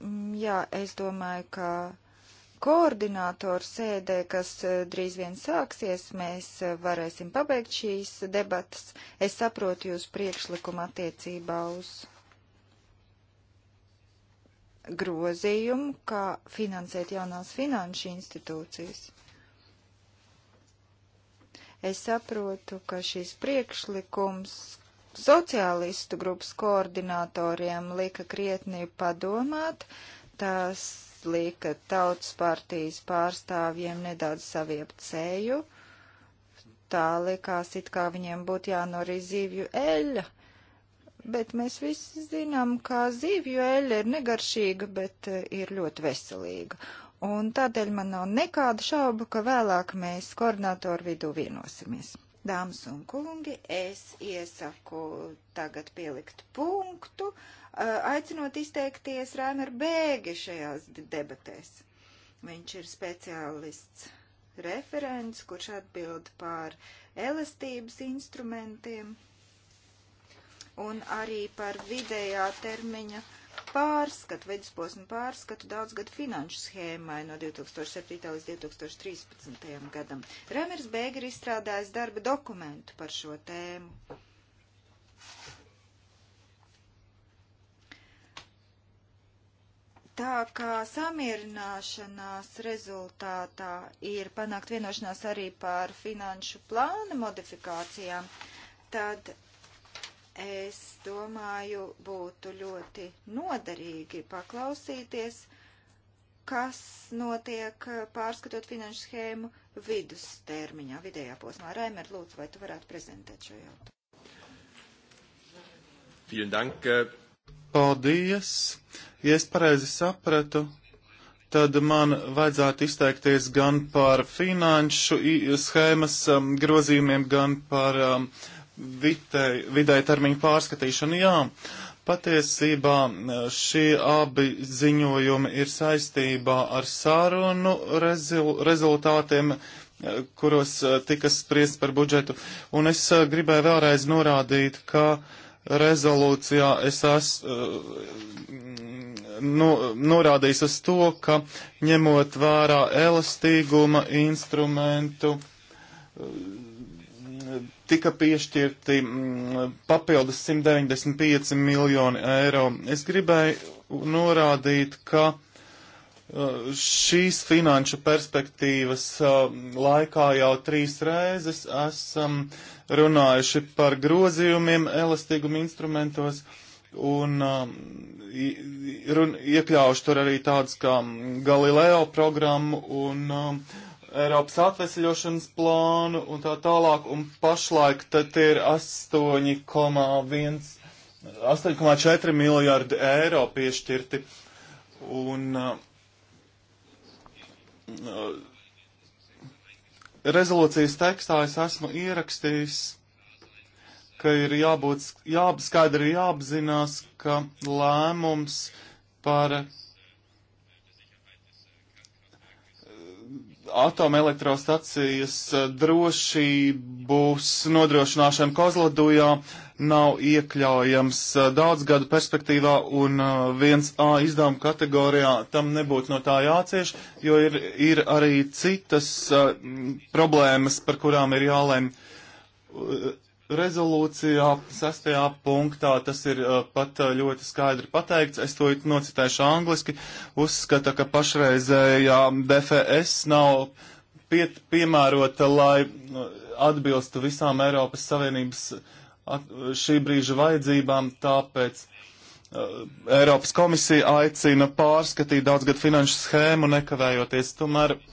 Mm, jā, es domāju, ka koordinātoru sēdē, kas e, drīz vien sāksies, mēs e, varēsim pabeigt šīs debatas. Es saprotu jūs priekšlikumu attiecībā uz grozījumu, kā finansēt jaunās finanšu institūcijas. Es saprotu, ka šis priekšlikums sociālistu grupas koordinatoriem lika krietni padomāt. Tas lika tautas partijas pārstāvjiem nedaudz saviept ceju. Tā likās, it kā viņiem būtu jānorī zīvju eļļa. Bet mēs visi zinām, ka zīvju eļļa ir negaršīga, bet eh, ir ļoti veselīga un tādēļ man nav nekādu šaubu, ka vēlāk mēs koordinātoru vidū vienosimies. Dāmas un kungi, es iesaku tagad pielikt punktu, aicinot izteikties Raimer Bēgi šajās debatēs. Viņš ir speciālists referents, kurš atbild par elastības instrumentiem un arī par vidējā termiņa uh, pārskatu, vidusposmu pārskatu daudzgadu finanšu schēmai no 2007. līdz 2013. gadam. Remers Bēga ir izstrādājis darba dokumentu par šo tēmu. Tā kā samierināšanās rezultātā ir panākt vienošanās arī par finanšu plāna modifikācijām, tad es domāju, būtu ļoti noderīgi paklausīties, kas notiek pārskatot finanšu schēmu vidustermiņā, vidējā posmā. Raimer, lūdzu, vai tu varētu prezentēt šo jautājumu? Paldies! Ja es pareizi sapratu, tad man vajadzētu izteikties gan par finanšu schēmas um, grozījumiem, gan par um, uh, vidēja termiņa pārskatīšanu. Jā, patiesībā e, šie abi ziņojumi ir saistībā ar sārunu rezultātiem e, kuros e, tika spriest par budžetu. Un es gribēju vēlreiz norādīt, ka rezolūcijā es esmu nu, norādījis uz to, ka ņemot vērā elastīguma instrumentu tika piešķirti mm, papildus 195 miljoni eiro. Es gribēju norādīt, ka uh, šīs finanšu perspektīvas uh, laikā jau trīs reizes esam runājuši par grozījumiem elastīguma instrumentos un um, iekļaušu tur arī tādus kā mm, Galileo programmu un um, Eiropas atvesļošanas plānu un tā tālāk, un pašlaik tad ir 8,1, 8,4 miljārdi eiro piešķirti. Un uh, rezolūcijas tekstā es esmu ierakstījis, ka ir jābūt, jā, skaidri jāapzinās, ka lēmums par atomelektrostacijas eh, drošības nodrošināšana Kozlodujā nav iekļaujams eh, daudz gadu perspektīvā un 1A eh, izdevuma kategorijā tam nebūtu no tā jācieš, jo ir, ir arī citas problēmas, par kurām ir jālēm rezolūcijā, sastajā punktā, tas ir uh, pat uh, ļoti skaidri pateikts, es to nocitēšu angliski, uzskata, ka pašreizējā DFS nav piet, piemērota, lai uh, atbilstu visām Eiropas Savienības at, šī brīža vajadzībām, tāpēc uh, Eiropas komisija aicina pārskatīt daudzgad finanšu schēmu, nekavējoties tomēr. Uh,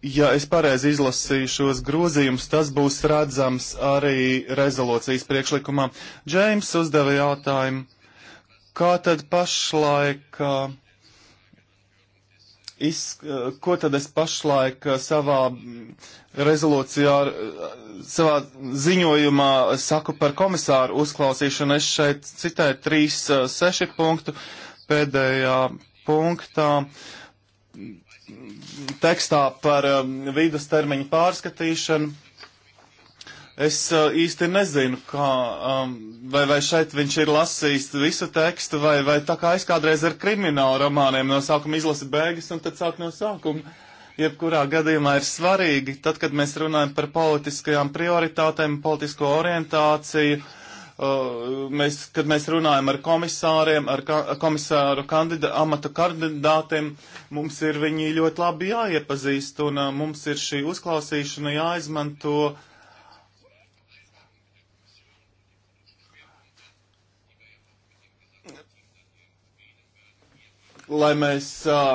Ja es pareizi izlasīju šos grozījumus, tas būs redzams arī rezolūcijas priekšlikumā. Džeims uzdeva jautājumu, kā tad pašlaik, uh, iz, uh, ko tad es pašlaik uh, savā rezolūcijā, savā ziņojumā saku par komisāru uzklausīšanu. Es šeit citēju 3.6 punktu pēdējā punktā tekstā par um, vidus termiņu pārskatīšanu. Es uh, īsti nezinu, kā, um, vai, vai šeit viņš ir lasījis visu tekstu, vai, vai tā kā es kādreiz ar kriminālu romāniem no sākuma izlasu beigas un tad sāk no sākuma. Jebkurā gadījumā ir svarīgi, tad, kad mēs runājam par politiskajām prioritātēm, politisko orientāciju, uh, Uh, mēs, kad mēs runājam ar komisāriem, ar ka, komisāru kandida, amata kandidātiem, mums ir viņi ļoti labi jāiepazīst un uh, mums ir šī uzklausīšana jāizmanto. Lai mēs uh,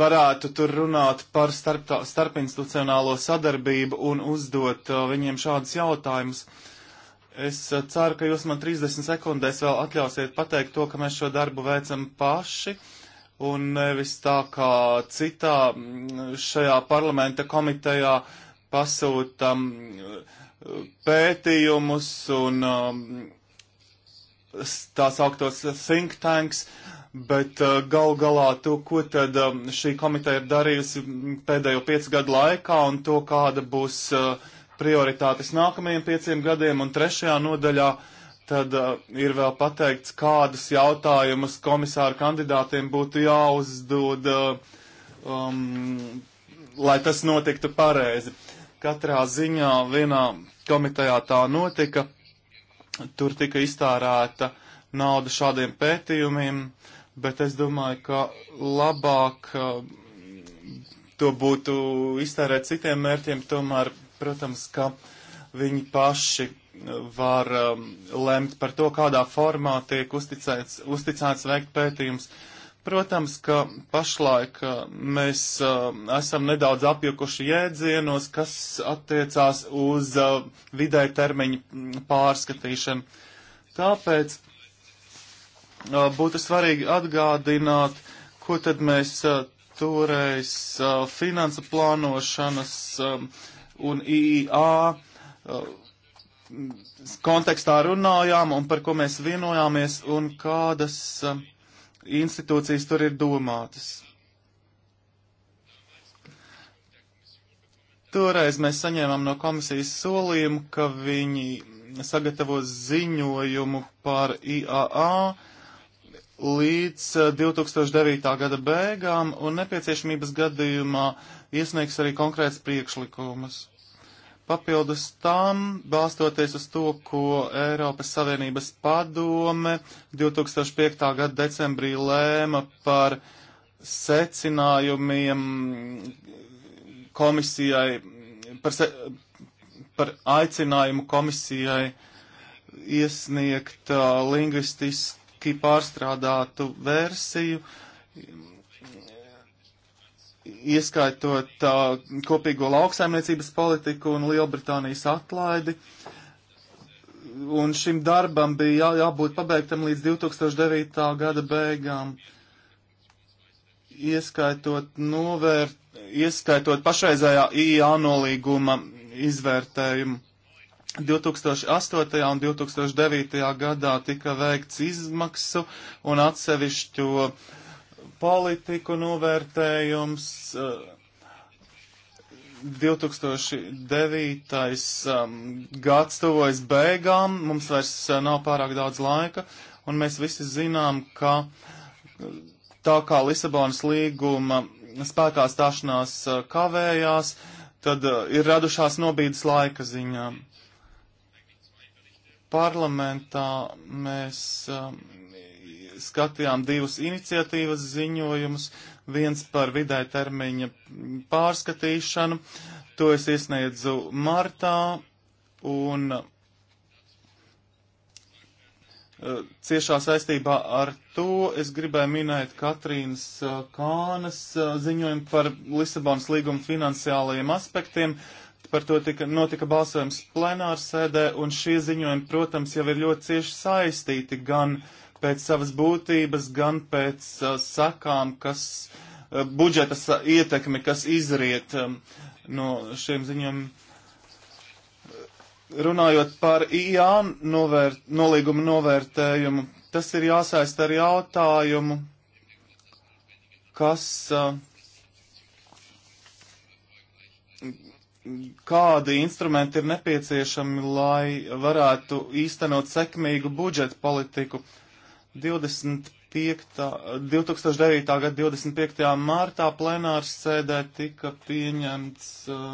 varētu tur runāt par starp, starpinstitucionālo sadarbību un uzdot uh, viņiem šādus jautājumus. Uh, Es eh, ceru, ka jūs man 30 sekundēs vēl atļausiet pateikt to, ka mēs šo darbu veicam paši un nevis tā kā citā mm, šajā parlamenta komitejā pasūtam eh, pētījumus un um, tā sauktos think tanks, bet eh, gal galā to, ko tad um, šī komiteja ir darījusi pēdējo piecu gadu laikā un to, kāda būs uh, prioritātes nākamajiem pieciem gadiem, un trešajā nodaļā tad uh, ir vēl pateikts, kādus jautājumus komisāru kandidātiem būtu jāuzdod, uh, um, lai tas notiktu pareizi. Katrā ziņā vienā komitejā tā notika, tur tika iztārēta nauda šādiem pētījumiem, bet es domāju, ka labāk. Uh, to būtu iztērēt citiem mērķiem, tomēr Protams, ka viņi paši uh, var um, lemt par to, kādā formā tiek uzticēts, uzticēts veikt pētījums. Protams, ka pašlaik uh, mēs uh, esam nedaudz apjukuši jēdzienos, kas attiecās uz uh, vidē termiņu mm, pārskatīšanu. Tāpēc uh, būtu svarīgi atgādināt, ko tad mēs uh, toreiz uh, finansu plānošanas uh, un IIA uh, kontekstā runājām un par ko mēs vienojāmies un kādas um, institūcijas tur ir domātas. Toreiz mēs saņēmām no komisijas solījumu, ka viņi sagatavos ziņojumu par IAA līdz 2009. Uh, gada beigām un nepieciešamības gadījumā iesniegs arī konkrēts priekšlikumus. Papildus tam, balstoties uz to, ko Eiropas Savienības padome 2005. gada decembrī lēma par secinājumiem komisijai, par, se, par aicinājumu komisijai iesniegt uh, lingvistiski pārstrādātu versiju, ieskaitot uh, kopīgo lauksaimniecības politiku un Lielbritānijas atlaidi. Un šim darbam bija jā, jābūt pabeigtam līdz 2009. gada beigām, ieskaitot, novērt, ieskaitot pašreizējā IA nolīguma izvērtējumu. 2008. un 2009. gadā tika veikts izmaksu un atsevišķo uh, politiku novērtējums. 2009. Eh, um, gads tuvojas beigām, mums vairs eh, nav pārāk daudz laika, un mēs visi zinām, ka eh, tā kā Lisabonas līguma spēkā stāšanās kavējās, tad ir radušās nobīdes laika ziņām parlamentā mēs um, skatījām divus iniciatīvas ziņojumus, viens par vidē termiņa pārskatīšanu, to es iesniedzu martā, un e, ciešā saistībā ar to es gribēju minēt Katrīnas e, Kānas e, ziņojumu par Lisabonas līguma finansiālajiem aspektiem. Par to tika, notika balsojums plenārsēdē, un šie ziņojumi, protams, jau ir ļoti cieši saistīti gan uh, pēc savas būtības, gan pēc uh, sakām, kas uh, budžeta sa ietekmi, kas izriet um, no šiem ziņām. Runājot par IA novērt, nolīgumu novērtējumu, tas ir jāsaista ar jautājumu, kas uh, kādi instrumenti ir nepieciešami, lai varētu īstenot sekmīgu budžeta politiku. Uh, 25. 2009. gada 25. martā plenārs sēdē tika pieņemts uh,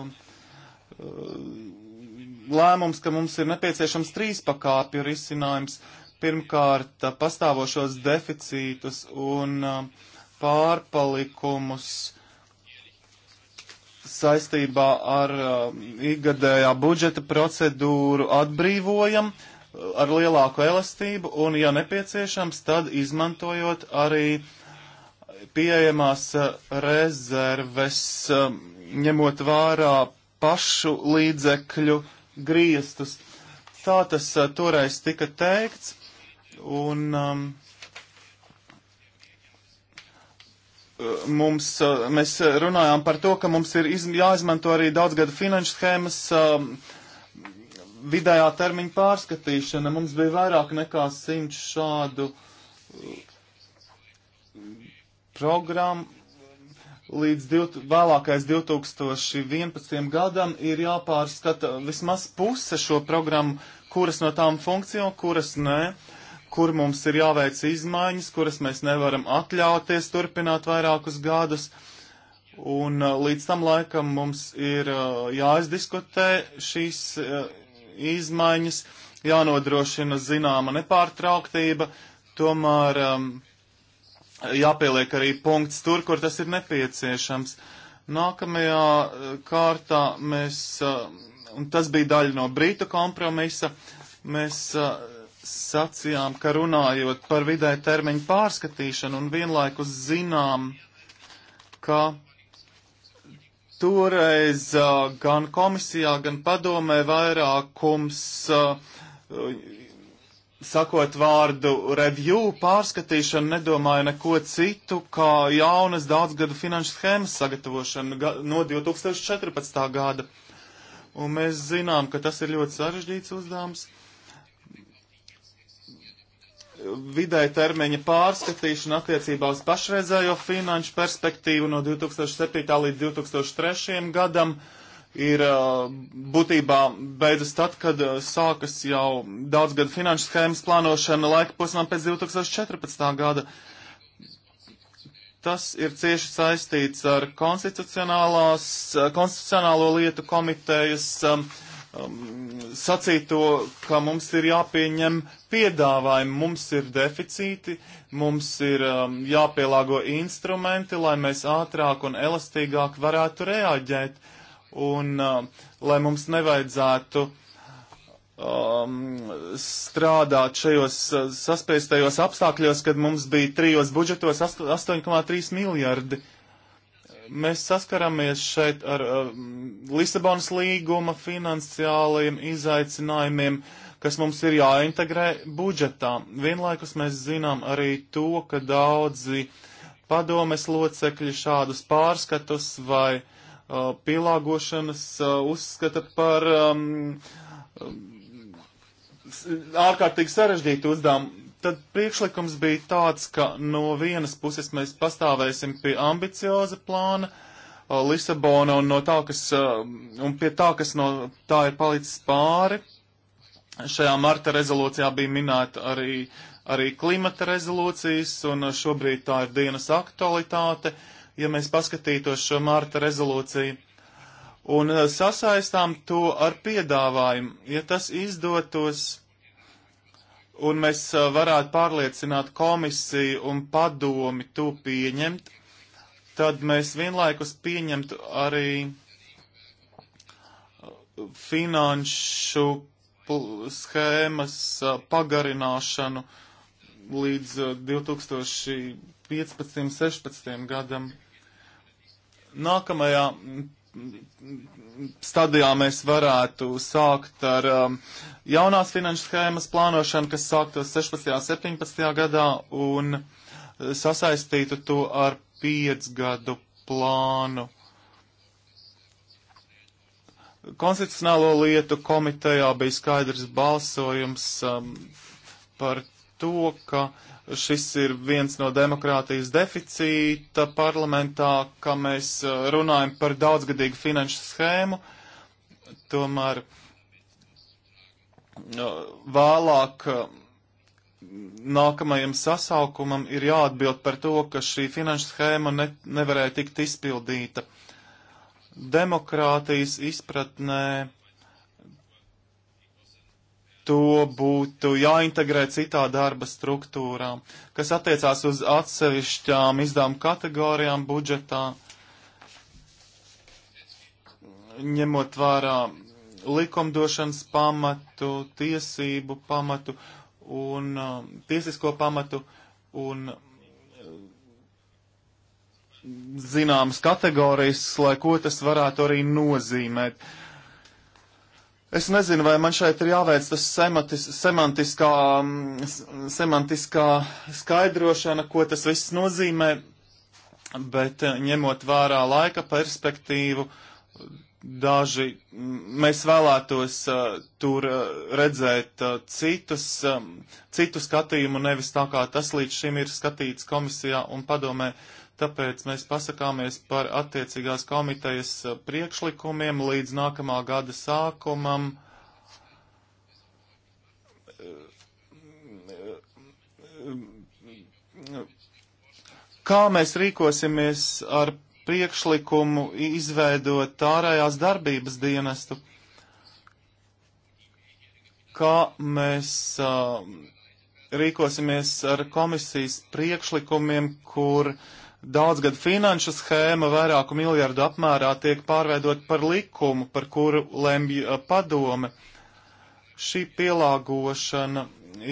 lēmums, ka mums ir nepieciešams trīs pakāpju risinājums. Pirmkārt, pastāvošos deficītus un uh, pārpalikumus saistībā ar uh, ikgadējā budžeta procedūru atbrīvojam. Uh, ar lielāku elastību un, ja nepieciešams, tad izmantojot arī pieejamās eh, rezerves, eh, ņemot vērā pašu līdzekļu griestus. Tā tas eh, toreiz tika teikts, un um, mums, mēs runājām par to, ka mums ir iz, jāizmanto arī daudzgada finanšu schēmas um, uh, vidējā termiņa pārskatīšana. Mums bija vairāk nekā simts šādu uh, programmu. Līdz divt, vēlākais 2011. gadam ir jāpārskata vismaz puse šo programmu, kuras no tām funkcijām, kuras nē, kur mums ir jāveic izmaiņas, kuras mēs nevaram atļauties turpināt vairākus gadus. Un uh, līdz tam laikam mums ir uh, jāizdiskutē šīs izmaiņas, jānodrošina zināma nepārtrauktība, tomēr um, jāpieliek arī punkts tur, kur tas ir nepieciešams. Nākamajā uh, kārtā mēs, uh, un tas bija daļa no Brītu kompromisa, mēs uh, sacījām, ka runājot par vidē termiņu pārskatīšanu un vienlaikus zinām, ka Toreiz gan komisijā, gan padomē vairākums, sakot vārdu review, pārskatīšana nedomāja neko citu, kā jaunas daudzgadu finanšu schēmas sagatavošana no 2014. gada. Un mēs zinām, ka tas ir ļoti sarežģīts uzdevums vidēja termiņa pārskatīšana attiecībā uz pašreizējo finanšu perspektīvu no 2007. līdz 2003. gadam ir būtībā beidzas tad, kad sākas jau daudzgada finanšu schēmas plānošana laika posmā pēc 2014. gada. Tas ir cieši saistīts ar konstitucionālo lietu komitejas uh, um, sacīto, ka mums ir jāpieņem piedāvājumi, mums ir deficīti, mums ir um, jāpielāgo instrumenti, lai mēs ātrāk un elastīgāk varētu reaģēt un um, lai mums nevajadzētu um, strādāt šajos uh, saspēstajos apstākļos, kad mums bija trijos budžetos 8,3 miljardi. Uh, Mēs saskaramies šeit ar uh, Lisabonas līguma finansiālajiem izaicinājumiem, kas mums ir jāintegrē budžetā. Vienlaikus mēs zinām arī to, ka daudzi padomes locekļi šādus pārskatus vai uh, pielāgošanas uh, uzskata par um, um ārkārtīgi sarežģītu uzdevumu. Tad priekšlikums bija tāds, ka no vienas puses mēs pastāvēsim pie ambicioza plāna uh, Lisabona un, no tā, kas, uh, un pie tā, kas no tā ir palicis pāri. Šajā marta rezolūcijā bija minēta arī, arī klimata rezolūcijas, un uh, šobrīd tā ir dienas aktualitāte, ja mēs paskatītos šo marta rezolūciju. Un sasaistām to ar piedāvājumu, ja tas izdotos un mēs varētu pārliecināt komisiju un padomi to pieņemt, tad mēs vienlaikus pieņemtu arī finanšu schēmas pagarināšanu līdz 2015. 16. gadam. Nākamajā stadijā mēs varētu sākt ar um, jaunās finanšu schēmas plānošanu, kas sāktos 16. un 17. gadā un uh, sasaistītu to ar piecgadu plānu. Konstitucionālo lietu komitejā bija skaidrs balsojums um, par to, ka uh, Šis ir viens no demokrātijas deficīta parlamentā, ka mēs uh, runājam par daudzgadīgu finanšu schēmu. Tomēr uh, vēlāk uh, nākamajam sasaukumam ir jāatbild par to, ka šī finanšu schēma ne, nevarēja tikt izpildīta. Demokrātijas izpratnē to būtu jāintegrē citā darba struktūrā, kas attiecās uz atsevišķām izdevuma kategorijām budžetā, ņemot vērā likumdošanas pamatu, tiesību pamatu un uh, tiesisko pamatu un uh, zināmas kategorijas, lai ko tas varētu arī nozīmēt. Uh, Es nezinu, vai man šeit ir jāveic tas sematis, semantiskā, mm, semantiskā skaidrošana, ko tas viss nozīmē, bet eh, ņemot vērā laika perspektīvu, daži mm, mēs vēlētos uh, tur eh, redzēt uh, citus, um, citu skatījumu, nevis tā kā tas līdz šim ir skatīts komisijā un padomē. Uh, tāpēc mēs pasakāmies par attiecīgās komitejas priekšlikumiem līdz nākamā gada sākumam. Kā mēs rīkosimies ar priekšlikumu izveidot ārējās darbības dienestu? Kā mēs uh, rīkosimies ar komisijas priekšlikumiem, kur uh, Daudzgad finanšu schēma vairāku miljardu apmērā tiek pārveidot par likumu, par kuru lemj eh, padome. Šī pielāgošana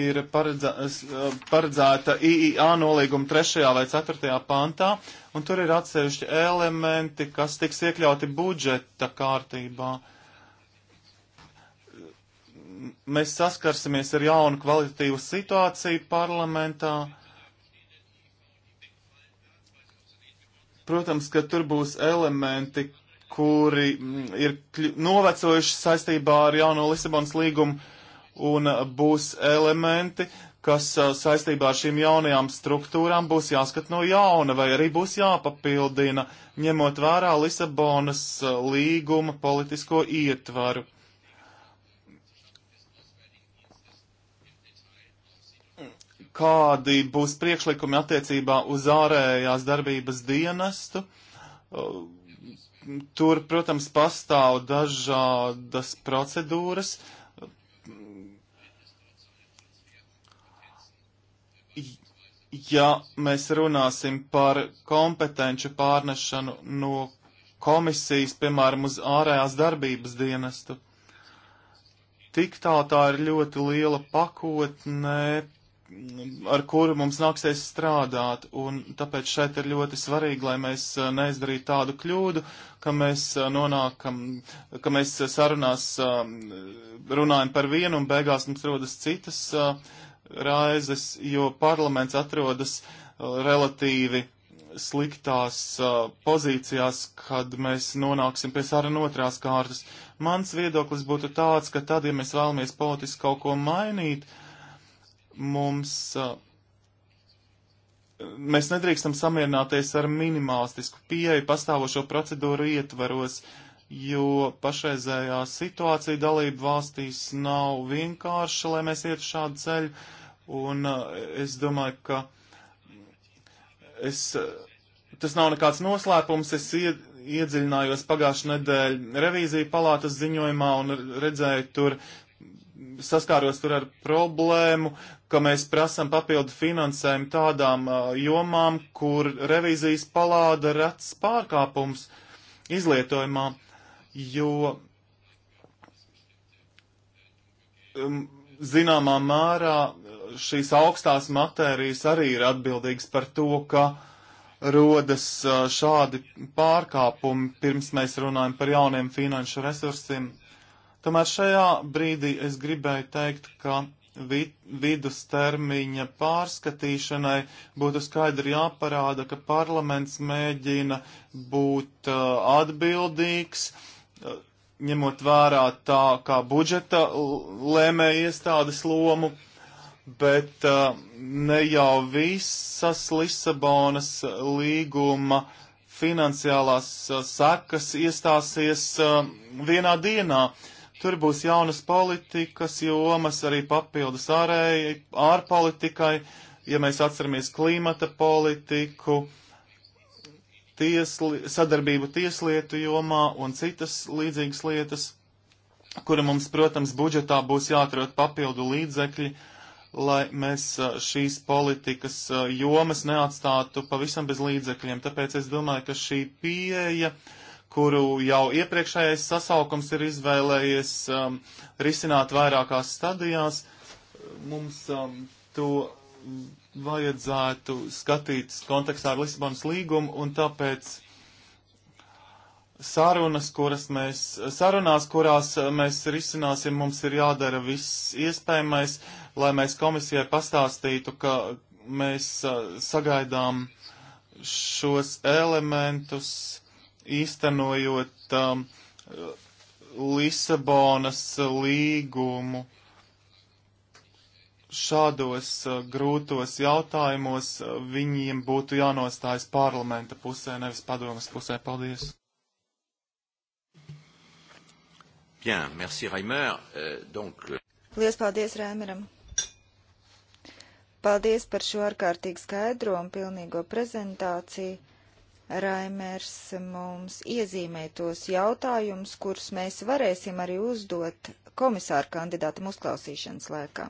ir paredzē, eh, paredzēta IIA nolīguma 3. vai 4. pantā, un tur ir atsevišķi elementi, kas tiks iekļauti budžeta kārtībā. Mēs saskarsimies ar jaunu kvalitatīvu situāciju parlamentā Protams, ka tur būs elementi, kuri mm, ir novecojuši saistībā ar jauno Lisabonas līgumu, un uh, būs elementi, kas uh, saistībā ar šīm jaunajām struktūrām būs jāskat no jauna, vai arī būs jāpapildina, ņemot vērā Lisabonas uh, līguma politisko ietvaru. kādi būs priekšlikumi attiecībā uz ārējās darbības dienestu. Tur, protams, pastāv dažādas procedūras. Ja mēs runāsim par kompetenci pārnešanu no komisijas, piemēram, uz ārējās darbības dienestu, tik tā tā ir ļoti liela pakotne ar kuru mums nāksies strādāt, un tāpēc šeit ir ļoti svarīgi, lai mēs eh, neizdarītu tādu kļūdu, ka mēs eh, nonākam, ka mēs sarunās eh, runājam par vienu, un beigās mums rodas citas raizes, jo parlaments atrodas relatīvi sliktās pozīcijās, kad mēs nonāksim pie sarunu otrās kārtas. Mans viedoklis būtu tāds, ka tad, ja mēs vēlamies politiski kaut ko mainīt, uh, mums. Mēs nedrīkstam samierināties ar minimalistisku pieeju pastāvošo procedūru ietvaros, jo pašreizējā situācija dalību valstīs nav vienkārša, lai mēs ietu šādu ceļu. Un es domāju, ka es, tas nav nekāds noslēpums. Es ied, iedziļinājos pagājušā nedēļa revīzija palātas ziņojumā un redzēju tur uh, saskāros tur ar problēmu, ka mēs prasam papildu finansējumu tādām uh, jomām, kur revīzijas palāda rats pārkāpums izlietojumā, jo um, zināmā mērā uh, šīs augstās matērijas arī ir atbildīgas par to, ka rodas uh, šādi pārkāpumi, pirms mēs runājam par jauniem finanšu resursiem Tomēr šajā brīdī es gribēju teikt, ka vid vidustermiņa pārskatīšanai būtu skaidri jāparāda, ka parlaments mēģina būt uh, atbildīgs, uh, ņemot vērā tā kā budžeta lēmē iestādes lomu bet uh, ne jau visas Lisabonas līguma finansiālās uh, sekas iestāsies uh, vienā dienā. Tur būs jaunas politikas jomas, arī papildus ārēji, ārpolitikai, ja mēs atceramies klimata politiku, tiesli, sadarbību tieslietu jomā un citas līdzīgas lietas, kura mums, protams, budžetā būs jāatrod papildu līdzekļi, lai mēs šīs politikas jomas neatstātu pavisam bez līdzekļiem. Tāpēc es domāju, ka šī pieeja. Uh, kuru jau iepriekšējais sasaukums ir izvēlējies um, risināt vairākās stadijās. Mums um, to vajadzētu skatīt kontekstā ar Lisabonas līgumu un tāpēc sarunas, kuras mēs, sarunās, kurās mēs risināsim, mums ir jādara viss iespējamais, lai mēs komisijai pastāstītu, ka mēs uh, sagaidām šos elementus īstenojot um, Lisabonas līgumu šādos uh, grūtos jautājumos uh, viņiem būtu jānostājas parlamenta pusē, nevis padomas pusē. Paldies! Bien, merci Raimer. Uh, donc... Lies paldies Raimeram! Paldies par šo ārkārtīgi skaidro un pilnīgo prezentāciju. Raimers mums iezīmē tos jautājumus, kurus mēs varēsim arī uzdot komisāra kandidātam uzklausīšanas laikā.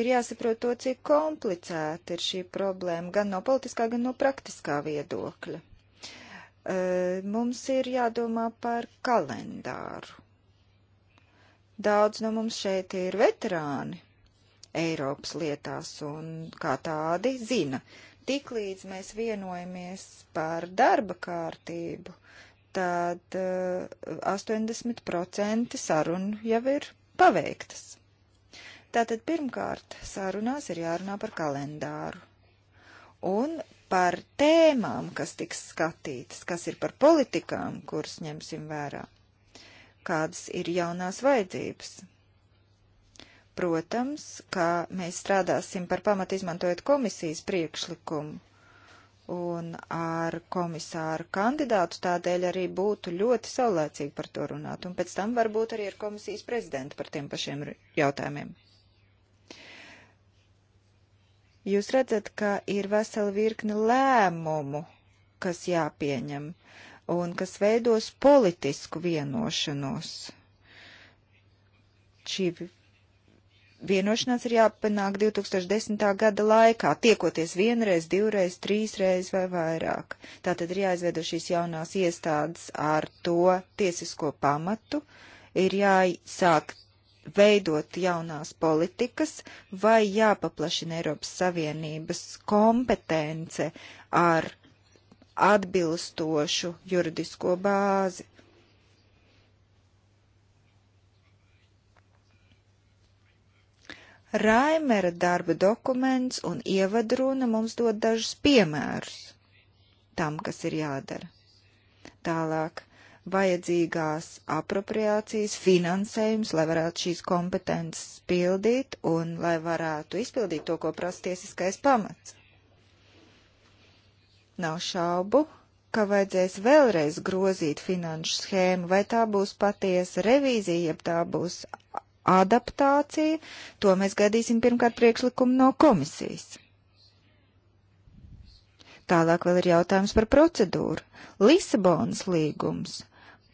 Ir jāsaprot to, cik komplicēta ir šī problēma gan no politiskā, gan no praktiskā viedokļa. E, mums ir jādomā par kalendāru. Daudz no mums šeit ir veterāni Eiropas lietās un kā tādi zina, Tiklīdz mēs vienojamies par darba kārtību, tad uh, eh, 80% sarunu jau ir paveiktas. Tātad pirmkārt sarunās ir jārunā par kalendāru un par tēmām, kas tiks skatītas, kas ir par politikām, kuras ņemsim vērā, kādas ir jaunās vajadzības. Protams, ka mēs strādāsim par pamatu izmantojot komisijas priekšlikumu un ar komisāru kandidātu tādēļ arī būtu ļoti saulēcīgi par to runāt, un pēc tam varbūt arī ar komisijas prezidentu par tiem pašiem jautājumiem. Jūs redzat, ka ir vesela virkne lēmumu, kas jāpieņem, un kas veidos politisku vienošanos. Šī Vienošanās ir jāpanāk 2010. gada laikā, tiekoties vienreiz, divreiz, trīsreiz vai vairāk. Tātad ir jāizveido šīs jaunās iestādes ar to tiesisko pamatu, ir jāsāk veidot jaunās politikas vai jāpaplašina Eiropas Savienības kompetence ar atbilstošu juridisko bāzi. Raimera darba dokuments un ievadruna mums dod dažus piemērus tam, kas ir jādara. Tālāk vajadzīgās apropriācijas finansējums, lai varētu šīs kompetences pildīt un lai varētu izpildīt to, ko prasa tiesiskais pamats. Nav šaubu, ka vajadzēs vēlreiz grozīt finanšu schēmu, vai tā būs patiesa revīzija, ja tā būs adaptācija, to mēs gaidīsim pirmkārt priekšlikumu no komisijas. Tālāk vēl ir jautājums par procedūru. Lisabonas līgums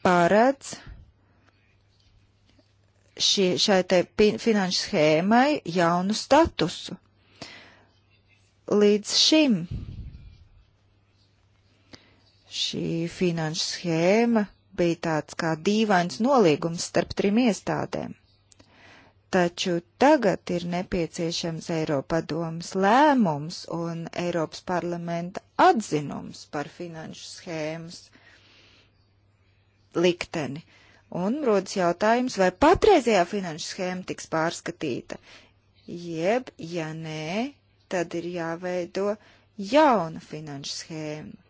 paredz šie, šai te finanšu schēmai jaunu statusu. Līdz šim šī finanšu schēma bija tāds kā dīvains nolīgums starp trim iestādēm. Taču tagad ir nepieciešams Eiropadomas lēmums un Eiropas parlamenta atzinums par finanšu schēmas likteni. Un rodas jautājums, vai patreizējā finanšu schēma tiks pārskatīta, jeb, ja nē, tad ir jāveido jauna finanšu schēma,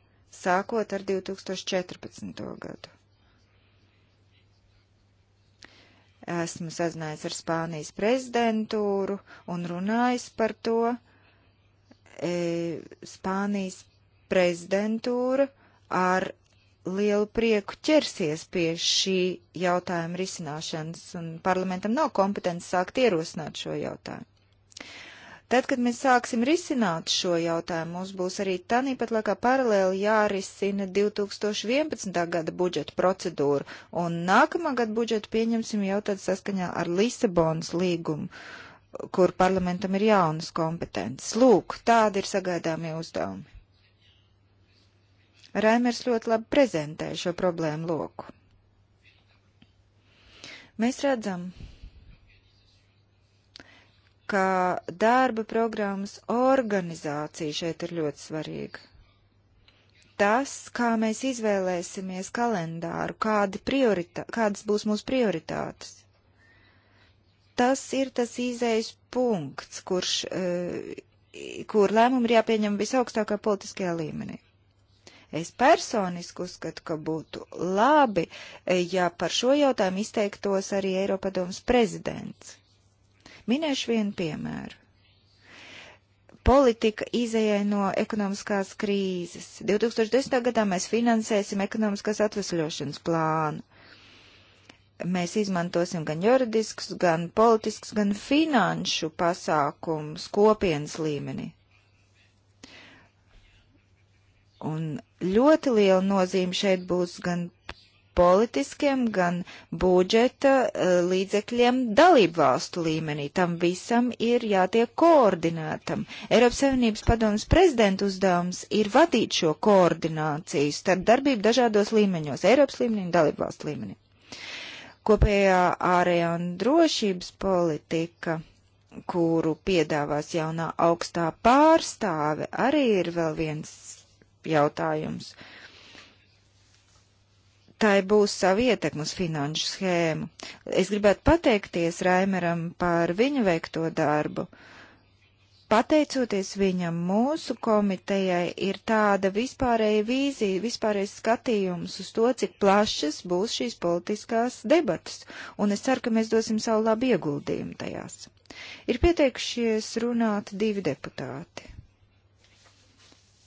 sākot ar 2014. gadu. Esmu sazinājies ar Spānijas prezidentūru un runājis par to. E, Spānijas prezidentūra ar lielu prieku ķersies pie šī jautājuma risināšanas, un parlamentam nav kompetences sākt ierosināt šo jautājumu. Tad, kad mēs sāksim risināt šo jautājumu, mums būs arī tāpat laikā paralēli jārisina 2011. gada budžeta procedūra, un nākamā gada budžetu pieņemsim jau tad saskaņā ar Lisabonas līgumu, kur parlamentam ir jaunas kompetences. Lūk, tādi ir sagaidāmie uzdevumi. Raimers ļoti labi prezentē šo problēmu loku. Mēs redzam, ka darba programmas organizācija šeit ir ļoti svarīga. Tas, kā mēs izvēlēsimies kalendāru, kādi prioritā, kādas būs mūsu prioritātes, tas ir tas īzējas punkts, kurš, eh, kur lēmumi ir jāpieņem visaugstākā politiskajā līmenī. Es personiski uzskatu, ka būtu labi, eh, ja par šo jautājumu izteiktos arī Eiropadomas prezidents. Minēšu vienu piemēru. Politika izējai no ekonomiskās krīzes. 2010. gadā mēs finansēsim ekonomiskās atvesļošanas plānu mēs izmantosim gan juridiskus, gan politiskus, gan finanšu pasākumus kopienas līmenī. Un ļoti liela nozīme šeit būs gan politiskiem, gan budžeta e, līdzekļiem dalību valstu līmenī. Tam visam ir jātiek koordinētam. Eiropas Savienības padomas prezidenta uzdevums ir vadīt šo koordināciju starp darbību dažādos līmeņos - Eiropas līmenī un dalību valstu līmenī. Kopējā ārējā un drošības politika kuru piedāvās jaunā augstā pārstāve, arī ir vēl viens jautājums. Uh, tai būs savu ietekmu uz finanšu schēmu. Es gribētu pateikties Raimeram par viņu veikto darbu. Pateicoties viņam, mūsu komitejai ir tāda vispārēja vīzija, vispārējais skatījums uz to, cik plašas būs šīs politiskās debatas, un es ceru, ka mēs dosim savu labu ieguldījumu tajās. Ir pieteikušies runāt divi deputāti.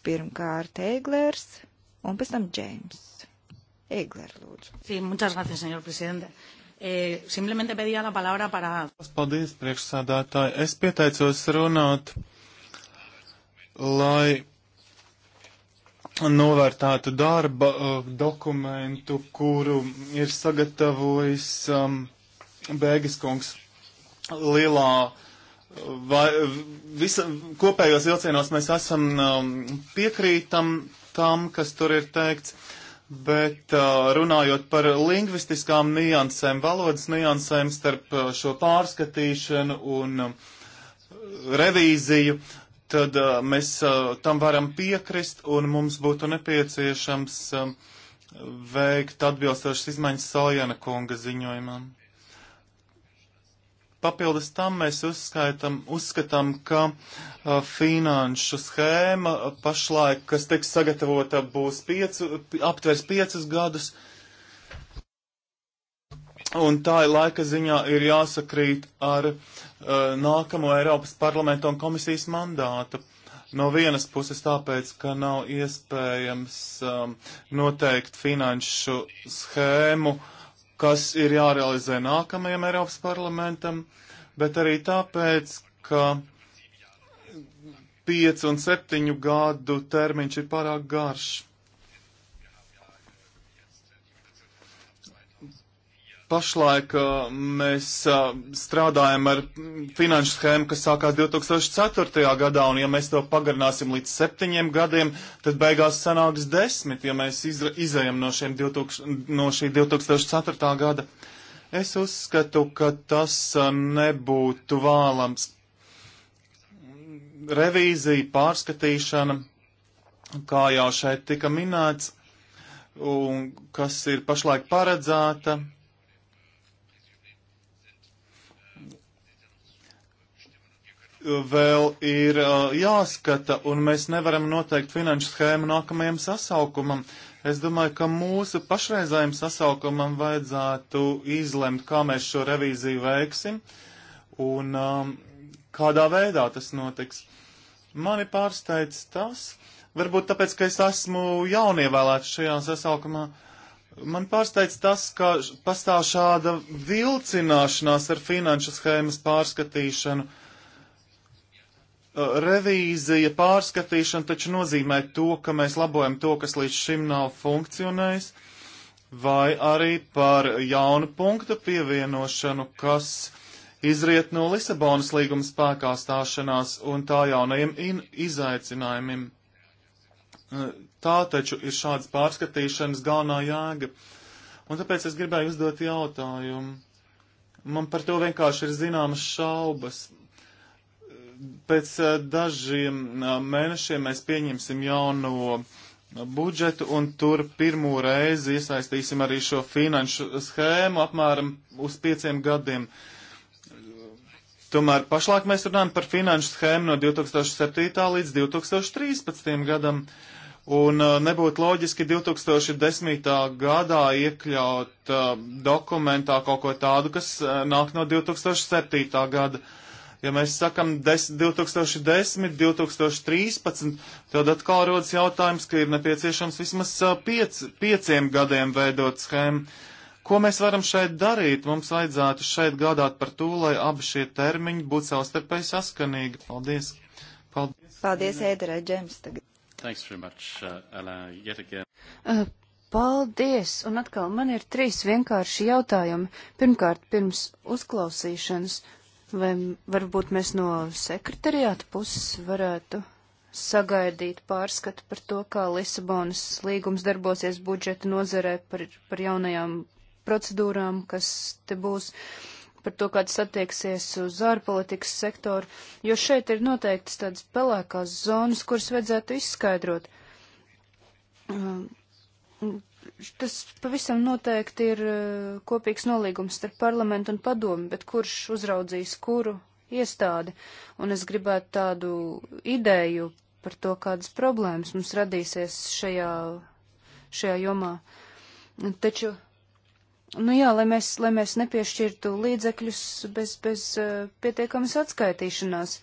Pirmkārt Eiglers un pēc tam Džeims. Egler, lūdzu. Sí, muchas gracias, señor presidente. Eh, simplemente pedía la palabra para. Paldies, priekšsādātāji. Es pieteicos runāt, lai novērtētu darba uh, dokumentu, kuru ir sagatavojis um, Bēgis kungs lielā. Vai, visa, kopējos vilcienos mēs esam um, piekrītam tam, kas tur ir teikts. Uh, Bet uh, runājot par lingvistiskām niansēm, valodas niansēm starp uh, šo pārskatīšanu un uh, revīziju, tad mēs tam varam piekrist un mums būtu nepieciešams um, veikt atbilstošas izmaiņas Saljana kunga ziņojumam. Papildus tam mēs uzskaitam, uzskatām, ka a, uh, finanšu schēma uh, pašlaik, kas tiks sagatavota, būs piecu, aptvers piecus gadus. Un tā ir laika ziņā ir jāsakrīt ar uh, nākamo Eiropas parlamenta un komisijas mandātu. No vienas puses tāpēc, ka nav iespējams um, noteikt finanšu schēmu uh, kas ir jārealizē nākamajam Eiropas parlamentam, bet arī tāpēc, ka piecu un septiņu gadu termiņš ir pārāk garš. Pašlaik uh, mēs uh, strādājam ar finanšu schēmu, kas sākās 2004. gadā, un ja mēs to pagarināsim līdz septiņiem gadiem, tad beigās sanāks desmit, ja mēs izējam no, 2000, no šī 2004. gada. Es uzskatu, ka tas uh, nebūtu vēlams. Revīzija, pārskatīšana, kā jau šeit tika minēts, un kas ir pašlaik paredzēta vēl ir uh, jāskata, un mēs nevaram noteikt finanšu schēmu nākamajam sasaukumam. Es domāju, ka mūsu pašreizējiem sasaukumam vajadzētu izlemt, kā mēs šo revīziju veiksim un um, kādā veidā tas notiks. Mani pārsteidz tas, varbūt tāpēc, ka es esmu jaunievēlēts šajā sasaukumā. Man pārsteidz tas, ka pastāv šāda vilcināšanās ar finanšu schēmas pārskatīšanu. Uh, Revīzija, pārskatīšana taču nozīmē to, ka mēs labojam to, kas līdz šim nav funkcionējis, vai arī par jaunu punktu pievienošanu, kas izriet no Lisabonas līguma spēkā stāšanās un tā jaunajiem izaicinājumiem. Tā taču ir šādas pārskatīšanas galvenā jēga. Un tāpēc es gribēju uzdot jautājumu. Man par to vienkārši ir zināmas šaubas. Pēc dažiem mēnešiem mēs pieņemsim jauno budžetu un tur pirmo reizi iesaistīsim arī šo finanšu schēmu apmēram uz pieciem gadiem. Tomēr pašlaik mēs runājam par finanšu schēmu no 2007. līdz 2013. gadam. Un nebūtu loģiski 2010. gadā iekļaut uh, dokumentā kaut ko tādu, kas uh, nāk no 2007. gada. Uh, Ja mēs sakam 10, 2010, 2013, tad atkal rodas jautājums, ka ir nepieciešams vismaz piec, pieciem gadiem veidot schēmu. Ko mēs varam šeit darīt? Mums vajadzētu šeit gādāt par to, lai abi šie termiņi būtu savstarpēji saskanīgi. Paldies! Paldies, Paldies Ēdera Džems tagad. Thanks very much, uh, Alain, yet again. Uh, paldies! Un atkal man ir trīs vienkārši jautājumi. Pirmkārt, pirms uzklausīšanas Vai varbūt mēs no sekretariāta puses varētu sagaidīt pārskatu par to, kā Lisabonas līgums darbosies budžeta nozarē par, par jaunajām procedūrām, kas te būs, par to, kā tas attieksies uz ārpolitikas sektoru, jo šeit ir noteiktas tādas pelēkās zonas, kuras vajadzētu izskaidrot tas pavisam noteikti ir eh, kopīgs nolīgums starp parlamentu un padomu, bet kurš uzraudzīs kuru iestādi. Un es gribētu tādu ideju par to, kādas problēmas mums radīsies šajā, šajā jomā. Taču, nu jā, lai mēs, lai mēs nepiešķirtu līdzekļus bez, bez eh, pietiekamas atskaitīšanās.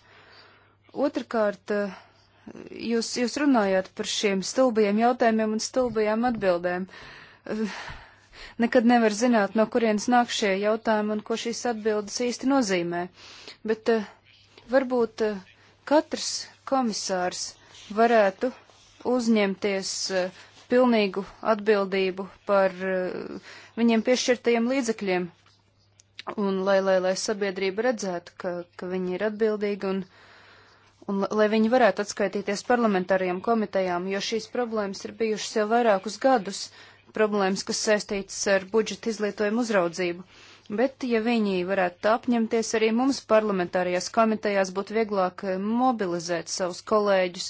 Otrakārt, uh, eh, jūs, jūs runājāt par šiem stulbajiem jautājumiem un stulbajām atbildēm. Nekad nevar zināt, no kurienes nāk šie jautājumi un ko šīs atbildes īsti nozīmē. Bet eh, varbūt eh, katrs komisārs varētu uzņemties eh, pilnīgu atbildību par viņiem piešķirtajiem līdzekļiem. Un lai, lai, lai sabiedrība redzētu, ka, ka viņi ir atbildīgi un uh, un lai viņi varētu atskaitīties parlamentārajām komitejām, jo šīs problēmas ir bijušas jau vairākus gadus, problēmas, kas saistītas ar budžeta izlietojumu uzraudzību. Bet, ja viņi varētu apņemties, arī mums parlamentārajās komitejās būtu vieglāk eh, mobilizēt savus kolēģus,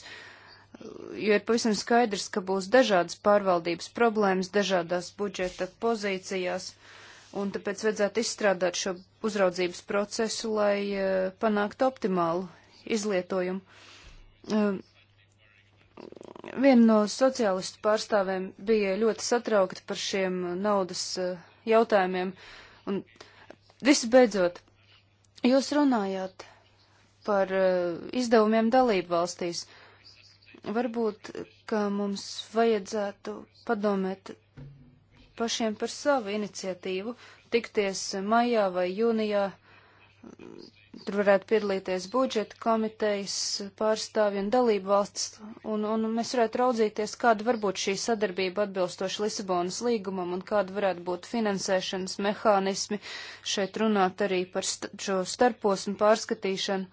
jo ir pavisam skaidrs, ka būs dažādas pārvaldības problēmas dažādās budžeta pozīcijās, un tāpēc vajadzētu izstrādāt šo uzraudzības procesu, lai eh, panāktu optimālu izlietojumu. Um, viena no sociālistu pārstāvēm bija ļoti satraukta par šiem naudas uh, jautājumiem. Un visbeidzot, jūs runājāt par uh, izdevumiem dalību valstīs. Varbūt, ka mums vajadzētu padomēt pašiem par savu iniciatīvu, tikties maijā vai jūnijā Tur varētu piedalīties budžeta komitejas pārstāvji un dalību valstis, un, un mēs varētu raudzīties, kāda var būt šī sadarbība atbilstoši Lisabonas līgumam un kāda varētu būt finansēšanas mehānismi. Šeit runāt arī par st šo starposmu pārskatīšanu.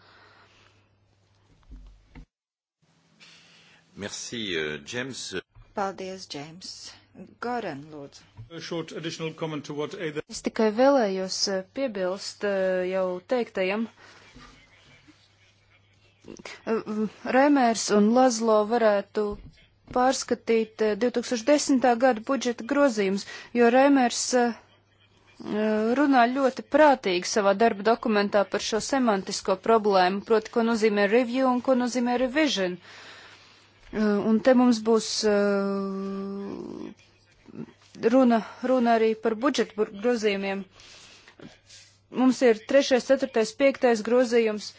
Merci, uh, James. Paldies, James. Garen, lūdzu. Es tikai vēlējos eh, piebilst eh, jau teiktajam. Eh, Remērs un Lazlo varētu pārskatīt 2010. gada budžeta grozījumus, jo Remērs runā ļoti prātīgi savā darba dokumentā par šo semantisko problēmu, proti, ko nozīmē review un ko nozīmē revision. Un te mums būs runa, runa arī par budžetu grozījumiem. Mums ir 3., 4., 5. grozījums,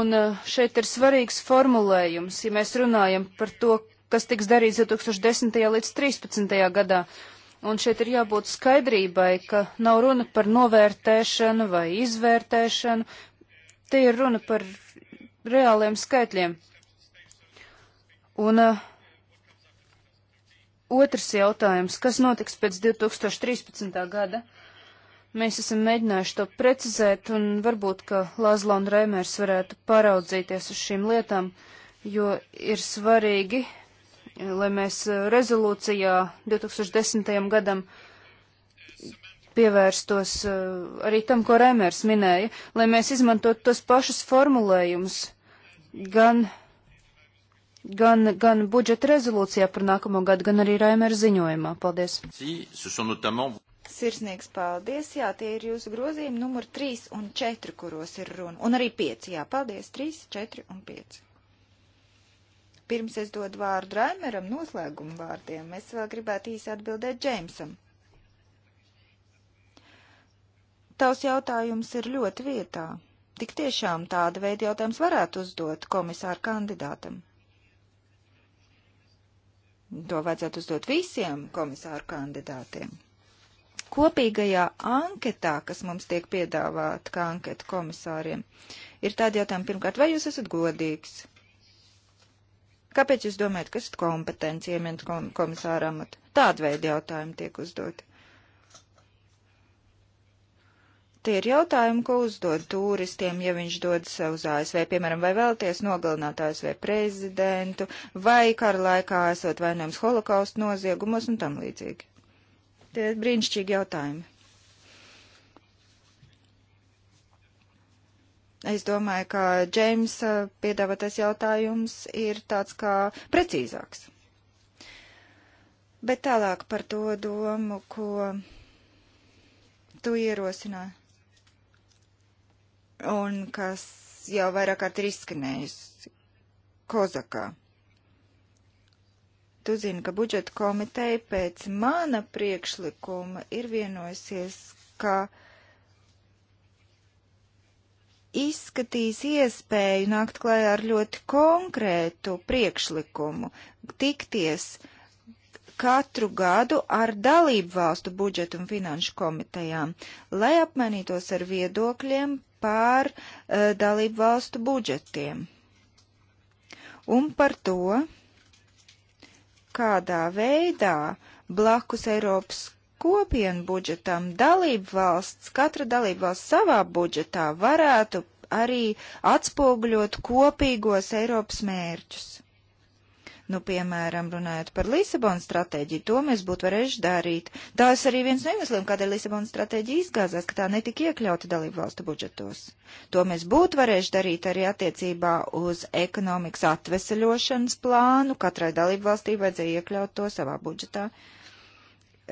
un uh, šeit ir svarīgs formulējums, ja mēs runājam par to, kas tiks darīts 2010. līdz 2013. gadā. Un šeit ir jābūt skaidrībai, ka nav runa par novērtēšanu vai izvērtēšanu, te ir runa par reāliem skaitļiem. Un uh, Otrs jautājums, kas notiks pēc 2013. gada? Mēs esam mēģinājuši to precizēt, un varbūt, ka Lazla un Reimers varētu paraudzīties uz šīm lietām, jo ir svarīgi, lai mēs eh, rezolūcijā 2010. gadam pievērstos eh, arī tam, ko Reimers minēja, lai mēs izmantotu tos pašus formulējumus gan gan, gan budžeta rezolūcijā par nākamo gadu, gan arī Raimēra ziņojumā. Paldies! Sirsnīgs paldies! Jā, tie ir jūsu grozījumi numur 3 un 4, kuros ir runa. Un arī 5. Jā, paldies! 3, 4 un 5. Pirms es dodu vārdu Raimeram noslēguma vārdiem, es vēl gribētu īsi atbildēt Džeimsam. Tavs jautājums ir ļoti vietā. Tik tiešām tāda veida jautājums varētu uzdot komisāru kandidātam to vajadzētu uzdot visiem komisāru kandidātiem. Kopīgajā anketā, kas mums tiek piedāvāta kā anketa komisāriem, ir tādi jautājumi pirmkārt, vai jūs esat godīgs? Kāpēc jūs domājat, kas ir kompetenci iemint komisāra amatu? Tāda veida jautājumi tiek uzdoti. Tie ir jautājumi, ko uzdod turistiem, ja viņš dodas uz ASV, piemēram, vai vēlties nogalināt ASV prezidentu, vai kara laikā esot vainojams holokaustu noziegumos un tam līdzīgi. Tie ir brīnišķīgi jautājumi. Es domāju, ka Džeims uh, piedāvātais jautājums ir tāds kā precīzāks. Bet tālāk par to domu, ko tu ierosināji un kas jau vairāk kārt ir izskanējusi Kozakā. Tu zini, ka budžeta komiteja pēc mana priekšlikuma ir vienojusies, ka izskatīs iespēju nākt klājā ar ļoti konkrētu priekšlikumu, tikties katru gadu ar dalību valstu budžetu un finanšu komitejām, lai apmainītos ar viedokļiem pār uh, eh, dalību valstu budžetiem un par to, kādā veidā blakus Eiropas kopienu budžetam dalību valsts, katra dalību valsts savā budžetā varētu arī atspoguļot kopīgos Eiropas mērķus. Nu, piemēram, runājot par Lisabonas stratēģiju, to mēs būtu varējuši darīt. Tās arī viens no iemesliem, kādēļ Lisabonas stratēģija izgāzās, ka tā netika iekļauta dalību valstu budžetos. To mēs būtu varējuši darīt arī attiecībā uz ekonomikas atveseļošanas plānu. Katrai dalību valstī vajadzēja iekļaut to savā budžetā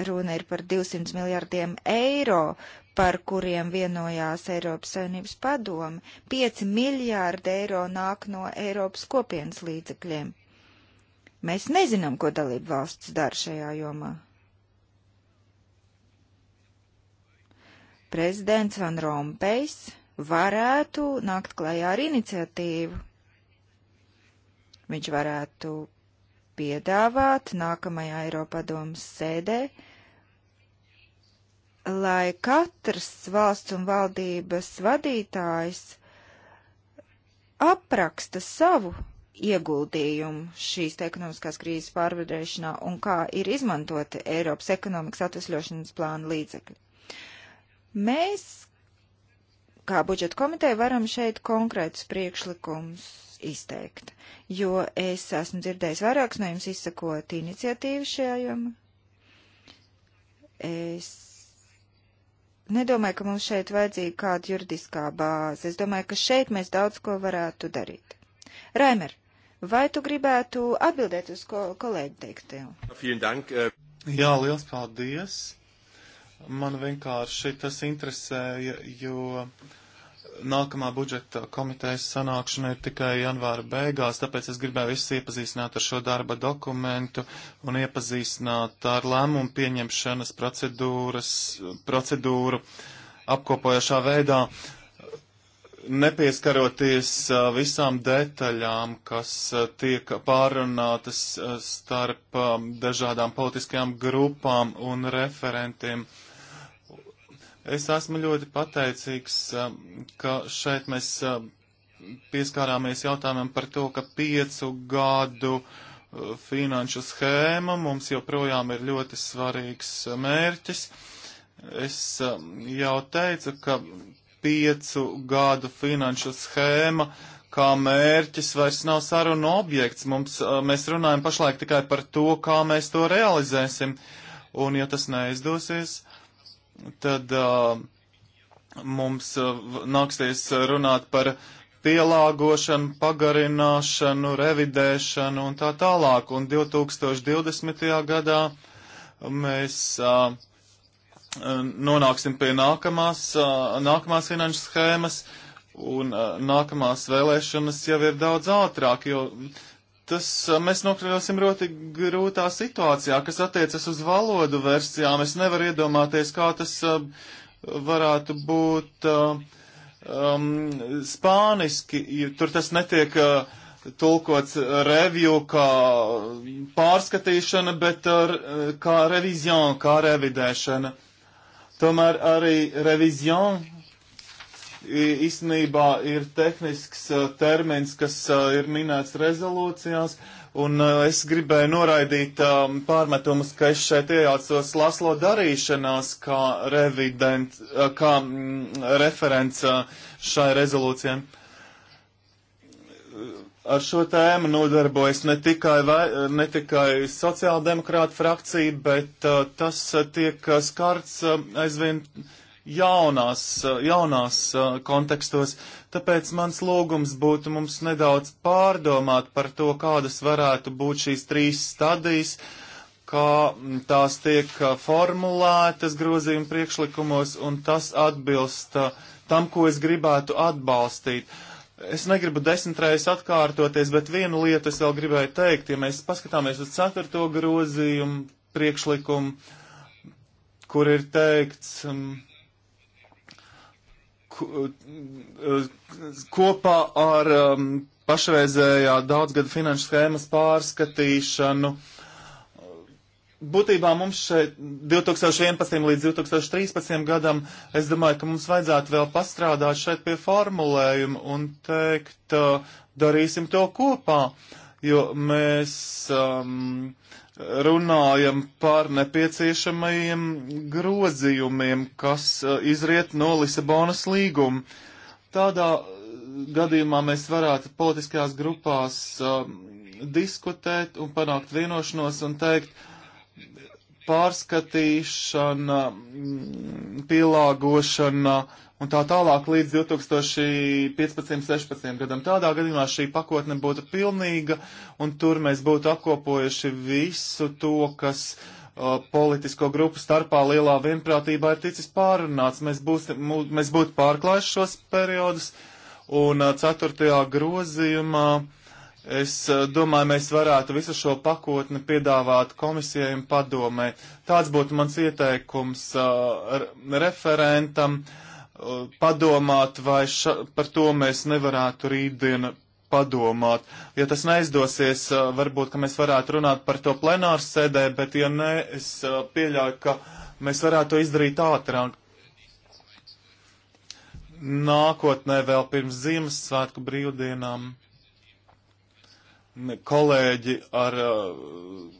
runa ir par 200 miljardiem eiro, par kuriem vienojās Eiropas Savienības padome. 5 miljārdi eiro nāk no Eiropas kopienas līdzekļiem. Mēs nezinām, ko dalību valsts dara šajā jomā. Prezidents Van Rompējs varētu nākt klajā ar iniciatīvu. Viņš varētu piedāvāt nākamajā Eiropadomas sēdē, lai katrs valsts un valdības vadītājs apraksta savu ieguldījumu šīs ekonomiskās krīzes pārvarēšanā un kā ir izmantoti Eiropas ekonomikas atvesļošanas plāna līdzekļi. Mēs, kā budžeta komiteja, varam šeit konkrētus priekšlikumus izteikt, jo es esmu dzirdējis vairākus no jums izsakot iniciatīvu šajā jomā. Es nedomāju, ka mums šeit vajadzīga kāda juridiskā bāze. Es domāju, ka šeit mēs daudz ko varētu darīt. Raimer, Vai tu gribētu atbildēt uz ko kolēģi teiktajā? Äh, Jā, liels paldies. Man vienkārši tas interesēja, jo nākamā budžeta komitejas sanākšana ir tikai janvāra beigās, tāpēc es gribēju visus iepazīstināt ar šo darba dokumentu un iepazīstināt ar lēmumu pieņemšanas procedūras, procedūru apkopojošā veidā. Uh, nepieskaroties uh, visām detaļām, kas uh, tiek pārunātas uh, starp um, dažādām politiskajām grupām un referentiem. Es esmu ļoti pateicīgs, um, ka šeit mēs um, pieskārāmies jautājumam par to, ka piecu gadu finanšu schēma mums joprojām ir ļoti svarīgs mērķis. Es jau teicu, ka piecu gadu finanšu schēma kā mērķis vairs nav sarunu objekts. Mums, mēs runājam pašlaik tikai par to, kā mēs to realizēsim. Un ja tas neizdosies, tad uh, mums uh, nāksies runāt par pielāgošanu, pagarināšanu, revidēšanu un tā tālāk. Un 2020. gadā mēs uh, Ehm, nonāksim pie nākamās, nākamās finanšu schēmas, un nākamās vēlēšanas jau ir daudz ātrāk, jo tas mēs nokļūsim ļoti grūtā situācijā, kas attiecas uz valodu versijām. Es nevaru iedomāties, kā tas varētu būt um, spāniski, tur tas netiek uh, tulkots review kā pārskatīšana, bet ar, kā revizija, kā revidēšana. Uh, Tomēr arī revizion īstenībā ir tehnisks termins, kas ir minēts rezolūcijās, un es gribēju noraidīt pārmetumus, ka es šeit iejaucos Laslo darīšanās kā, revident, kā mm, referents šai rezolūcijai. Ar šo tēmu nodarbojas ne tikai, vai, ne tikai sociāldemokrāta frakcija, bet uh, tas uh, tiek uh, skarts uh, aizvien jaunās, uh, jaunās uh, kontekstos. Tāpēc mans lūgums būtu mums nedaudz pārdomāt par to, kādas varētu būt šīs trīs stadijas, kā tās tiek uh, formulētas grozījuma priekšlikumos, un tas atbilst uh, tam, ko es gribētu atbalstīt. Uh, Es negribu desmitreiz atkārtoties, bet vienu lietu es vēl gribēju teikt. Ja mēs paskatāmies uz ceturto grozījumu priekšlikumu, kur ir teikts um, ko, uh, kopā ar um, pašreizējā daudzgada finanšu schēmas pārskatīšanu. Uh, būtībā mums šeit 2011 līdz 2013 gadam, es domāju, ka mums vajadzētu vēl pastrādāt šeit pie formulējumu un teikt, uh, darīsim to kopā, jo mēs um, runājam par nepieciešamajiem grozījumiem, kas uh, izriet no Lisabonas līguma. Tādā gadījumā mēs varētu politiskajās grupās um, diskutēt un panākt vienošanos un teikt, uh, pārskatīšana, mm, pielāgošana un tā tālāk līdz 2015-16 gadam. Tādā gadījumā šī pakotne būtu pilnīga un tur mēs būtu apkopojuši visu to, kas uh, politisko grupu starpā lielā vienprātībā ir ticis pārunāts. Mēs, būs, mēs būtu pārklājuši šos periodus un uh, ceturtajā grozījumā uh, Es eh, domāju, mēs varētu visu šo pakotni piedāvāt komisijai un padomē. Tāds būtu mans ieteikums uh, referentam uh, padomāt, vai ša, par to mēs nevarētu rītdien padomāt. Ja tas neizdosies, uh, varbūt, ka mēs varētu runāt par to plenāru sēdē, bet ja nē, es pieļauju, ka mēs varētu to izdarīt ātrāk. Nākotnē vēl pirms Ziemassvētku brīvdienām kolēģi ar, eh,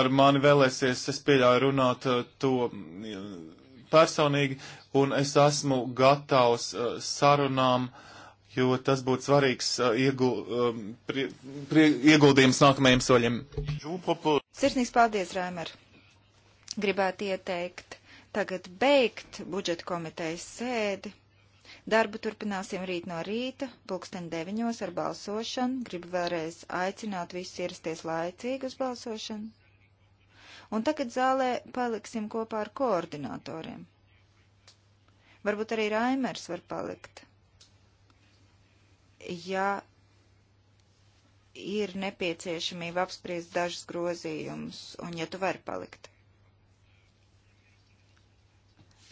ar mani vēlēsies, es pieļauju runāt eh, to mm, personīgi, un es esmu gatavs eh, sarunām, jo tas būtu svarīgs iegu, prie, prie, ieguldījums nākamajiem soļiem. Sirsnīgs paldies, Rēmer! Gribētu ieteikt tagad beigt budžeta komitejas sēdi Darbu turpināsim rīt no rīta, pulksten deviņos ar balsošanu. Gribu vēlreiz aicināt visus ierasties laicīgi uz balsošanu. Un tagad zālē paliksim kopā ar koordinatoriem. Varbūt arī Raimers var palikt. Ja ir nepieciešamība apspriest dažus grozījumus, un ja tu vari palikt.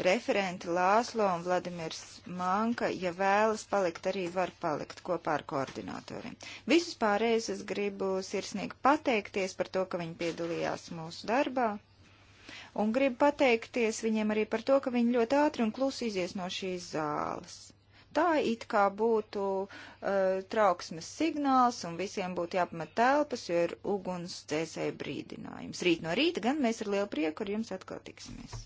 Referenti Lāslo un Vladimirs Manka, ja vēlas palikt, arī var palikt kopā ar koordinatoriem. Visus pārējus es gribu sirsnīgi pateikties par to, ka viņi piedalījās mūsu darbā. Un gribu pateikties viņiem arī par to, ka viņi ļoti ātri un klusi izies no šīs zāles tā it kā būtu uh, trauksmes signāls un visiem būtu jāpamet telpas, jo ir uguns dzēsēja brīdinājums. Rīt no rīta gan mēs ar lielu prieku ar jums atkal tiksimies.